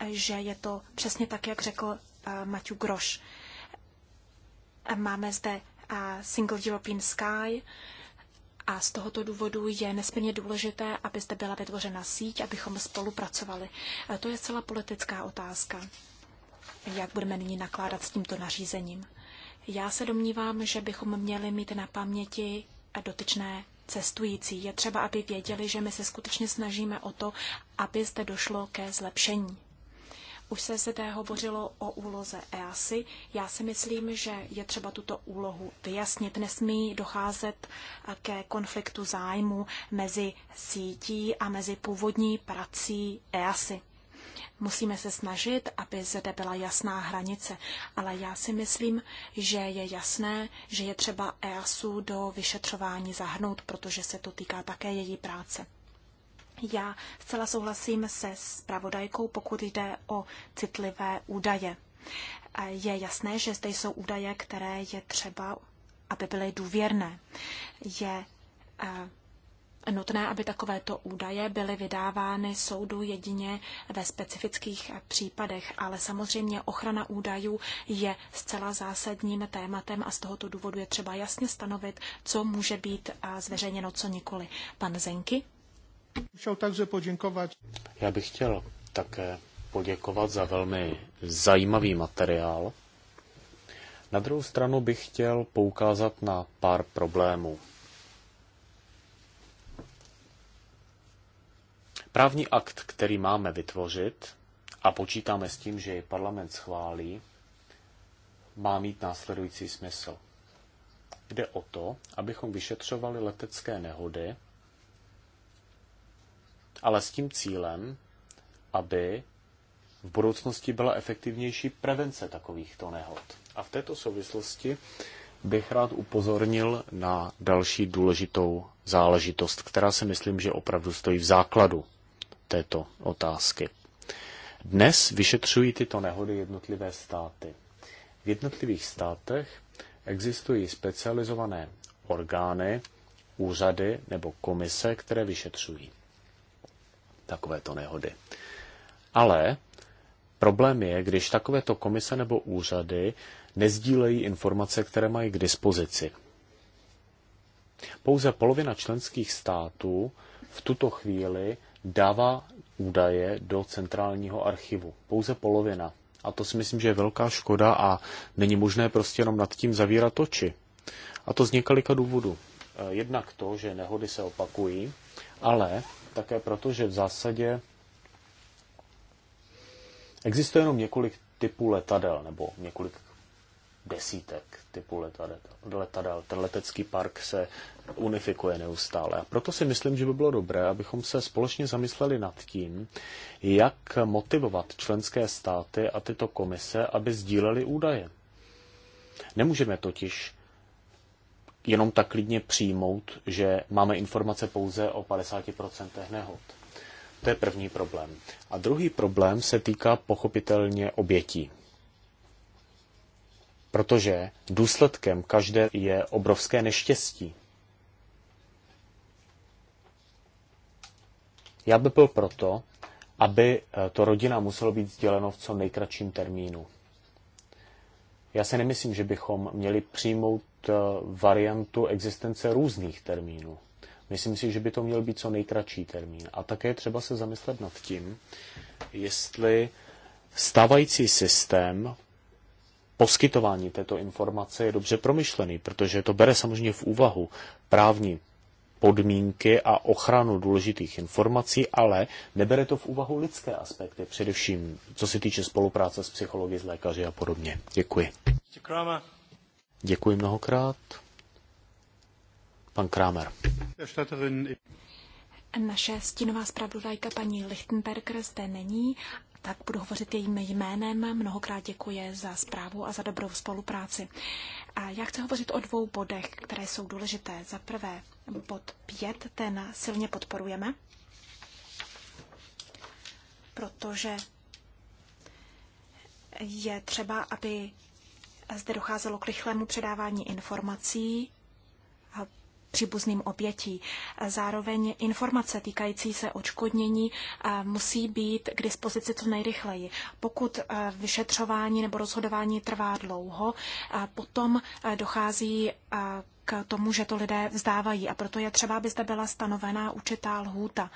že je to přesně tak, jak řekl eh, Maťu Groš. Máme zde eh, Single European Sky, a z tohoto důvodu je nesmírně důležité, aby zde byla vytvořena síť, abychom spolupracovali. A to je celá politická otázka. Jak budeme nyní nakládat s tímto nařízením? Já se domnívám, že bychom měli mít na paměti dotyčné cestující. Je třeba, aby věděli, že my se skutečně snažíme o to, aby zde došlo ke zlepšení. Už se zde hovořilo o úloze EASY. Já si myslím, že je třeba tuto úlohu vyjasnit. Nesmí docházet ke konfliktu zájmu mezi sítí a mezi původní prací EASY. Musíme se snažit, aby zde byla jasná hranice, ale já si myslím, že je jasné, že je třeba EASu do vyšetřování zahrnout, protože se to týká také její práce. Já zcela souhlasím se zpravodajkou, pokud jde o citlivé údaje. Je jasné, že zde jsou údaje, které je třeba, aby byly důvěrné. Je eh, nutné, aby takovéto údaje byly vydávány soudu jedině ve specifických případech, ale samozřejmě ochrana údajů je zcela zásadním tématem a z tohoto důvodu je třeba jasně stanovit, co může být eh, zveřejněno, co nikoli. Pan Zenky? Chtěl takže poděkovat. Já bych chtěl také poděkovat za velmi zajímavý materiál. Na druhou stranu bych chtěl poukázat na pár problémů. Právní akt, který máme vytvořit, a počítáme s tím, že ji parlament schválí, má mít následující smysl. Jde o to, abychom vyšetřovali letecké nehody, ale s tím cílem, aby v budoucnosti byla efektivnější prevence takovýchto nehod. A v této souvislosti bych rád upozornil na další důležitou záležitost, která si myslím, že opravdu stojí v základu této otázky. Dnes vyšetřují tyto nehody jednotlivé státy. V jednotlivých státech existují specializované orgány, úřady nebo komise, které vyšetřují takovéto nehody. Ale problém je, když takovéto komise nebo úřady nezdílejí informace, které mají k dispozici. Pouze polovina členských států v tuto chvíli dává údaje do centrálního archivu. Pouze polovina. A to si myslím, že je velká škoda a není možné prostě jenom nad tím zavírat oči. A to z několika důvodů. Eh, jednak to, že nehody se opakují, ale také proto, že v zásadě existuje jenom několik typů letadel, nebo několik desítek typů letadel. letadel. Ten letecký park se unifikuje neustále. A proto si myslím, že by bylo dobré, abychom se společně zamysleli nad tím, jak motivovat členské státy a tyto komise, aby sdíleli údaje. Nemůžeme totiž jenom tak klidně přijmout, že máme informace pouze o 50% nehod. To je první problém. A druhý problém se týká pochopitelně obětí. Protože důsledkem každé je obrovské neštěstí. Já by byl proto, aby eh, to rodina muselo být sděleno v co nejkratším termínu. Já se nemyslím, že bychom měli přijmout Eh, variantu existence různých termínů. Myslím si, že by to měl být co nejkratší termín. A také třeba se zamyslet nad tím, jestli stávající systém poskytování této informace je dobře promyšlený, protože to bere samozřejmě v úvahu právní podmínky a ochranu důležitých informací, ale nebere to v úvahu lidské aspekty, především co se týče spolupráce s psychologi, s lékaři a podobně. Děkuji. Děkuji mnohokrát. Pan Kramer. Naše stínová zpravodajka paní Lichtenberger zde není, tak budu hovořit jejím jménem. Mnohokrát děkuji za zprávu a za dobrou spolupráci. A já chci hovořit o dvou bodech, které jsou důležité. Za prvé, bod 5, ten silně podporujeme, protože je třeba, aby zde docházelo k rychlému předávání informací a příbuzným obětí. Zároveň informace týkající se očkodnění eh, musí být k dispozici co nejrychleji. Pokud eh, vyšetřování nebo rozhodování trvá dlouho, eh, potom dochází k tomu, že to lidé vzdávají a proto je třeba, aby zde byla stanovená určitá lhůta.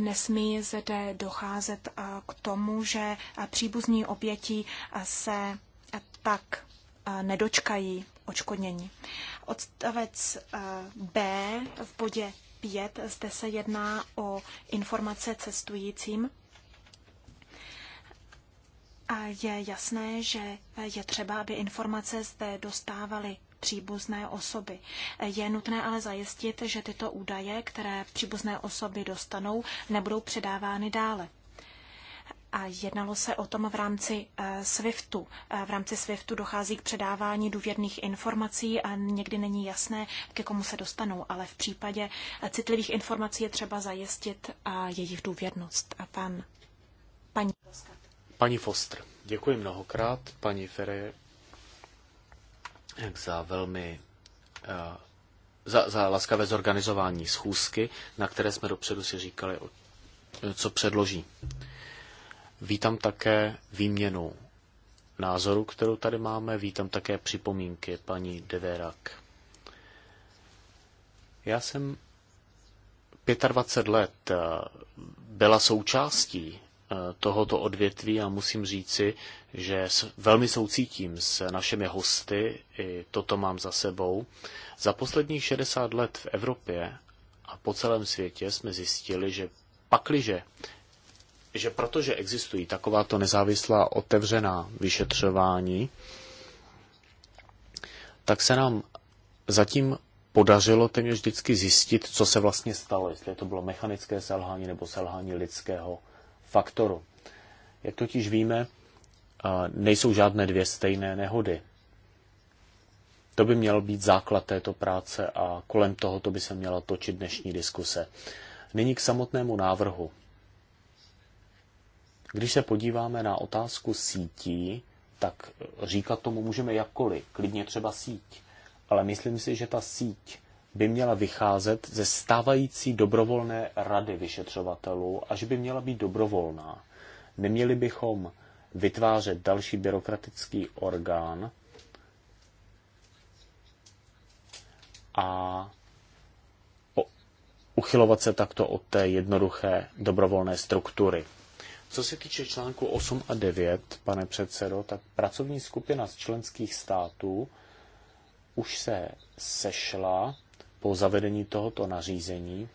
Nesmí zde docházet k tomu, že příbuzní oběti se tak eh, nedočkají očkodnění. Odstavec eh, B v bodě 5, zde se jedná o informace cestujícím. A je jasné, že je třeba, aby informace zde dostávaly příbuzné osoby. Je nutné ale zajistit, že tyto údaje, které příbuzné osoby dostanou, nebudou předávány dále. A jednalo se o tom v rámci eh, SWIFTu. Eh, v rámci SWIFTu dochází k předávání důvěrných informací a někdy není jasné, ke komu se dostanou, ale v případě eh, citlivých informací je třeba zajistit jejich důvěrnost. A pan, paní Paní Foster, děkuji mnohokrát, paní Ferry, za velmi za, za laskavé zorganizování schůzky, na které jsme dopředu si říkali, co předloží. Vítám také výměnu názoru, kterou tady máme. Vítám také připomínky paní Deverak. Já jsem 25 let eh, byla součástí eh, tohoto odvětví a musím říci, že velmi soucítím s našimi hosty, i toto mám za sebou. Za posledních 60 let v Evropě a po celém světě jsme zjistili, že pakliže že protože existují takováto nezávislá otevřená vyšetřování, tak se nám zatím podařilo téměř vždycky zjistit, co se vlastně stalo, jestli to bylo mechanické selhání nebo selhání lidského faktoru. Jak totiž víme, eh, nejsou žádné dvě stejné nehody. To by měl být základ této práce a kolem tohoto by se měla točit dnešní diskuse. Nyní k samotnému návrhu. Když se podíváme na otázku sítí, tak říkat tomu můžeme jakkoliv, klidně třeba síť. Ale myslím si, že ta síť by měla vycházet ze stávající dobrovolné rady vyšetřovatelů a že by měla být dobrovolná. Neměli bychom vytvářet další byrokratický orgán a uchylovat se takto od té jednoduché dobrovolné struktury. Co se týče článku 8 a 9, pane předsedo, tak pracovní skupina z členských států už se sešla po zavedení tohoto nařízení.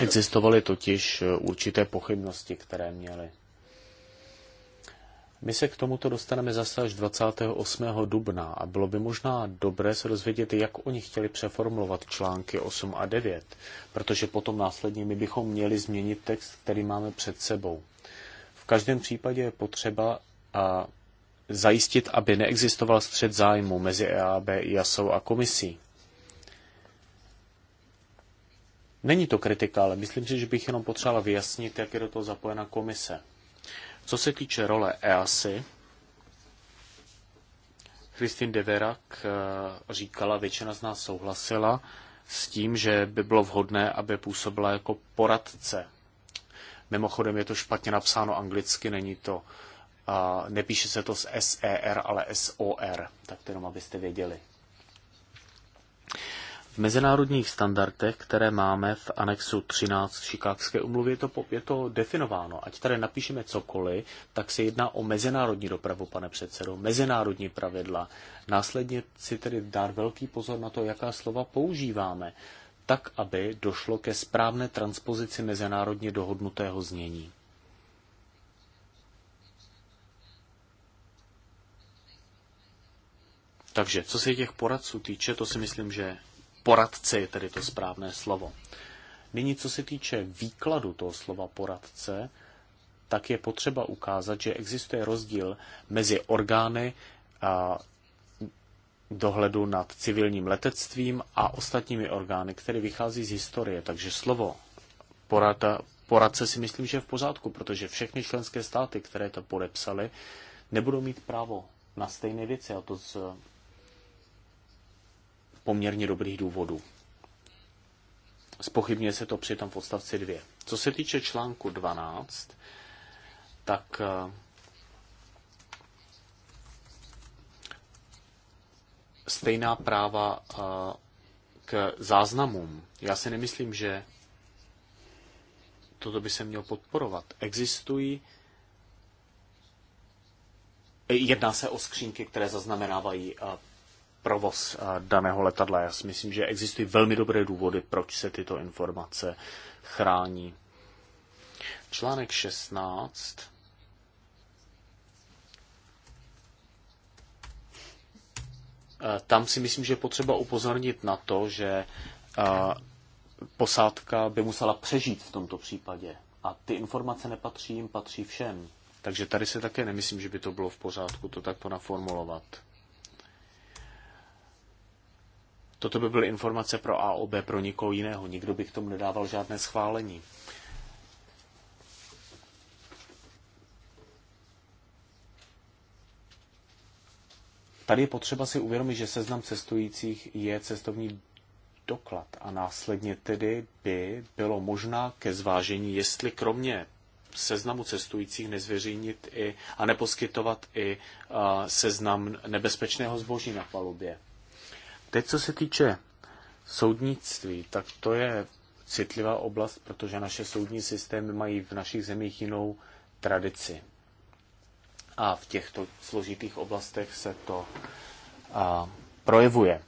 Existovaly totiž eh, určité pochybnosti, které měly. My se k tomuto dostaneme zase až 28. dubna a bylo by možná dobré se dozvědět, jak oni chtěli přeformulovat články 8 a 9, protože potom následně my bychom měli změnit text, který máme před sebou. V každém případě je potřeba a zajistit, aby neexistoval střed zájmu mezi EAB, JASou a komisí. Není to kritika, ale myslím si, že bych jenom potřebovala vyjasnit, jak je do toho zapojena komise. Co se týče role EASY, Christine Deverak eh, říkala, většina z nás souhlasila s tím, že by bylo vhodné, aby působila jako poradce. Mimochodem je to špatně napsáno anglicky, není to, a nepíše se to s SER, ale SOR, tak jenom abyste věděli mezinárodních standardech, které máme v anexu 13 Chicagské umluvy, je to, je to definováno. Ať tady napíšeme cokoliv, tak se jedná o mezinárodní dopravu, pane předsedo, mezinárodní pravidla. Následně si tedy dát velký pozor na to, jaká slova používáme, tak, aby došlo ke správné transpozici mezinárodně dohodnutého znění. Takže co se těch poradců týče, to si myslím, že poradce je tedy to správné slovo. Nyní, co se týče výkladu toho slova poradce, tak je potřeba ukázat, že existuje rozdíl mezi orgány a dohledu nad civilním letectvím a ostatními orgány, které vychází z historie. Takže slovo porada, poradce si myslím, že je v pořádku, protože všechny členské státy, které to podepsaly, nebudou mít právo na stejné věci, a to z poměrně dobrých důvodů. Spochybně se to přitom v odstavci 2. Co se týče článku 12, tak eh, stejná práva eh, k záznamům. Já si nemyslím, že toto by se mělo podporovat. Existují eh, Jedná se o skřínky, které zaznamenávají provoz eh, daného letadla. Já si myslím, že existují velmi dobré důvody, proč se tyto informace chrání. Článek 16. Eh, tam si myslím, že je potřeba upozornit na to, že eh, posádka by musela přežít v tomto případě. A ty informace nepatří jim, patří všem. Takže tady se také nemyslím, že by to bylo v pořádku to takto naformulovat. Toto by byly informace pro AOB, pro nikoho jiného. Nikdo by k tomu nedával žádné schválení. Tady je potřeba si uvědomit, že seznam cestujících je cestovní doklad a následně tedy by bylo možná ke zvážení, jestli kromě seznamu cestujících nezveřejnit i a neposkytovat i seznam nebezpečného zboží na palubě. Teď, co se týče soudnictví, tak to je citlivá oblast, protože naše soudní systémy mají v našich zemích jinou tradici. A v těchto složitých oblastech se to a, projevuje.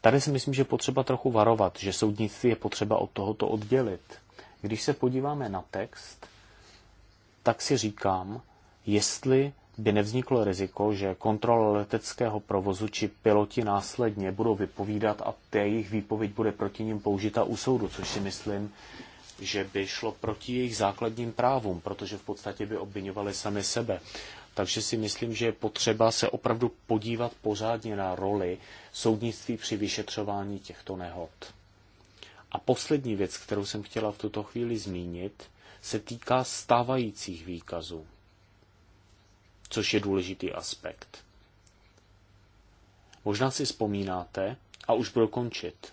Tady si myslím, že potřeba trochu varovat, že soudnictví je potřeba od tohoto oddělit. Když se podíváme na text, tak si říkám, jestli by nevzniklo riziko, že kontrola leteckého provozu či piloti následně budou vypovídat a jejich výpověď bude proti ním použita u soudu, což si myslím, že by šlo proti jejich základním právům, protože v podstatě by obvinovali sami sebe. Takže si myslím, že je potřeba se opravdu podívat pořádně na roli soudnictví při vyšetřování těchto nehod. A poslední věc, kterou jsem chtěla v tuto chvíli zmínit, se týká stávajících výkazů což je důležitý aspekt. Možná si vzpomínáte, a už budu končit,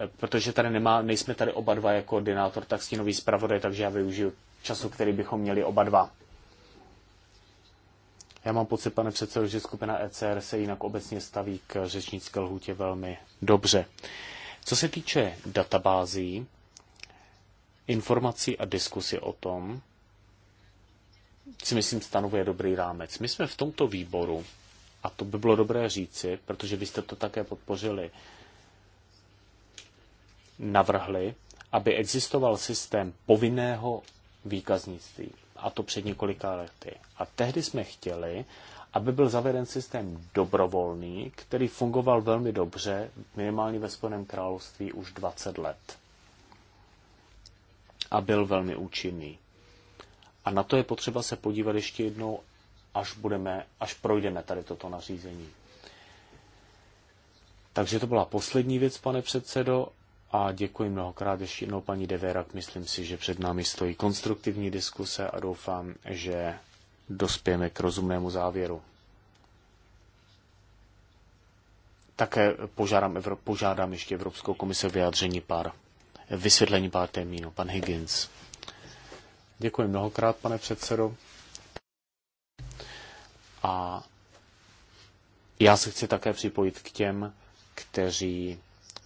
eh, protože tady nemá, nejsme tady oba dva jako koordinátor, tak stínový zpravodaj, takže já využiju času, který bychom měli oba dva. Já mám pocit, pane předsedo, že skupina ECR se jinak obecně staví k řečnické lhůtě velmi dobře. Co se týče databází, informací a diskusy o tom, si myslím, stanovuje dobrý rámec. My jsme v tomto výboru, a to by bylo dobré říci, protože jste to také podpořili, navrhli, aby existoval systém povinného výkaznictví. A to před několika lety. A tehdy jsme chtěli, aby byl zaveden systém dobrovolný, který fungoval velmi dobře, minimálně ve Spojeném království už 20 let. A byl velmi účinný. A na to je potřeba se podívat ještě jednou, až, budeme, až projdeme tady toto nařízení. Takže to byla poslední věc, pane předsedo, a děkuji mnohokrát ještě jednou paní Deverak. Myslím si, že před námi stojí konstruktivní diskuse a doufám, že dospějeme k rozumnému závěru. Také požádám, požádám ještě Evropskou komise vyjádření pár, vysvětlení pár termínů. Pan Higgins. Děkuji mnohokrát, pane předsedo. A já se chci také připojit k těm, kteří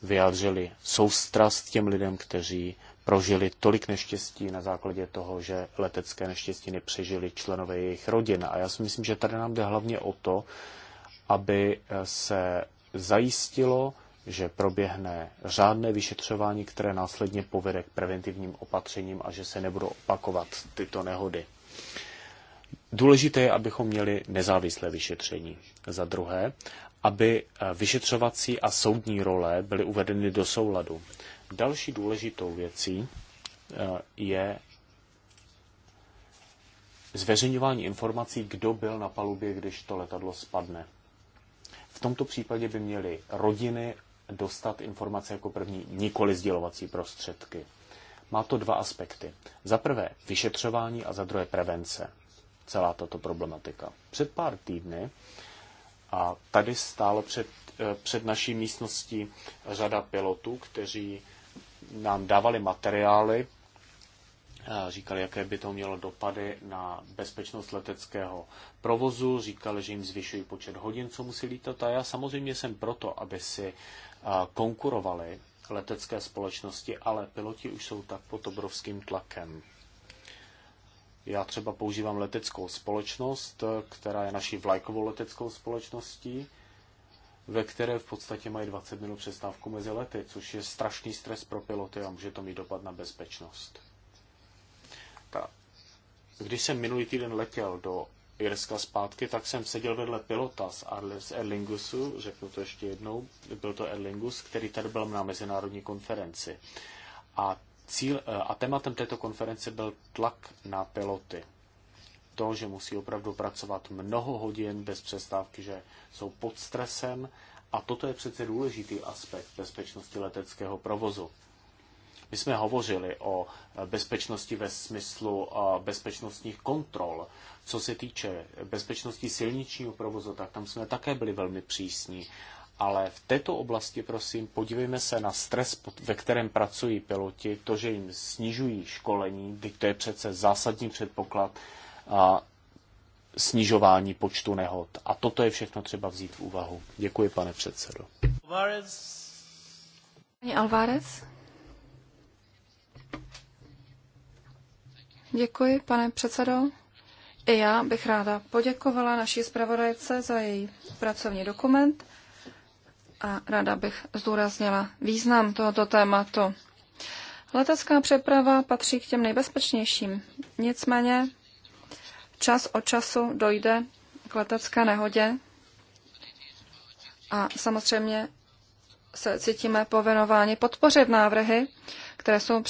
vyjádřili soustrast těm lidem, kteří prožili tolik neštěstí na základě toho, že letecké neštěstí nepřežili členové jejich rodin. A já si myslím, že tady nám jde hlavně o to, aby se zajistilo, že proběhne řádné vyšetřování, které následně povede k preventivním opatřením a že se nebudou opakovat tyto nehody. Důležité je, abychom měli nezávislé vyšetření. Za druhé, aby eh, vyšetřovací a soudní role byly uvedeny do souladu. Další důležitou věcí eh, je zveřejňování informací, kdo byl na palubě, když to letadlo spadne. V tomto případě by měly rodiny dostat informace jako první, nikoli sdělovací prostředky. Má to dva aspekty. Za prvé vyšetřování a za druhé prevence. Celá tato problematika. Před pár týdny a tady stálo před, eh, před naší místností řada pilotů, kteří nám dávali materiály, eh, říkali, jaké by to mělo dopady na bezpečnost leteckého provozu, říkali, že jim zvyšují počet hodin, co musí lítat a já samozřejmě jsem proto, aby si konkurovaly letecké společnosti, ale piloti už jsou tak pod obrovským tlakem. Já třeba používám leteckou společnost, která je naší vlajkovou leteckou společností, ve které v podstatě mají 20 minut přestávku mezi lety, což je strašný stres pro piloty a může to mít dopad na bezpečnost. Ta, když jsem minulý týden letěl do Irska zpátky, tak jsem seděl vedle pilota z, Arle, z Erlingusu, řeknu to ještě jednou, byl to Erlingus, který tady byl na mezinárodní konferenci. A, cíl, eh, a tématem této konference byl tlak na piloty. To, že musí opravdu pracovat mnoho hodin bez přestávky, že jsou pod stresem, a toto je přece důležitý aspekt bezpečnosti leteckého provozu. My jsme hovořili o bezpečnosti ve smyslu bezpečnostních kontrol. Co se týče bezpečnosti silničního provozu, tak tam jsme také byli velmi přísní. Ale v této oblasti, prosím, podívejme se na stres, ve kterém pracují piloti, to, že jim snižují školení, teď to je přece zásadní předpoklad a snižování počtu nehod. A toto je všechno třeba vzít v úvahu. Děkuji, pane předsedo. Pani Alvarez? Děkuji, pane předsedo. I já bych ráda poděkovala naší zpravodajce za její pracovní dokument a ráda bych zdůraznila význam tohoto tématu. Letecká přeprava patří k těm nejbezpečnějším. Nicméně čas od času dojde k letecké nehodě a samozřejmě se cítíme povinováni podpořit návrhy, které jsou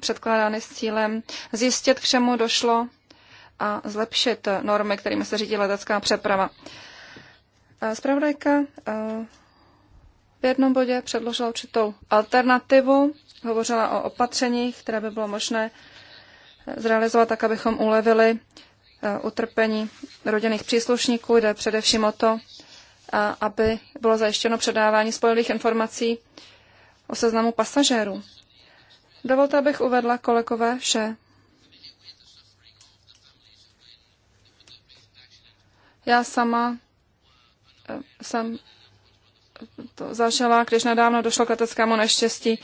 předkládány s cílem zjistit, k čemu došlo a zlepšit normy, kterými se řídí letecká přeprava. Spravodajka eh, v jednom bodě předložila určitou alternativu, hovořila o opatřeních, které by bylo možné eh, zrealizovat tak, abychom ulevili eh, utrpení rodinných příslušníků. Jde především o to, aby bylo zajištěno předávání spojených informací o seznamu pasažérů. Dovolte, abych uvedla kolegové vše. Já sama eh, jsem to zažila, když nedávno došlo k leteckému neštěstí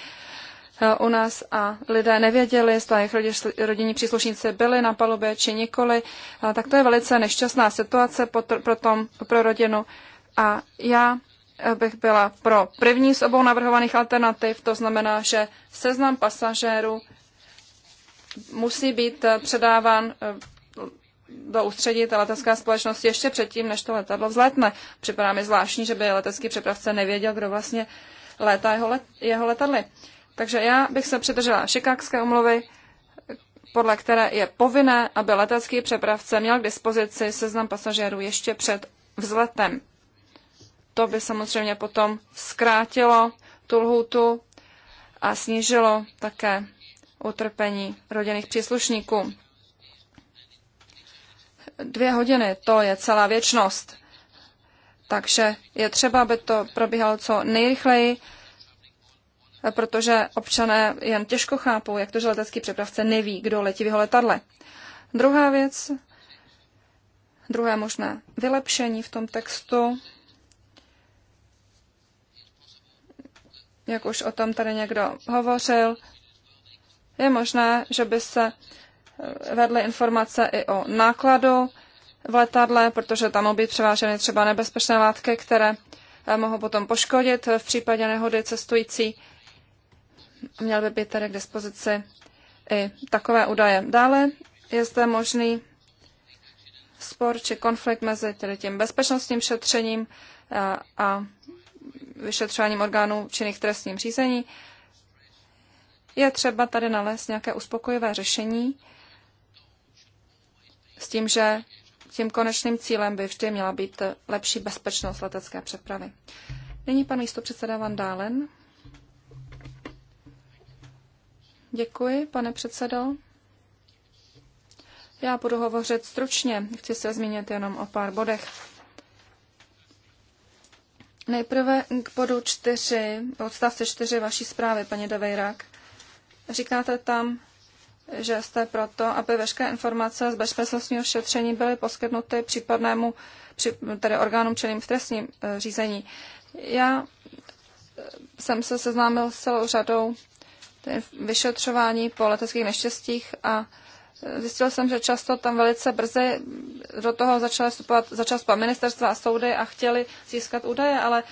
eh, u nás a lidé nevěděli, zda jejich rodinní příslušníci byli na palubě či nikoli, eh, tak to je velice nešťastná situace pro, tom, pro rodinu. A já bych byla pro první z obou navrhovaných alternativ, to znamená, že seznam pasažérů musí být eh, předáván eh, do ústředí té letecké společnosti ještě předtím, než to letadlo vzletne. Připadá mi zvláštní, že by letecký přepravce nevěděl, kdo vlastně létá jeho, let, jeho letadly. Takže já bych se přidržela šikákské umluvy, podle které je povinné, aby letecký přepravce měl k dispozici seznam pasažérů ještě před vzletem. To by samozřejmě potom zkrátilo tu lhůtu a snížilo také utrpení rodinných příslušníků. Dvě hodiny, to je celá věčnost. Takže je třeba, aby to probíhalo co nejrychleji, protože občané jen těžko chápou, jak to, že letecký přepravce neví, kdo letí v jeho letadle. Druhá věc, druhé možné vylepšení v tom textu jak už o tom tady někdo hovořil, je možné, že by se eh, vedly informace i o nákladu v letadle, protože tam mohou být převáženy třeba nebezpečné látky, které eh, mohou potom poškodit eh, v případě nehody cestující. Měl by být tedy k dispozici i takové údaje. Dále je zde možný spor či konflikt mezi tedy tím bezpečnostním šetřením a, a vyšetřováním orgánů činných trestním řízení. Je třeba tady nalézt nějaké uspokojivé řešení s tím, že tím konečným cílem by vždy měla být lepší bezpečnost letecké přepravy. Nyní pan místopředseda Van Dálen. Děkuji, pane předsedo. Já budu hovořit stručně, chci se zmínit jenom o pár bodech. Nejprve k bodu 4, odstavce 4 vaší zprávy, paní Davejrak. Říkáte tam, že jste proto, aby veškeré informace z bezpečnostního šetření byly poskytnuty případnému, tedy orgánům čelím v trestním eh, řízení. Já eh, jsem se seznámil s celou řadou vyšetřování po leteckých neštěstích a Zjistil jsem, že často tam velice brzy do toho začaly vstupovat, začal vstupovat ministerstva a soudy a chtěli získat údaje, ale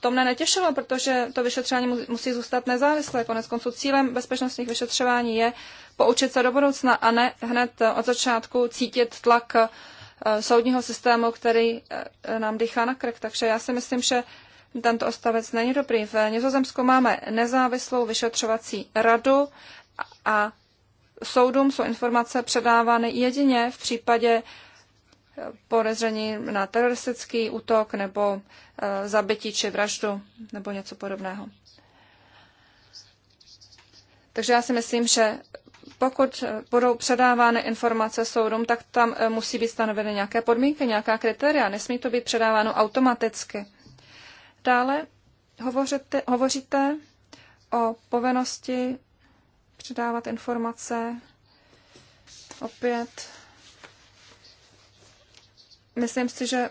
to mne netěšilo, protože to vyšetřování musí zůstat nezávislé. Konec konců cílem bezpečnostních vyšetřování je poučit se do budoucna a ne hned od začátku cítit tlak eh, soudního systému, který eh, nám dýchá na krk. Takže já si myslím, že tento ostavec není dobrý. V Nizozemsku máme nezávislou vyšetřovací radu a soudům jsou informace předávány jedině v případě eh, podezření na teroristický útok nebo eh, zabití či vraždu nebo něco podobného. Takže já si myslím, že pokud budou předávány informace soudům, tak tam eh, musí být stanoveny nějaké podmínky, nějaká kritéria. Nesmí to být předáváno automaticky. Dále hovoříte, hovoříte o povinnosti předávat informace. Opět, myslím si, že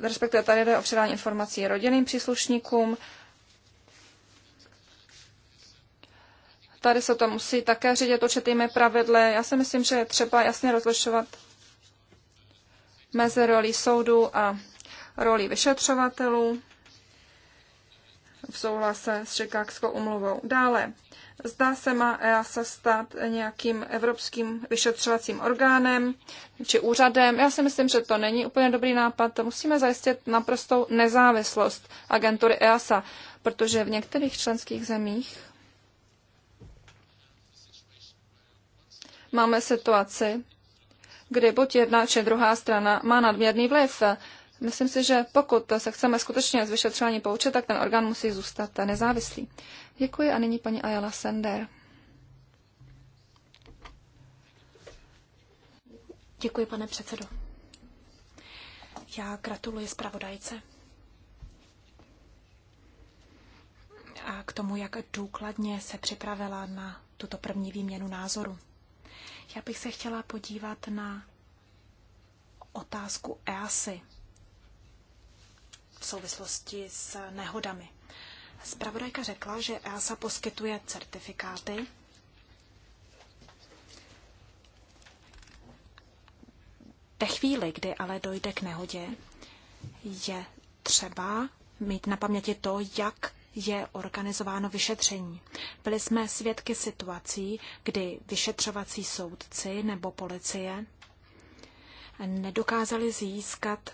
respektive tady jde o předání informací rodinným příslušníkům. Tady se to musí také řídit určitými pravidly. Já si myslím, že je třeba jasně rozlišovat mezi rolí soudu a rolí vyšetřovatelů v souhlase s Čekákskou umluvou. Dále, Zda se má EASA stát nějakým evropským vyšetřovacím orgánem či úřadem. Já si myslím, že to není úplně dobrý nápad. Musíme zajistit naprostou nezávislost agentury EASA, protože v některých členských zemích máme situaci, kdy buď jedna či druhá strana má nadměrný vliv. Myslím si, že pokud se chceme skutečně z vyšetřování poučit, tak ten orgán musí zůstat nezávislý. Děkuji a nyní paní Ayala Sender. Děkuji, pane předsedo. Já gratuluji zpravodajce. A k tomu, jak důkladně se připravila na tuto první výměnu názoru. Já bych se chtěla podívat na otázku EASY v souvislosti s nehodami. Spravodajka řekla, že EASA poskytuje certifikáty Ve chvíli, kdy ale dojde k nehodě, je třeba mít na paměti to, jak je organizováno vyšetření. Byli jsme svědky situací, kdy vyšetřovací soudci nebo policie nedokázali získat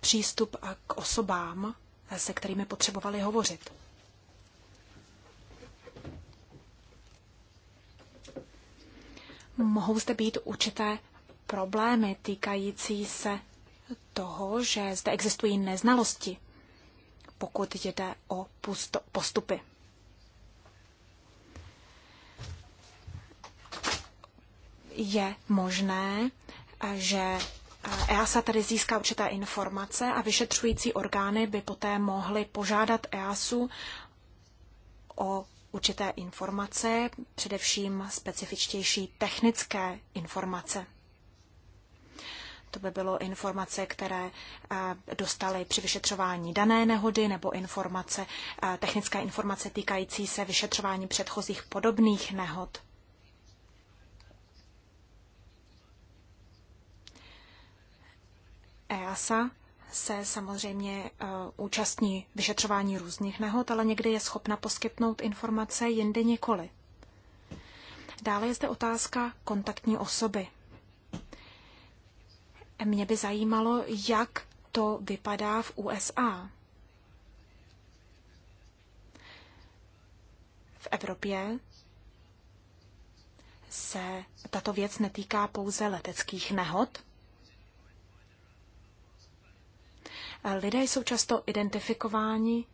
přístup k osobám, se kterými potřebovali hovořit. Mohou zde být určité problémy týkající se toho, že zde existují neznalosti, pokud jde o postupy. Je možné, že EASA eh, e tedy získá určité informace a vyšetřující orgány by poté mohly požádat EASu o určité informace, především specifičtější technické informace. To by bylo informace, které eh, dostali při vyšetřování dané nehody nebo informace, eh, technické informace týkající se vyšetřování předchozích podobných nehod. EASA se samozřejmě e, účastní vyšetřování různých nehod, ale někdy je schopna poskytnout informace, jinde nikoli. Dále je zde otázka kontaktní osoby. Mě by zajímalo, jak to vypadá v USA. V Evropě se tato věc netýká pouze leteckých nehod, Lidé jsou často identifikováni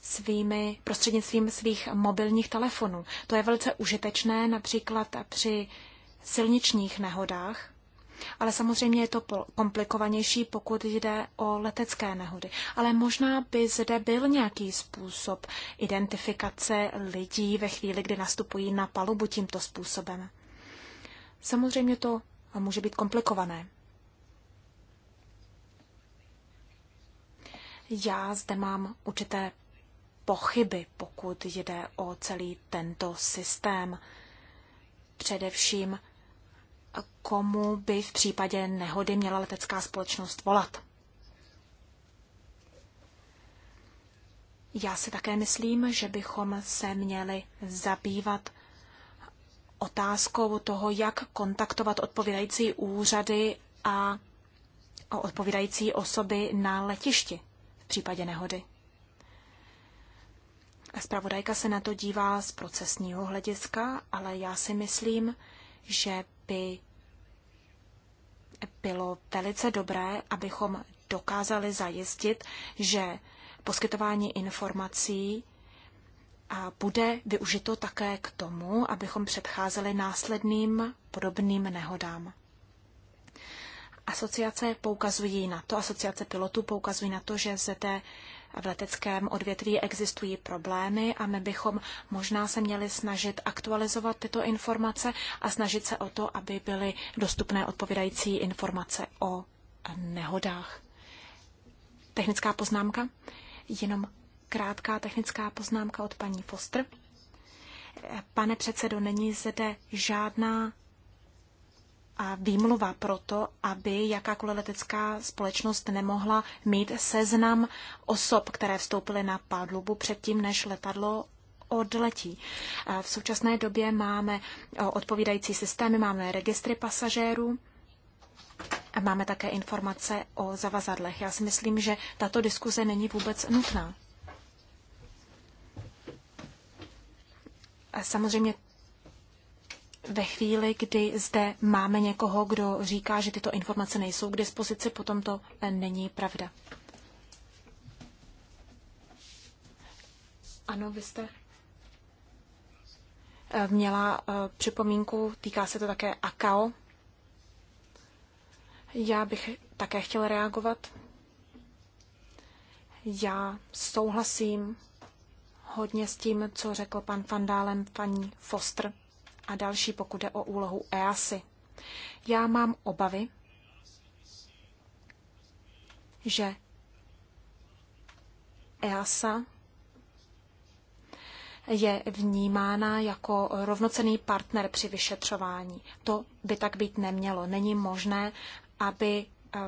svými, prostřednictvím svých mobilních telefonů. To je velice užitečné například při silničních nehodách, ale samozřejmě je to komplikovanější, pokud jde o letecké nehody. Ale možná by zde byl nějaký způsob identifikace lidí ve chvíli, kdy nastupují na palubu tímto způsobem. Samozřejmě to může být komplikované. Já zde mám určité pochyby, pokud jde o celý tento systém. Především, komu by v případě nehody měla letecká společnost volat. Já si také myslím, že bychom se měli zabývat otázkou toho, jak kontaktovat odpovídající úřady a odpovídající osoby na letišti případě nehody. Spravodajka se na to dívá z procesního hlediska, ale já si myslím, že by bylo velice dobré, abychom dokázali zajistit, že poskytování informací a bude využito také k tomu, abychom předcházeli následným podobným nehodám. Asociace poukazují na to, asociace pilotů poukazují na to, že zde v leteckém odvětví existují problémy a my bychom možná se měli snažit aktualizovat tyto informace a snažit se o to, aby byly dostupné odpovídající informace o nehodách. Technická poznámka? Jenom krátká technická poznámka od paní Foster. Pane předsedo, není zde žádná výmluva pro to, aby jakákoliv letecká společnost nemohla mít seznam osob, které vstoupily na padlubu předtím, než letadlo odletí. V současné době máme odpovídající systémy, máme registry pasažérů, a máme také informace o zavazadlech. Já si myslím, že tato diskuze není vůbec nutná. A samozřejmě ve chvíli, kdy zde máme někoho, kdo říká, že tyto informace nejsou k dispozici, potom to není pravda. Ano, vy jste eh, měla eh, připomínku, týká se to také AKAO. Já bych také chtěla reagovat. Já souhlasím hodně s tím, co řekl pan Fandálem, paní Foster a další, pokud jde o úlohu EASY. Já mám obavy, že EASA je vnímána jako rovnocený partner při vyšetřování. To by tak být nemělo. Není možné, aby eh,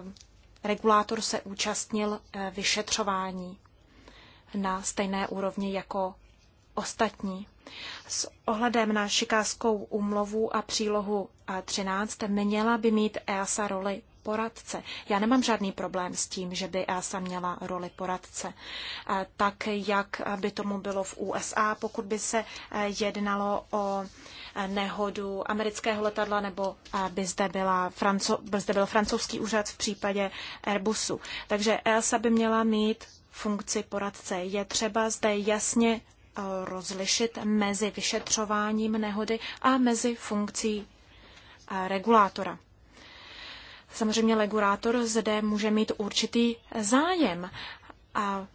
regulátor se účastnil eh, vyšetřování na stejné úrovni jako ostatní. S ohledem na šikáskou úmluvu a přílohu 13 měla by mít EASA roli poradce. Já nemám žádný problém s tím, že by EASA měla roli poradce. Tak, jak by tomu bylo v USA, pokud by se e, jednalo o e, nehodu amerického letadla, nebo e, by zde, byla Franco, by zde byl francouzský úřad v případě Airbusu. Takže EASA by měla mít funkci poradce. Je třeba zde jasně rozlišit mezi vyšetřováním nehody a mezi funkcí eh, regulátora. Samozřejmě regulátor zde může mít určitý zájem. A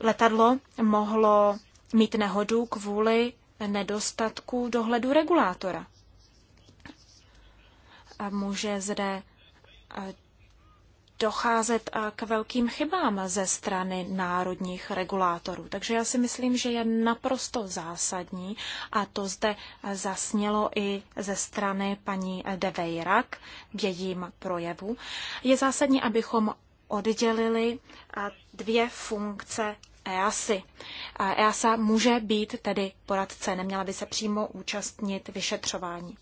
letadlo mohlo mít nehodu kvůli nedostatku dohledu regulátora. A může zde eh, docházet eh, k velkým chybám ze strany národních regulátorů. Takže já si myslím, že je naprosto zásadní a to zde eh, zasnělo i ze strany paní eh, De Veyrak v jejím projevu. Je zásadní, abychom oddělili dvě funkce EASY. EASA e může být tedy poradce, neměla by se přímo účastnit vyšetřování.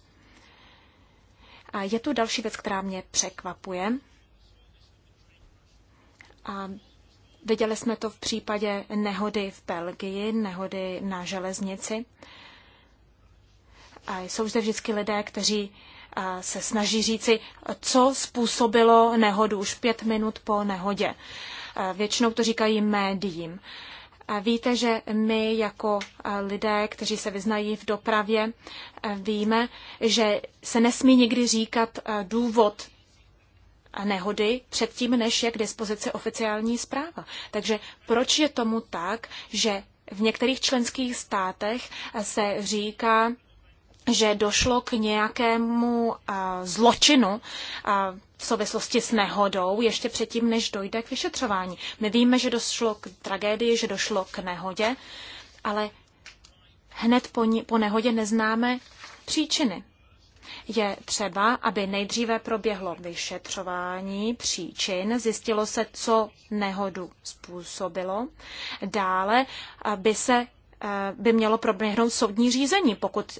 Je tu další věc, která mě překvapuje a viděli jsme to v případě nehody v Belgii, nehody na železnici. A jsou zde vždycky lidé, kteří se snaží říci, co způsobilo nehodu už pět minut po nehodě. Většinou to říkají médiím. A víte, že my jako lidé, kteří se vyznají v dopravě, víme, že se nesmí nikdy říkat důvod a nehody předtím, než je k dispozici oficiální zpráva. Takže proč je tomu tak, že v některých členských státech se říká, že došlo k nějakému zločinu v souvislosti s nehodou ještě předtím, než dojde k vyšetřování. My víme, že došlo k tragédii, že došlo k nehodě, ale hned po, ní, po nehodě neznáme příčiny. Je třeba, aby nejdříve proběhlo vyšetřování příčin, zjistilo se, co nehodu způsobilo. Dále by se eh, by mělo proběhnout soudní řízení, pokud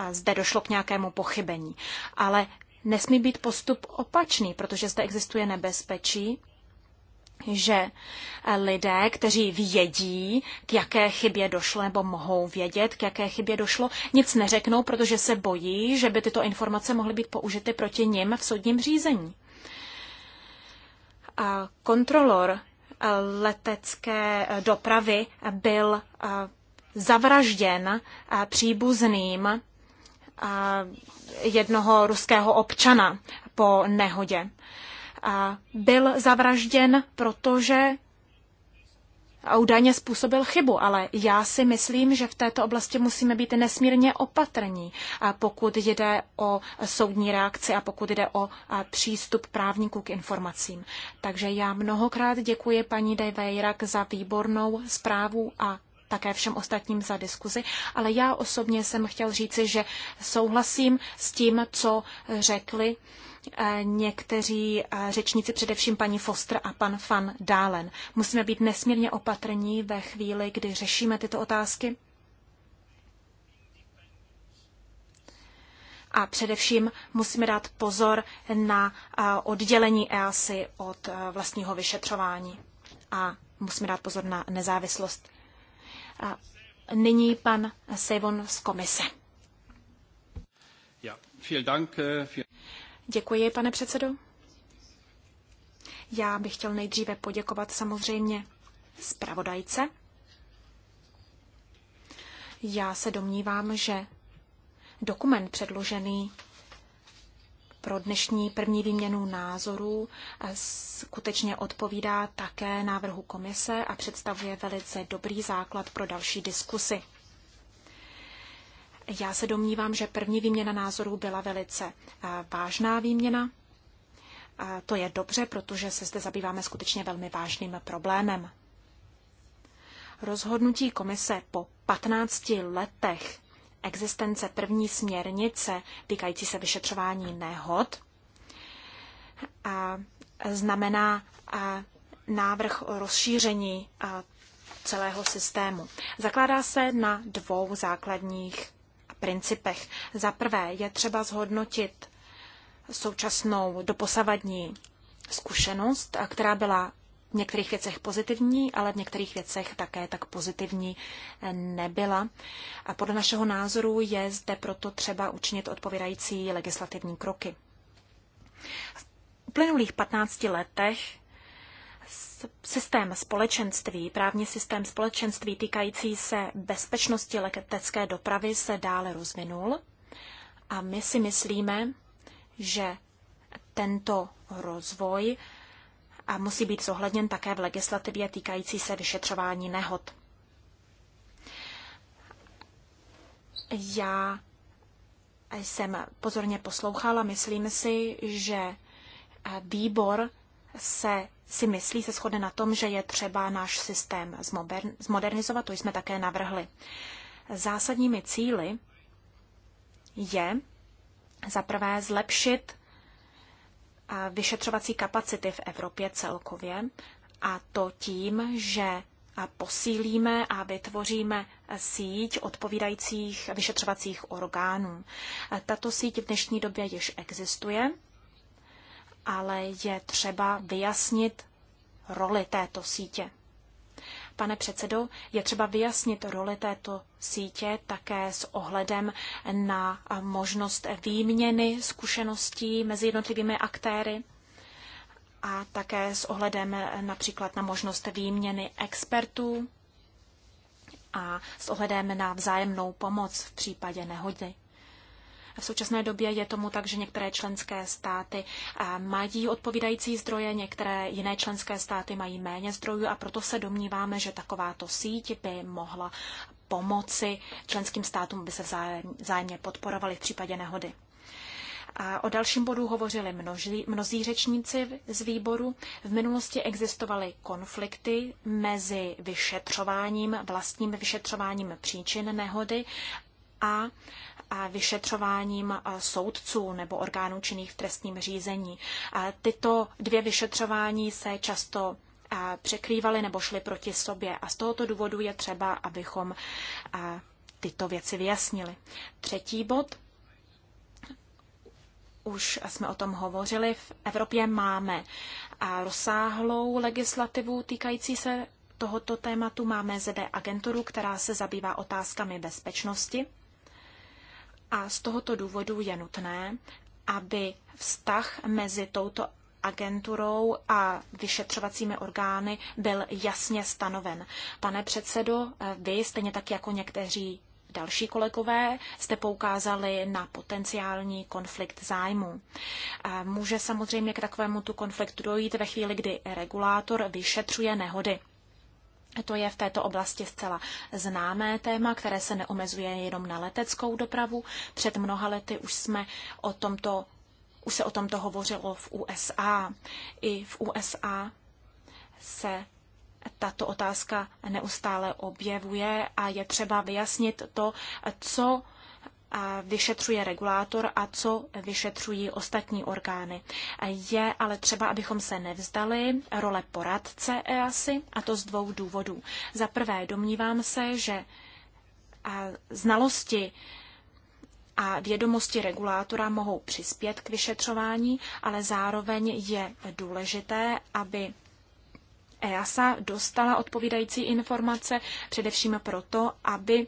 eh, zde došlo k nějakému pochybení. Ale nesmí být postup opačný, protože zde existuje nebezpečí, že eh, lidé, kteří vědí, k jaké chybě došlo, nebo mohou vědět, k jaké chybě došlo, nic neřeknou, protože se bojí, že by tyto informace mohly být použity proti nim v soudním řízení. A kontrolor eh, letecké eh, dopravy byl zavražděn příbuzným jednoho ruského občana po nehodě byl zavražděn, protože údajně způsobil chybu, ale já si myslím, že v této oblasti musíme být nesmírně opatrní, pokud jde o soudní reakci a pokud jde o přístup právníků k informacím. Takže já mnohokrát děkuji paní De Vejrak za výbornou zprávu a také všem ostatním za diskuzi, ale já osobně jsem chtěl říci, že souhlasím s tím, co řekli Eh, někteří eh, řečníci, především paní Foster a pan Van Dálen. Musíme být nesmírně opatrní ve chvíli, kdy řešíme tyto otázky. A především musíme dát pozor na eh, oddělení EASY od vlastního vyšetřování. A musíme dát pozor na nezávislost. A nyní pan Sejvon z komise. Ja, vielen Dank, vielen... Děkuji, pane předsedo. Já bych chtěl nejdříve poděkovat samozřejmě zpravodajce. Já se domnívám, že dokument předložený pro dnešní první výměnu názorů skutečně odpovídá také návrhu komise a představuje velice dobrý základ pro další diskusy. Já se domnívám, že první výměna názorů byla velice eh, vážná výměna. A to je dobře, protože se zde zabýváme skutečně velmi vážným problémem. Rozhodnutí komise po 15 letech existence první směrnice týkající se vyšetřování nehod a znamená a návrh o rozšíření celého systému. Zakládá se na dvou základních principech. Za prvé je třeba zhodnotit současnou doposavadní zkušenost, která byla v některých věcech pozitivní, ale v některých věcech také tak pozitivní nebyla. A podle našeho názoru je zde proto třeba učinit odpovídající legislativní kroky. V uplynulých 15 letech systém společenství, právní systém společenství týkající se bezpečnosti letecké dopravy se dále rozvinul a my si myslíme, že tento rozvoj a musí být zohledněn také v legislativě týkající se vyšetřování nehod. Já jsem pozorně poslouchala, myslím si, že výbor se si myslí, se shodne na tom, že je třeba náš systém zmodernizovat, to jsme také navrhli. Zásadními cíly je zaprvé zlepšit vyšetřovací kapacity v Evropě celkově, a to tím, že posílíme a vytvoříme síť odpovídajících vyšetřovacích orgánů. Tato síť v dnešní době již existuje ale je třeba vyjasnit roli této sítě. Pane předsedo, je třeba vyjasnit roli této sítě také s ohledem na možnost výměny zkušeností mezi jednotlivými aktéry a také s ohledem například na možnost výměny expertů a s ohledem na vzájemnou pomoc v případě nehody. V současné době je tomu tak, že některé členské státy eh, mají odpovídající zdroje, některé jiné členské státy mají méně zdrojů a proto se domníváme, že takováto síť by mohla pomoci členským státům, aby se vzájemně podporovali v případě nehody. A o dalším bodu hovořili množí, mnozí řečníci z výboru. V minulosti existovaly konflikty mezi vyšetřováním, vlastním vyšetřováním příčin nehody a vyšetřováním soudců nebo orgánů činných v trestním řízení. Tyto dvě vyšetřování se často překrývaly nebo šly proti sobě a z tohoto důvodu je třeba, abychom tyto věci vyjasnili. Třetí bod. Už jsme o tom hovořili. V Evropě máme rozsáhlou legislativu týkající se tohoto tématu máme zde agenturu, která se zabývá otázkami bezpečnosti. A z tohoto důvodu je nutné, aby vztah mezi touto agenturou a vyšetřovacími orgány byl jasně stanoven. Pane předsedo, vy stejně tak jako někteří další kolegové jste poukázali na potenciální konflikt zájmu. Může samozřejmě k takovému tu konfliktu dojít ve chvíli, kdy regulátor vyšetřuje nehody. To je v této oblasti zcela známé téma, které se neomezuje jenom na leteckou dopravu. Před mnoha lety už jsme o tomto už se o tomto hovořilo v USA. I v USA se tato otázka neustále objevuje a je třeba vyjasnit to, co vyšetřuje regulátor a co vyšetřují ostatní orgány. Je ale třeba, abychom se nevzdali role poradce EASY, a to z dvou důvodů. Za prvé, domnívám se, že znalosti a vědomosti regulátora mohou přispět k vyšetřování, ale zároveň je důležité, aby EASA dostala odpovídající informace, především proto, aby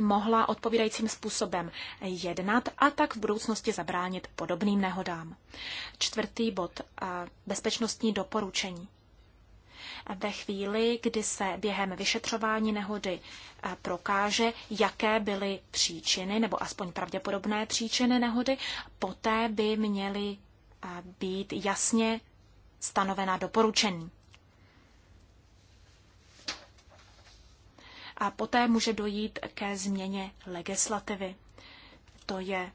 mohla odpovídajícím způsobem jednat a tak v budoucnosti zabránit podobným nehodám. Čtvrtý bod. Eh, bezpečnostní doporučení. Ve chvíli, kdy se během vyšetřování nehody eh, prokáže, jaké byly příčiny, nebo aspoň pravděpodobné příčiny nehody, poté by měly eh, být jasně stanovena doporučení. a poté může dojít ke změně legislativy. To je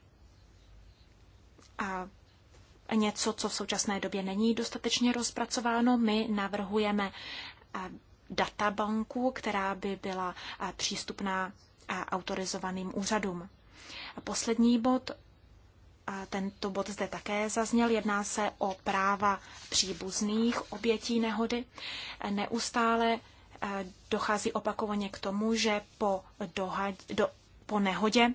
a něco, co v současné době není dostatečně rozpracováno. My navrhujeme databanku, která by byla přístupná autorizovaným úřadům. Poslední bod, tento bod zde také zazněl, jedná se o práva příbuzných obětí nehody. Neustále dochází opakovaně k tomu, že po, dohaď, do, po nehodě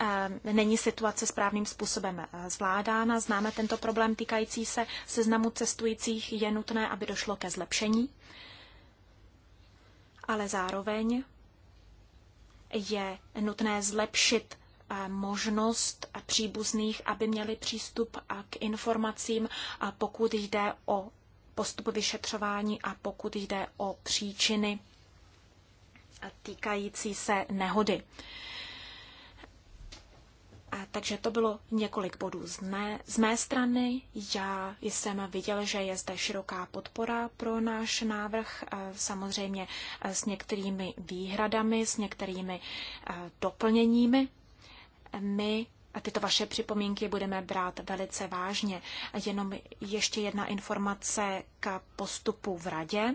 eh, není situace správným způsobem eh, zvládána. Známe tento problém týkající se seznamu cestujících. Je nutné, aby došlo ke zlepšení, ale zároveň je nutné zlepšit eh, možnost příbuzných, aby měli přístup k informacím, pokud jde o postup vyšetřování a pokud jde o příčiny týkající se nehody. A takže to bylo několik bodů z mé, z mé strany. Já jsem viděl, že je zde široká podpora pro náš návrh, eh, samozřejmě eh, s některými výhradami, s některými eh, doplněními. My a tyto vaše připomínky budeme brát velice vážně. Jenom ještě jedna informace k postupu v radě.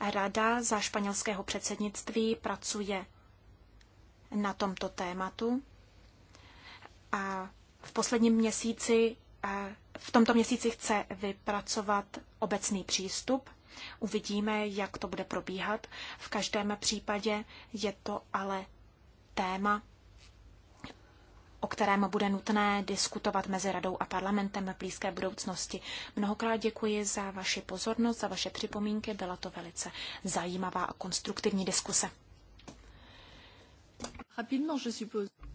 Rada za španělského předsednictví pracuje na tomto tématu. A v posledním měsíci, v tomto měsíci chce vypracovat obecný přístup. Uvidíme, jak to bude probíhat. V každém případě je to ale téma, o kterém bude nutné diskutovat mezi radou a parlamentem v blízké budoucnosti. Mnohokrát děkuji za vaši pozornost, za vaše připomínky, byla to velice zajímavá a konstruktivní diskuse.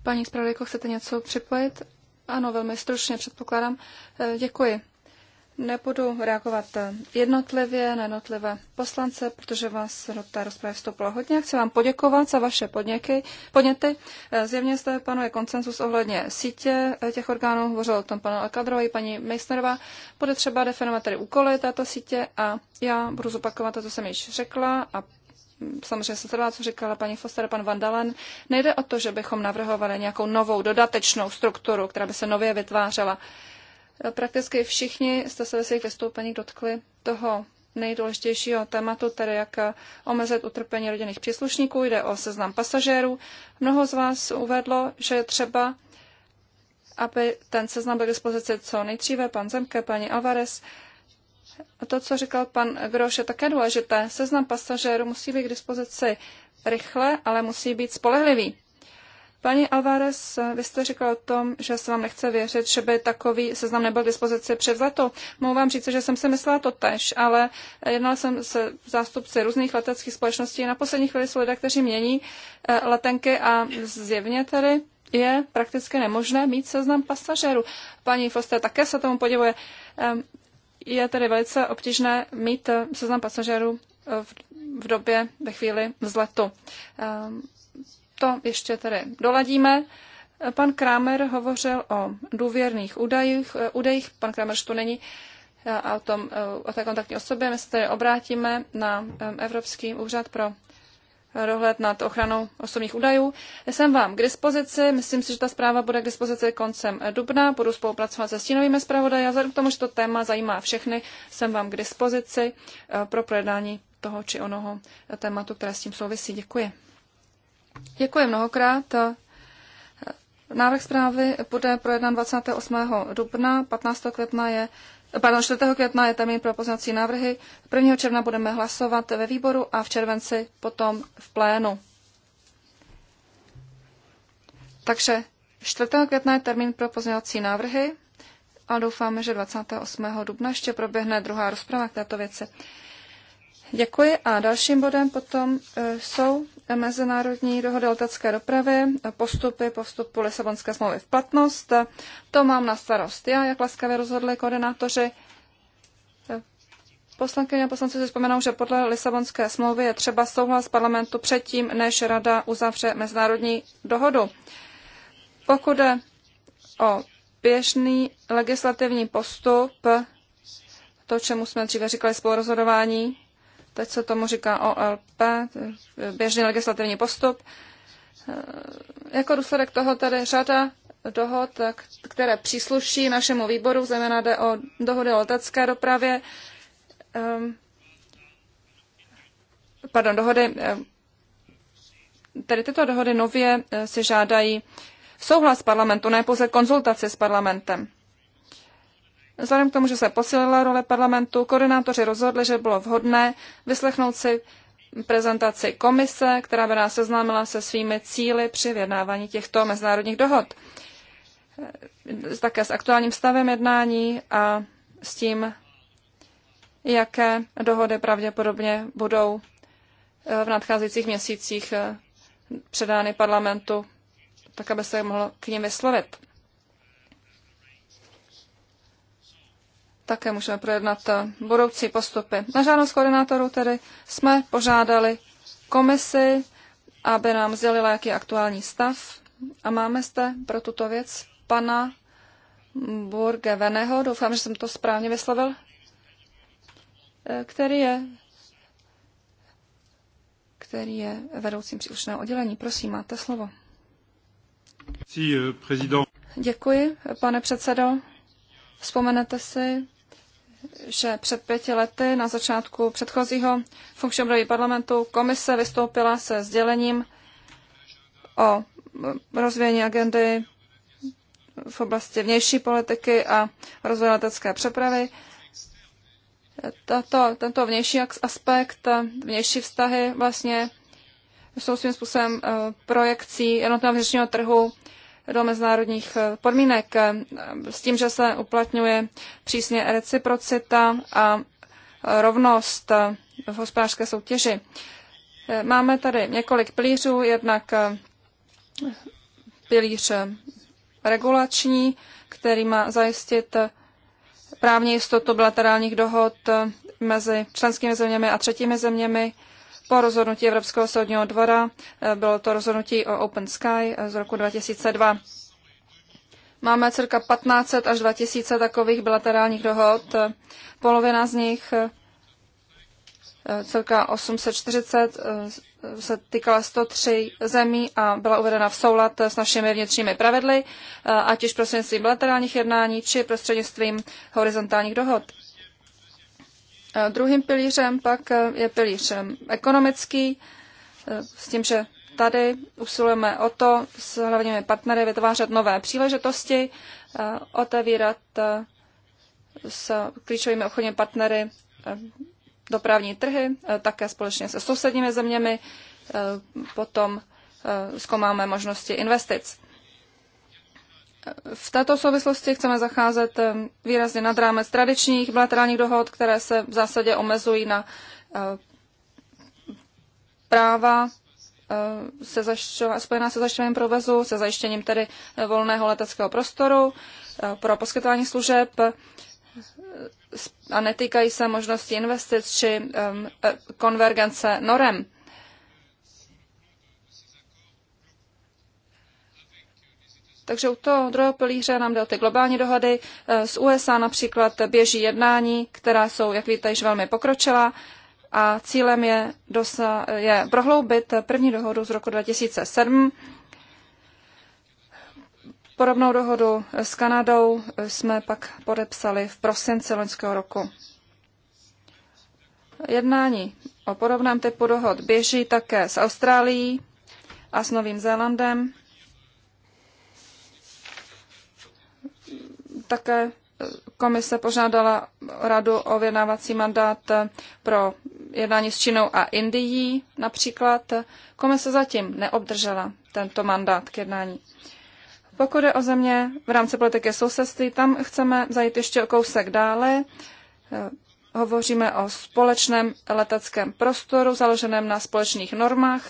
Paní zpravodajko, chcete něco připojit? Ano, velmi stručně předpokládám. Eh, děkuji. Nebudu reagovat jednotlivě na jednotlivé poslance, protože vás do té rozpravy vstoupilo hodně. Chci vám poděkovat za vaše podněky, podněty. Zjevně jste, panuje koncensus ohledně sítě těch orgánů. Hovořil o tom pan Alkadrova i paní Meissnerová. Bude třeba definovat tedy úkoly této sítě a já budu zopakovat to, co jsem již řekla a samozřejmě se trvá, co říkala paní Foster a pan Vandalen, nejde o to, že bychom navrhovali nějakou novou dodatečnou strukturu, která by se nově vytvářela. Prakticky všichni jste se ve svých vystoupeních dotkli toho nejdůležitějšího tématu, tedy jak omezit utrpení rodinných příslušníků. Jde o seznam pasažérů. Mnoho z vás uvedlo, že je třeba, aby ten seznam byl k dispozici co nejdříve, pan Zemke, paní Alvarez. A to, co říkal pan Groš, je také důležité. Seznam pasažérů musí být k dispozici rychle, ale musí být spolehlivý. Paní Alvarez, vy jste řekla o tom, že se vám nechce věřit, že by takový seznam nebyl k dispozici před leto. Mohu vám říct, že jsem si myslela to tež, ale jednala jsem se zástupci různých leteckých společností. Na poslední chvíli jsou lidé, kteří mění eh, letenky a zjevně tedy je prakticky nemožné mít seznam pasažérů. Paní Foster také se tomu podivuje. Ehm, je tedy velice obtížné mít eh, seznam pasažérů eh, v době, ve chvíli vzletu. Ehm, to ještě tedy doladíme. Pan Kramer hovořil o důvěrných údajích, eh, údajích. pan Kramer tu není, eh, a o, tom, eh, o té kontaktní osobě. My se tedy obrátíme na Evropský úřad pro dohled nad ochranou osobních údajů. Jsem vám k dispozici, myslím si, že ta zpráva bude k dispozici koncem dubna, budu spolupracovat se stínovými zpravodaji a vzhledem k tomu, že to téma zajímá všechny, jsem vám k dispozici pro projednání toho či onoho tématu, které s tím souvisí. Děkuji. Děkuji mnohokrát. Návrh zprávy bude projednán 28. dubna, 15. května je Pardon, 4. května je termín pro poznací návrhy. 1. června budeme hlasovat ve výboru a v červenci potom v plénu. Takže 4. května je termín pro pozměňovací návrhy a doufáme, že 28. dubna ještě proběhne druhá rozprava k této věci. Děkuji a dalším bodem potom eh, jsou mezinárodní dohody o letecké dopravy, postupy po vstupu Lisabonské smlouvy v platnost. To mám na starost já, jak laskavě rozhodli koordinátoři. Poslankyně a poslanci si vzpomenou, že podle Lisabonské smlouvy je třeba souhlas parlamentu předtím, než Rada uzavře mezinárodní dohodu. Pokud jde o běžný legislativní postup, to, čemu jsme dříve říkali spolurozhodování, Teď se tomu říká OLP, běžný legislativní postup. Jako důsledek toho tady řada dohod, které přísluší našemu výboru, zejména jde o dohody o letecké dopravě, ehm, pardon, dohody, ehm, tedy tyto dohody nově eh, si žádají souhlas parlamentu, ne pouze konzultaci s parlamentem. Vzhledem k tomu, že se posílila role parlamentu, koordinátoři rozhodli, že bylo vhodné vyslechnout si prezentaci komise, která by nás seznámila se svými cíly při vyjednávání těchto mezinárodních dohod. Také s aktuálním stavem jednání a s tím, jaké dohody pravděpodobně budou v nadcházejících měsících předány parlamentu, tak aby se mohl k ním vyslovit. také můžeme projednat eh, budoucí postupy. Na žádost koordinátorů tedy jsme požádali komisi, aby nám sdělila, jaký je aktuální stav. A máme zde pro tuto věc pana Burgeveneho, doufám, že jsem to správně vyslovil, eh, který je, který je vedoucím příslušného oddělení. Prosím, máte slovo. Eh, Děkuji, pane předsedo. Vzpomenete si, že před pěti lety na začátku předchozího funkčního období parlamentu komise vystoupila se sdělením o rozvíjení agendy v oblasti vnější politiky a rozvoje letecké přepravy. Tato, tento vnější aspekt, vnější vztahy vlastně jsou svým způsobem eh, projekcí jednotného vnitřního trhu do mezinárodních eh, podmínek eh, s tím, že se uplatňuje přísně reciprocita a eh, rovnost v hospodářské soutěži. Máme tady několik pilířů, jednak pilíř regulační, který má zajistit právní jistotu bilaterálních dohod mezi členskými zeměmi a třetími zeměmi, po rozhodnutí Evropského soudního dvora. Eh, bylo to rozhodnutí o Open Sky eh, z roku 2002. Máme cirka 1500 až 2000 takových bilaterálních dohod. Eh, polovina z nich, cirka 840, se týkala 103 zemí a byla uvedena v soulad s našimi vnitřními pravidly, ať už prostřednictvím bilaterálních jednání či prostřednictvím horizontálních dohod. Eh, druhým pilířem pak eh, je pilíř eh, ekonomický, s tím, že tady usilujeme o to s hlavními partnery vytvářet nové příležitosti, otevírat s klíčovými obchodními partnery dopravní trhy, také společně se sousedními zeměmi, potom zkoumáme možnosti investic. V této souvislosti chceme zacházet eh, výrazně nad rámec tradičních bilaterálních dohod, které se v zásadě omezují na eh, práva eh, se zašťova, spojená se zajištěním provozu, se zajištěním tedy volného leteckého prostoru pro poskytování služeb a netýkají se možnosti investic či konvergence norem. Takže u toho druhého pilíře nám jde o ty globální dohody. E, z USA například běží jednání, která jsou, jak víte, již velmi pokročila a cílem je, dosa- je prohloubit první dohodu z roku 2007. Podobnou dohodu s Kanadou jsme pak podepsali v prosinci loňského roku. Jednání o podobném typu dohod běží také s Austrálií a s Novým Zélandem. Také komise požádala radu o vyjednávací mandát pro jednání s Čínou a Indií například. Komise zatím neobdržela tento mandát k jednání. Pokud je o země v rámci politiky sousedství, tam chceme zajít ještě o kousek dále. Hovoříme o společném leteckém prostoru, založeném na společných normách,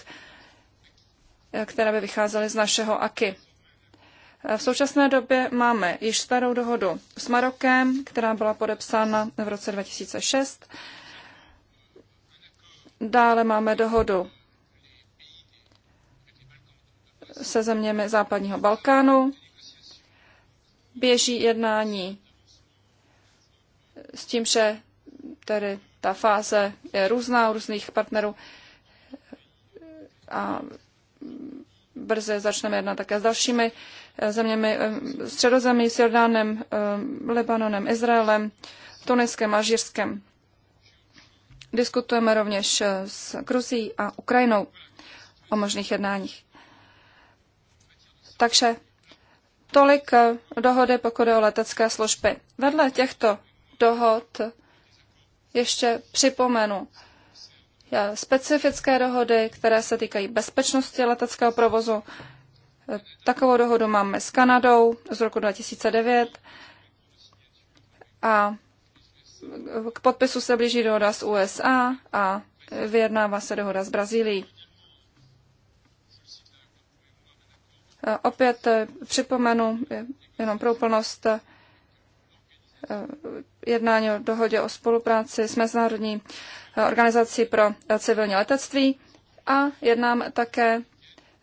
které by vycházely z našeho AKY. V současné době máme již starou dohodu s Marokem, která byla podepsána v roce 2006. Dále máme dohodu se zeměmi západního Balkánu. Běží jednání s tím, že tedy ta fáze je různá u různých partnerů a brzy začneme jednat také s dalšími zeměmi eh, středozemí, s Jordánem, eh, Libanonem, Izraelem, Tuniskem, Alžírskem. Diskutujeme rovněž eh, s Gruzí a Ukrajinou o možných jednáních. Takže tolik dohody, pokud je o letecké služby. Vedle těchto dohod ještě připomenu specifické dohody, které se týkají bezpečnosti leteckého provozu, Takovou dohodu máme s Kanadou z roku 2009 a k podpisu se blíží dohoda s USA a vyjednává se dohoda s Brazílií. Opět připomenu, jenom pro úplnost, jednání o dohodě o spolupráci s Mezinárodní organizací pro civilní letectví a jednám také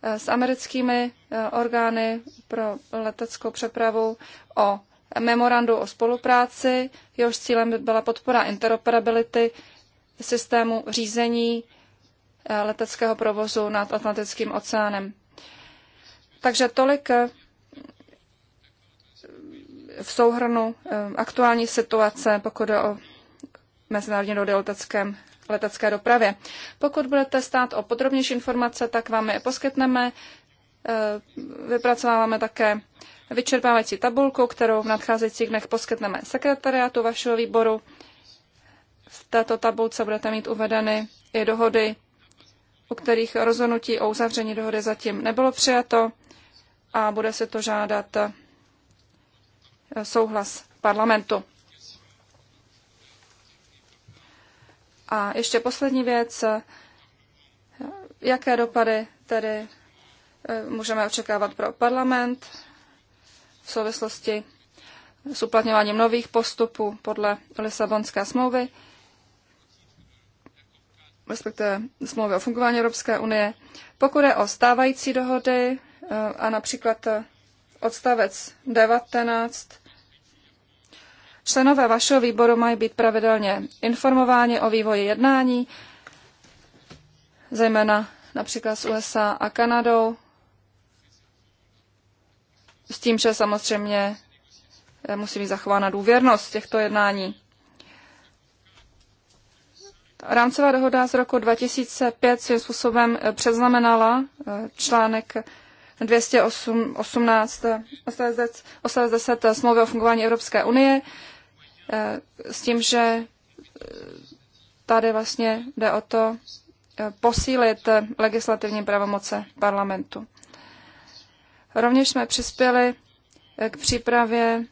s americkými eh, orgány pro leteckou přepravu o memorandu o spolupráci, jehož cílem by byla podpora interoperability systému řízení eh, leteckého provozu nad Atlantickým oceánem. Takže tolik eh, v souhrnu aktuální situace, pokud je o mezinárodní dohody o leteckém letecké dopravě. Pokud budete stát o podrobnější informace, tak vám je poskytneme. E, vypracováváme také vyčerpávající tabulku, kterou v nadcházejících dnech poskytneme sekretariátu vašeho výboru. V této tabulce budete mít uvedeny i dohody, u kterých rozhodnutí o uzavření dohody zatím nebylo přijato a bude se to žádat souhlas parlamentu. A ještě poslední věc, jaké dopady tedy eh, můžeme očekávat pro parlament v souvislosti s uplatňováním nových postupů podle Lisabonské smlouvy, respektive smlouvy o fungování Evropské unie. Pokud je o stávající dohody eh, a například eh, odstavec 19 Členové vašeho výboru mají být pravidelně informováni o vývoji jednání, zejména například s USA a Kanadou, s tím, že samozřejmě eh, musí být zachována důvěrnost těchto jednání. Rámcová dohoda z roku 2005 svým způsobem eh, předznamenala eh, článek 218 odstavec 10 smlouvy o fungování Evropské unie, Eh, s tím, že eh, tady vlastně jde o to eh, posílit legislativní pravomoce parlamentu. Rovněž jsme přispěli k přípravě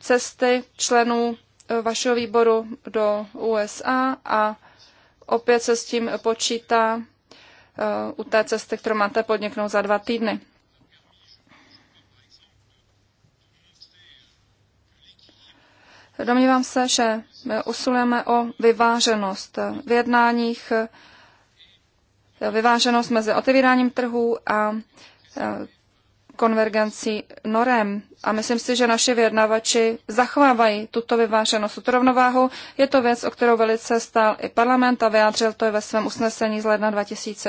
cesty členů vašeho výboru do USA a opět se s tím počítá u té cesty, kterou máte podniknout za dva týdny. Domnívám se, že usilujeme o vyváženost v jednáních, vyváženost mezi otevíráním trhů a konvergencí norem. A myslím si, že naši vyjednavači zachovávají tuto vyváženost, tuto rovnováhu. Je to věc, o kterou velice stál i parlament a vyjádřil to i ve svém usnesení z ledna 2006.